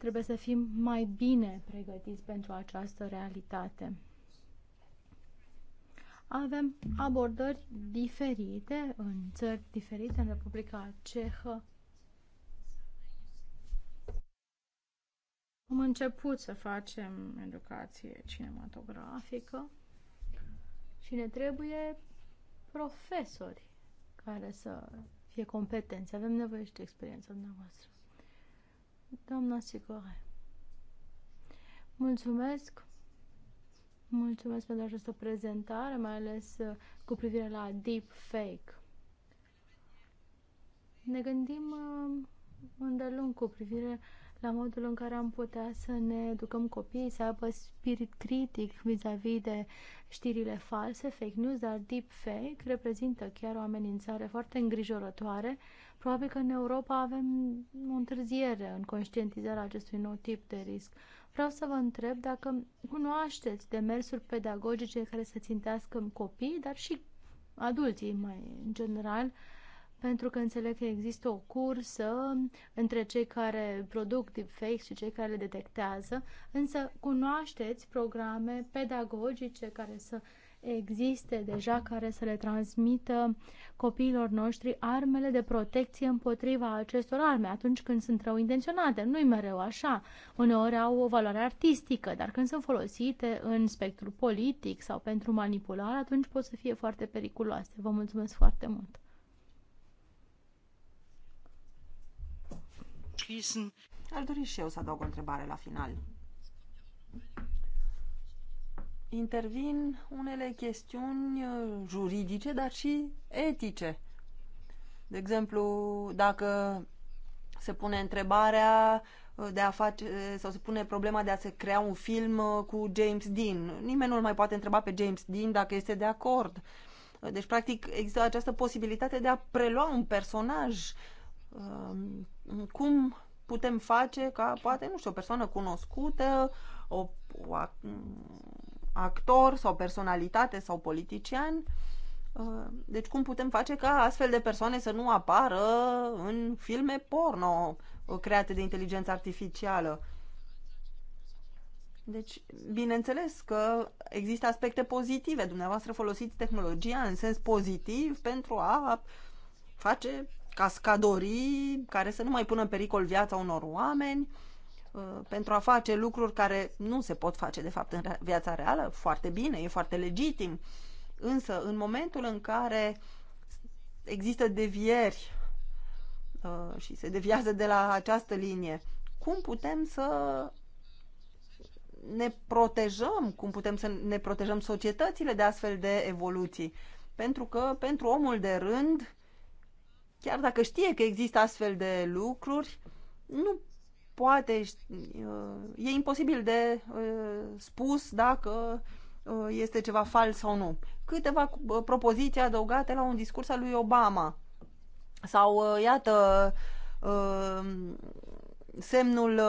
Trebuie să fim mai bine pregătiți pentru această realitate. Avem abordări diferite în țări diferite, în Republica Cehă. Am început să facem educație cinematografică și ne trebuie profesori care să fie competenți. Avem nevoie și de experiența dumneavoastră. Doamna Sicore. Mulțumesc! Mulțumesc pentru această prezentare, mai ales uh, cu privire la deep fake. Ne gândim uh, îndelung cu privire la modul în care am putea să ne educăm copiii să aibă spirit critic vis-a-vis -vis de știrile false, fake news, dar deep fake, reprezintă chiar o amenințare foarte îngrijorătoare Probabil că în Europa avem o întârziere în conștientizarea acestui nou tip de risc. Vreau să vă întreb dacă cunoașteți demersuri pedagogice care să țintească copii, dar și adulții mai în general, pentru că înțeleg că există o cursă între cei care produc deepfakes și cei care le detectează, însă cunoașteți programe pedagogice care să existe deja care să le transmită copiilor noștri armele de protecție împotriva acestor arme atunci când sunt rău intenționate. Nu-i mereu așa. Uneori au o valoare artistică, dar când sunt folosite în spectrul politic sau pentru manipulare, atunci pot să fie foarte periculoase. Vă mulțumesc foarte mult! Aș dori și eu să adaug o întrebare la final intervin unele chestiuni uh, juridice, dar și etice. De exemplu, dacă se pune întrebarea uh, de a face, uh, sau se pune problema de a se crea un film cu James Dean. Nimeni nu mai poate întreba pe James Dean dacă este de acord. Deci, practic, există această posibilitate de a prelua un personaj. Cum putem face ca, poate, nu știu, o persoană cunoscută, o, o, actor sau personalitate sau politician. Uh, deci cum putem face ca astfel de persoane să nu apară în filme porno uh, create de inteligență artificială? Deci, bineînțeles că există aspecte pozitive. Dumneavoastră folosiți tehnologia în sens pozitiv pentru a face cascadorii care să nu mai pună în pericol viața unor oameni, Uh, pentru a face lucruri care nu se pot face, de fapt, în viața reală, foarte bine, e foarte legitim. Însă, în momentul în care există devieri uh, și se deviază de la această linie, cum putem să ne protejăm, cum putem să ne protejăm societățile de astfel de evoluții? Pentru că, pentru omul de rând, chiar dacă știe că există astfel de lucruri, nu poate, uh, e imposibil de uh, spus dacă uh, este ceva fals sau nu. Câteva propoziții adăugate la un discurs al lui Obama sau, iată, semnul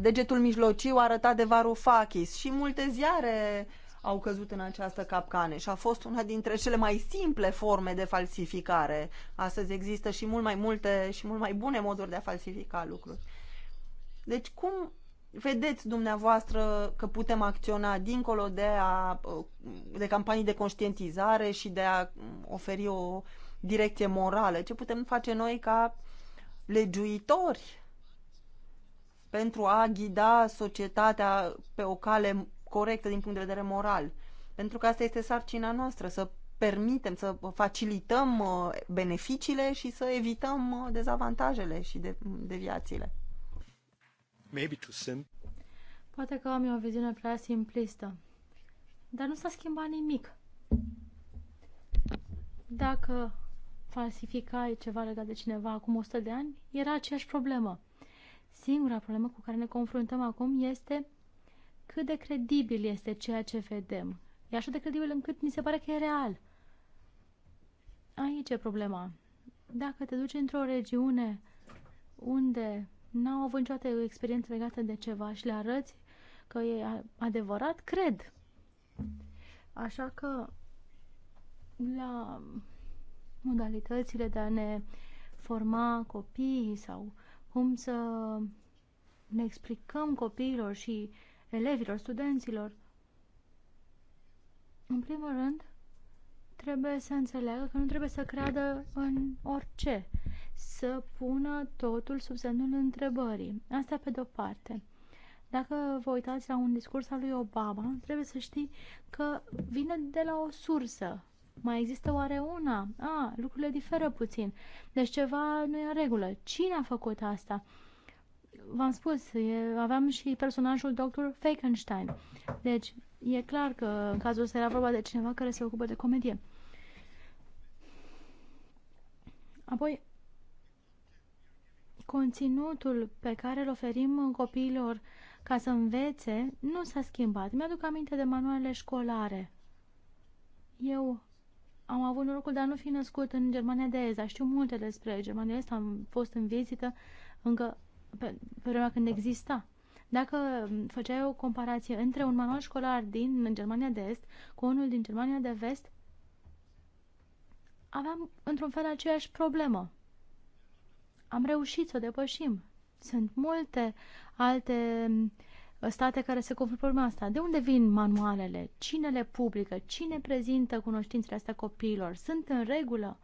degetul mijlociu arătat de Varoufakis și multe ziare au căzut în această capcane și a fost una dintre cele mai simple forme de falsificare. Astăzi există și mult mai multe și mult mai bune moduri de a falsifica lucruri. Deci cum vedeți dumneavoastră că putem acționa dincolo de, a, de campanii de conștientizare și de a oferi o direcție morală? Ce putem face noi ca legiuitori pentru a ghida societatea pe o cale corectă din punct de vedere moral. Pentru că asta este sarcina noastră, să permitem, să facilităm uh, beneficiile și să evităm uh, dezavantajele și de, mm, deviațiile. Maybe too simple. Poate că am o viziune prea simplistă. Dar nu s-a schimbat nimic. Dacă falsificai ceva legat de cineva acum 100 de ani, era aceeași problemă. Singura problemă cu care ne confruntăm acum este cât de credibil este ceea ce vedem. E așa de credibil încât mi se pare că e real. Aici e problema. Dacă te duci într-o regiune unde n-au avut niciodată o experiență legată de ceva și le arăți că e adevărat, cred. Așa că la modalitățile de a ne forma copiii sau cum să ne explicăm copiilor și elevilor, studenților. În primul rând, trebuie să înțeleagă că nu trebuie să creadă în orice, să pună totul sub semnul întrebării. Asta pe de-o parte. Dacă vă uitați la un discurs al lui Obama, trebuie să știi că vine de la o sursă. Mai există oare una? A, ah, lucrurile diferă puțin. Deci ceva nu e în regulă. Cine a făcut asta? v-am spus, e, aveam și personajul Dr. Fakenstein. Deci, e clar că în cazul ăsta era vorba de cineva care se ocupă de comedie. Apoi, conținutul pe care îl oferim copiilor ca să învețe nu s-a schimbat. Mi-aduc aminte de manualele școlare. Eu am avut norocul de a nu fi născut în Germania de Est, dar știu multe despre Germania de Est, am fost în vizită, încă pe vremea când exista. Dacă mm, făceai o comparație între un manual școlar din Germania de Est cu unul din Germania de Vest, aveam într-un fel aceeași problemă. Am reușit să o depășim. Sunt multe alte mm, state care se confruntă problema asta. De unde vin manualele? Cine le publică? Cine prezintă cunoștințele astea copiilor? Sunt în regulă?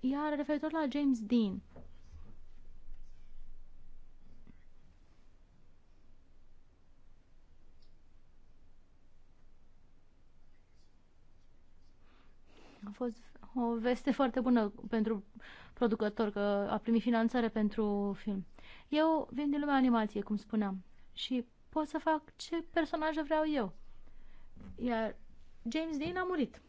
Iar referitor la James Dean, A fost o veste foarte bună pentru producător că a primit finanțare pentru film. Eu vin din lumea animației, cum spuneam, și pot să fac ce personaje vreau eu. Iar James Dean a murit.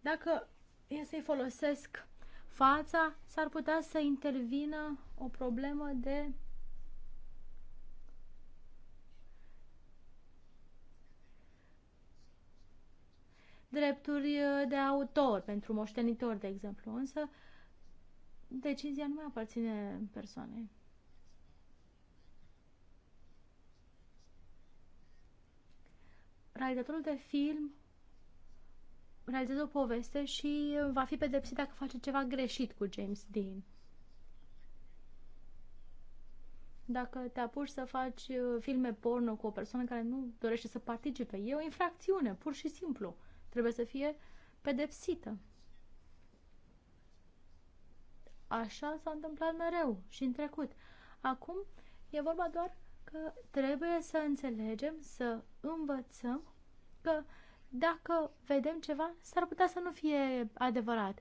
Dacă e să-i folosesc fața, s-ar putea să intervină o problemă de drepturi uh, de autor pentru moștenitor de exemplu, însă decizia nu mai aparține persoanei. Realizatorul de film realizează o poveste și uh, va fi pedepsit dacă face ceva greșit cu James Dean. Dacă te apuci să faci uh, filme porno cu o persoană care nu dorește să participe, e o infracțiune, pur și simplu trebuie să fie pedepsită. Așa s-a întâmplat mereu și în trecut. Acum e vorba doar că trebuie să înțelegem, să învățăm că dacă vedem ceva, s-ar putea să nu fie adevărat.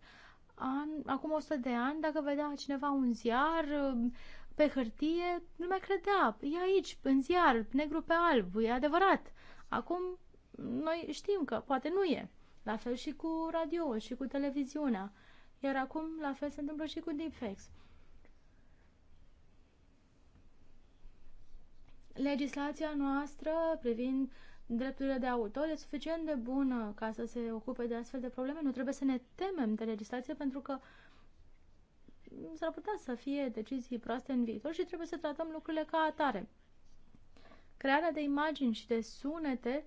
An, acum 100 de ani, dacă vedea cineva un ziar um, pe hârtie, nu mai credea. E aici, în ziar, negru pe alb, e adevărat. Acum noi știm că poate nu e. La fel și cu radio și cu televiziunea. Iar acum la fel se întâmplă și cu deepfakes. Legislația noastră privind drepturile de autor e suficient de bună ca să se ocupe de astfel de probleme. Nu trebuie să ne temem de legislație pentru că s-ar putea să fie decizii proaste în viitor și trebuie să tratăm lucrurile ca atare. Crearea de imagini și de sunete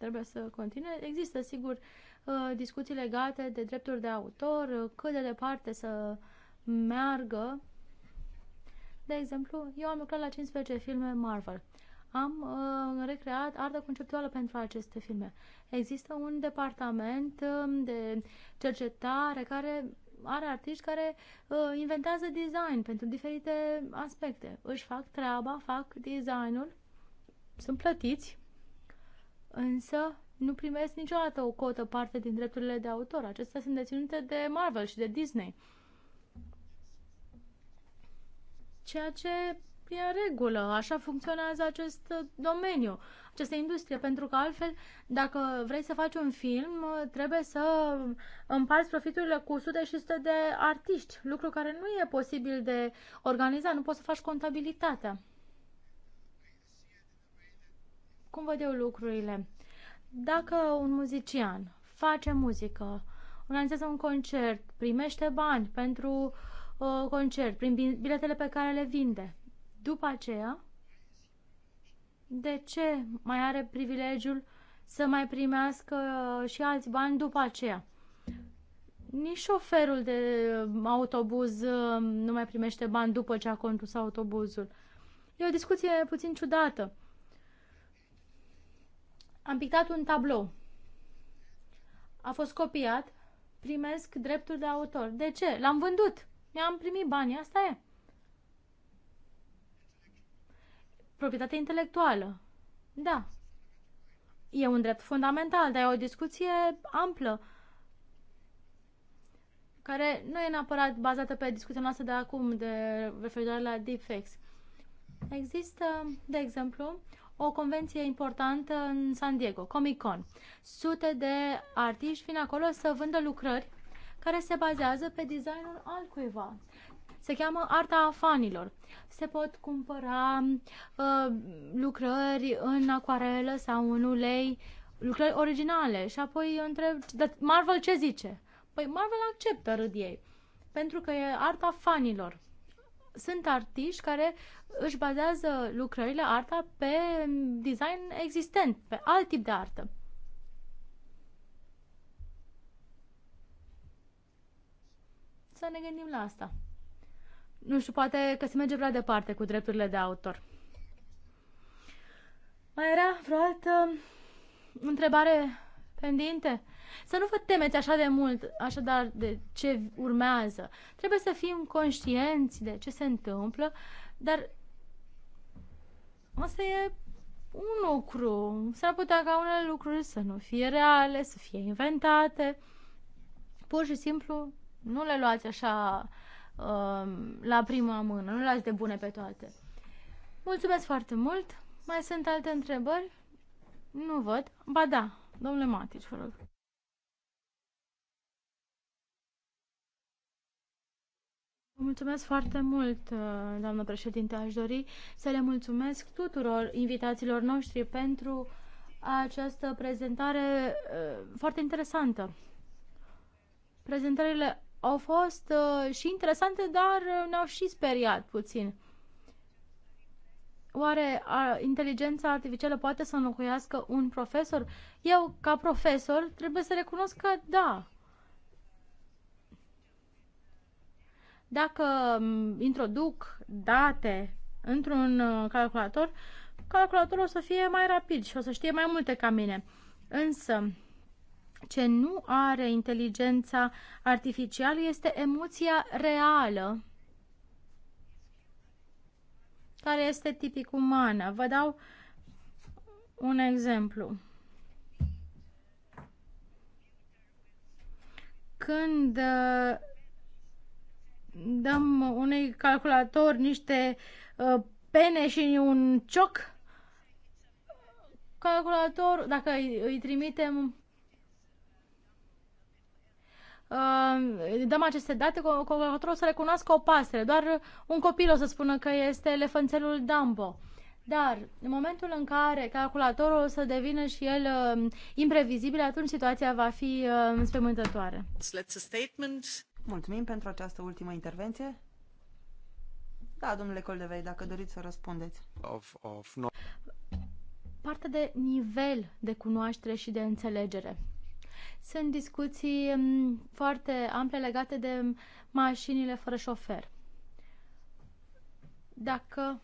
trebuie să continue. Există, sigur, uh, discuții legate de drepturi de autor, uh, cât de departe să meargă. De exemplu, eu am lucrat la 15 filme Marvel. Am uh, recreat artă conceptuală pentru aceste filme. Există un departament uh, de cercetare care are artiști care uh, inventează design pentru diferite aspecte. Își fac treaba, fac designul, sunt plătiți însă nu primesc niciodată o cotă parte din drepturile de autor. Acestea sunt deținute de Marvel și de Disney. Ceea ce e în regulă, așa funcționează acest domeniu, această industrie, pentru că altfel, dacă vrei să faci un film, trebuie să împarți profiturile cu sute și sute de artiști, lucru care nu e posibil de organizat, nu poți să faci contabilitatea. Cum văd eu lucrurile? Dacă un muzician face muzică, organizează un concert, primește bani pentru uh, concert, prin biletele pe care le vinde, după aceea, de ce mai are privilegiul să mai primească uh, și alți bani după aceea? Nici șoferul de uh, autobuz uh, nu mai primește bani după ce a condus autobuzul. E o discuție puțin ciudată. Am pictat un tablou. A fost copiat. Primesc drepturi de autor. De ce? L-am vândut. Mi-am primit banii. Asta e. Proprietate intelectuală. Da. E un drept fundamental, dar e o discuție amplă care nu e neapărat bazată pe discuția noastră de acum, de referitoare la defects. Există, de exemplu, o convenție importantă în San Diego, Comic Con. Sute de artiști vin acolo să vândă lucrări care se bazează pe designul altcuiva. Se cheamă arta fanilor. Se pot cumpăra uh, lucrări în acuarelă sau în ulei, lucrări originale. Și apoi întreb, dar Marvel ce zice? Păi Marvel acceptă râd ei, pentru că e arta fanilor sunt artiști care își bazează lucrările, arta, pe design existent, pe alt tip de artă. Să ne gândim la asta. Nu știu, poate că se merge prea departe cu drepturile de autor. Mai era vreo altă întrebare pendinte? Să nu vă temeți așa de mult, așadar, de ce urmează. Trebuie să fim conștienți de ce se întâmplă, dar asta e un lucru. S-ar putea ca unele lucruri să nu fie reale, să fie inventate. Pur și simplu nu le luați așa um, la prima mână, nu luați de bune pe toate. Mulțumesc foarte mult! Mai sunt alte întrebări? Nu văd. Ba da, domnule Matici, vă rog. Mulțumesc foarte mult, uh, doamnă președinte. Aș dori să le mulțumesc tuturor invitațiilor noștri pentru această prezentare uh, foarte interesantă. Prezentările au fost uh, și interesante, dar ne-au și speriat puțin. Oare inteligența artificială poate să înlocuiască un profesor? Eu, ca profesor, trebuie să recunosc că da Dacă introduc date într-un uh, calculator, calculatorul o să fie mai rapid și o să știe mai multe ca mine. Însă, ce nu are inteligența artificială este emoția reală, care este tipic umană. Vă dau un exemplu. Când uh, dăm unui calculator niște uh, pene și un cioc, calculator, dacă îi, trimitem uh, dăm aceste date, calculatorul o să recunoască o pasăre. Doar un copil o să spună că este elefanțelul Dumbo. Dar în momentul în care calculatorul o să devină și el uh, imprevizibil, atunci situația va fi uh, spământătoare. Mulțumim pentru această ultimă intervenție. Da, domnule Coldevei, dacă doriți să răspundeți. Of, of, no. Parte de nivel de cunoaștere și de înțelegere. Sunt discuții mm, foarte ample legate de mașinile fără șofer. Dacă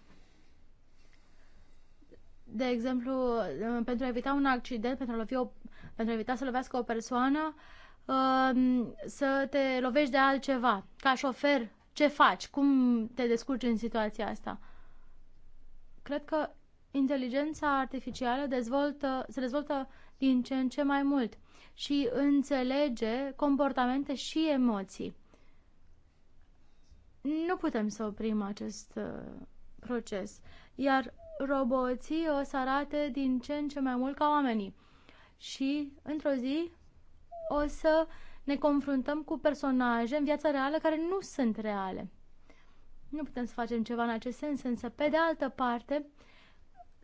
de exemplu, mm, pentru a evita un accident, pentru a, lovi o, pentru a evita să lovească o persoană, uh, Um, să te lovești de altceva. Ca șofer, ce faci? Cum te descurci în situația asta? Cred că inteligența artificială dezvoltă, se dezvoltă din ce în ce mai mult și înțelege comportamente și emoții. Nu putem să oprim acest uh, proces, iar roboții o să arate din ce în ce mai mult ca oamenii. Și într-o zi o să ne confruntăm cu personaje în viața reală care nu sunt reale. Nu putem să facem ceva în acest sens, însă, pe de altă parte,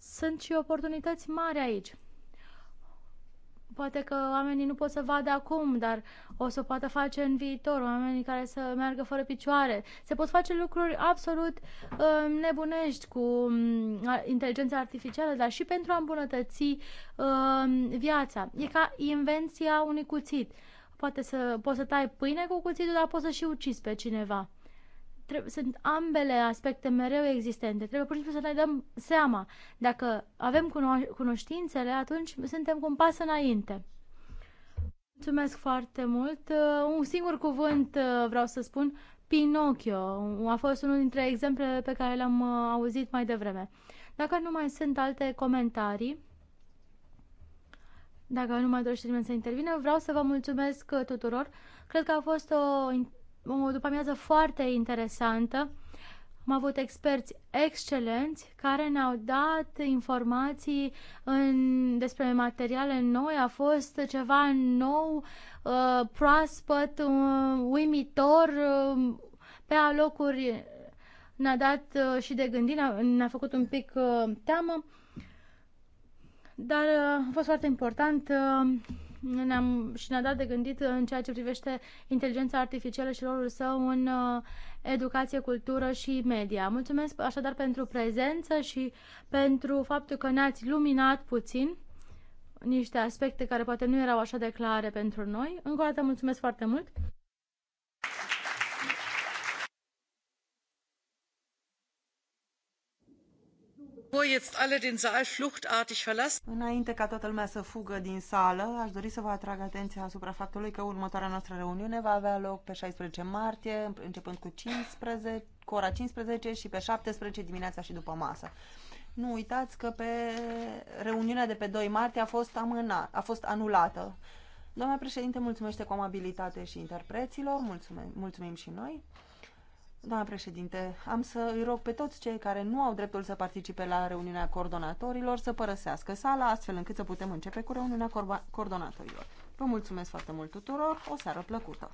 sunt și oportunități mari aici. Poate că oamenii nu pot să vadă acum, dar o să o poată face în viitor, oamenii care să meargă fără picioare. Se pot face lucruri absolut uh, nebunești cu um, inteligența artificială, dar și pentru a îmbunătăți uh, viața. E ca invenția unui cuțit. Poate să, poți să tai pâine cu cuțitul, dar poți să și ucizi pe cineva sunt ambele aspecte mereu existente. Trebuie pur și simplu să ne dăm seama. Dacă avem cuno- cunoștințele, atunci suntem cu un pas înainte. Mulțumesc foarte mult. Uh, un singur cuvânt uh, vreau să spun. Pinocchio uh, a fost unul dintre exemplele pe care le-am auzit mai devreme. Dacă nu mai sunt alte comentarii, dacă nu mai dorește nimeni să intervină, vreau să vă mulțumesc tuturor. Cred că a fost o o după-amiază foarte interesantă. Am avut experți excelenți care ne-au dat informații în, despre materiale noi. A fost ceva nou, uh, proaspăt, uh, uimitor, uh, pe alocuri ne-a dat uh, și de gândit, ne-a făcut un pic uh, teamă, dar uh, a fost foarte important. Uh, ne-am, și ne-a dat de gândit în ceea ce privește inteligența artificială și rolul său în uh, educație, cultură și media. Mulțumesc așadar pentru prezență și pentru faptul că ne-ați luminat puțin niște aspecte care poate nu erau așa de clare pentru noi. Încă o dată mulțumesc foarte mult! Înainte ca toată lumea să fugă din sală, aș dori să vă atrag atenția asupra faptului că următoarea noastră reuniune va avea loc pe 16 martie, începând cu, 15, cu ora 15 și pe 17 dimineața și după masă. Nu uitați că pe reuniunea de pe 2 martie a fost, amâna, a fost anulată. Doamna președinte, mulțumește cu amabilitate și interpreților, mulțumim, mulțumim și noi. Doamna președinte, am să îi rog pe toți cei care nu au dreptul să participe la reuniunea coordonatorilor să părăsească sala, astfel încât să putem începe cu reuniunea coordonatorilor. Vă mulțumesc foarte mult tuturor, o seară plăcută!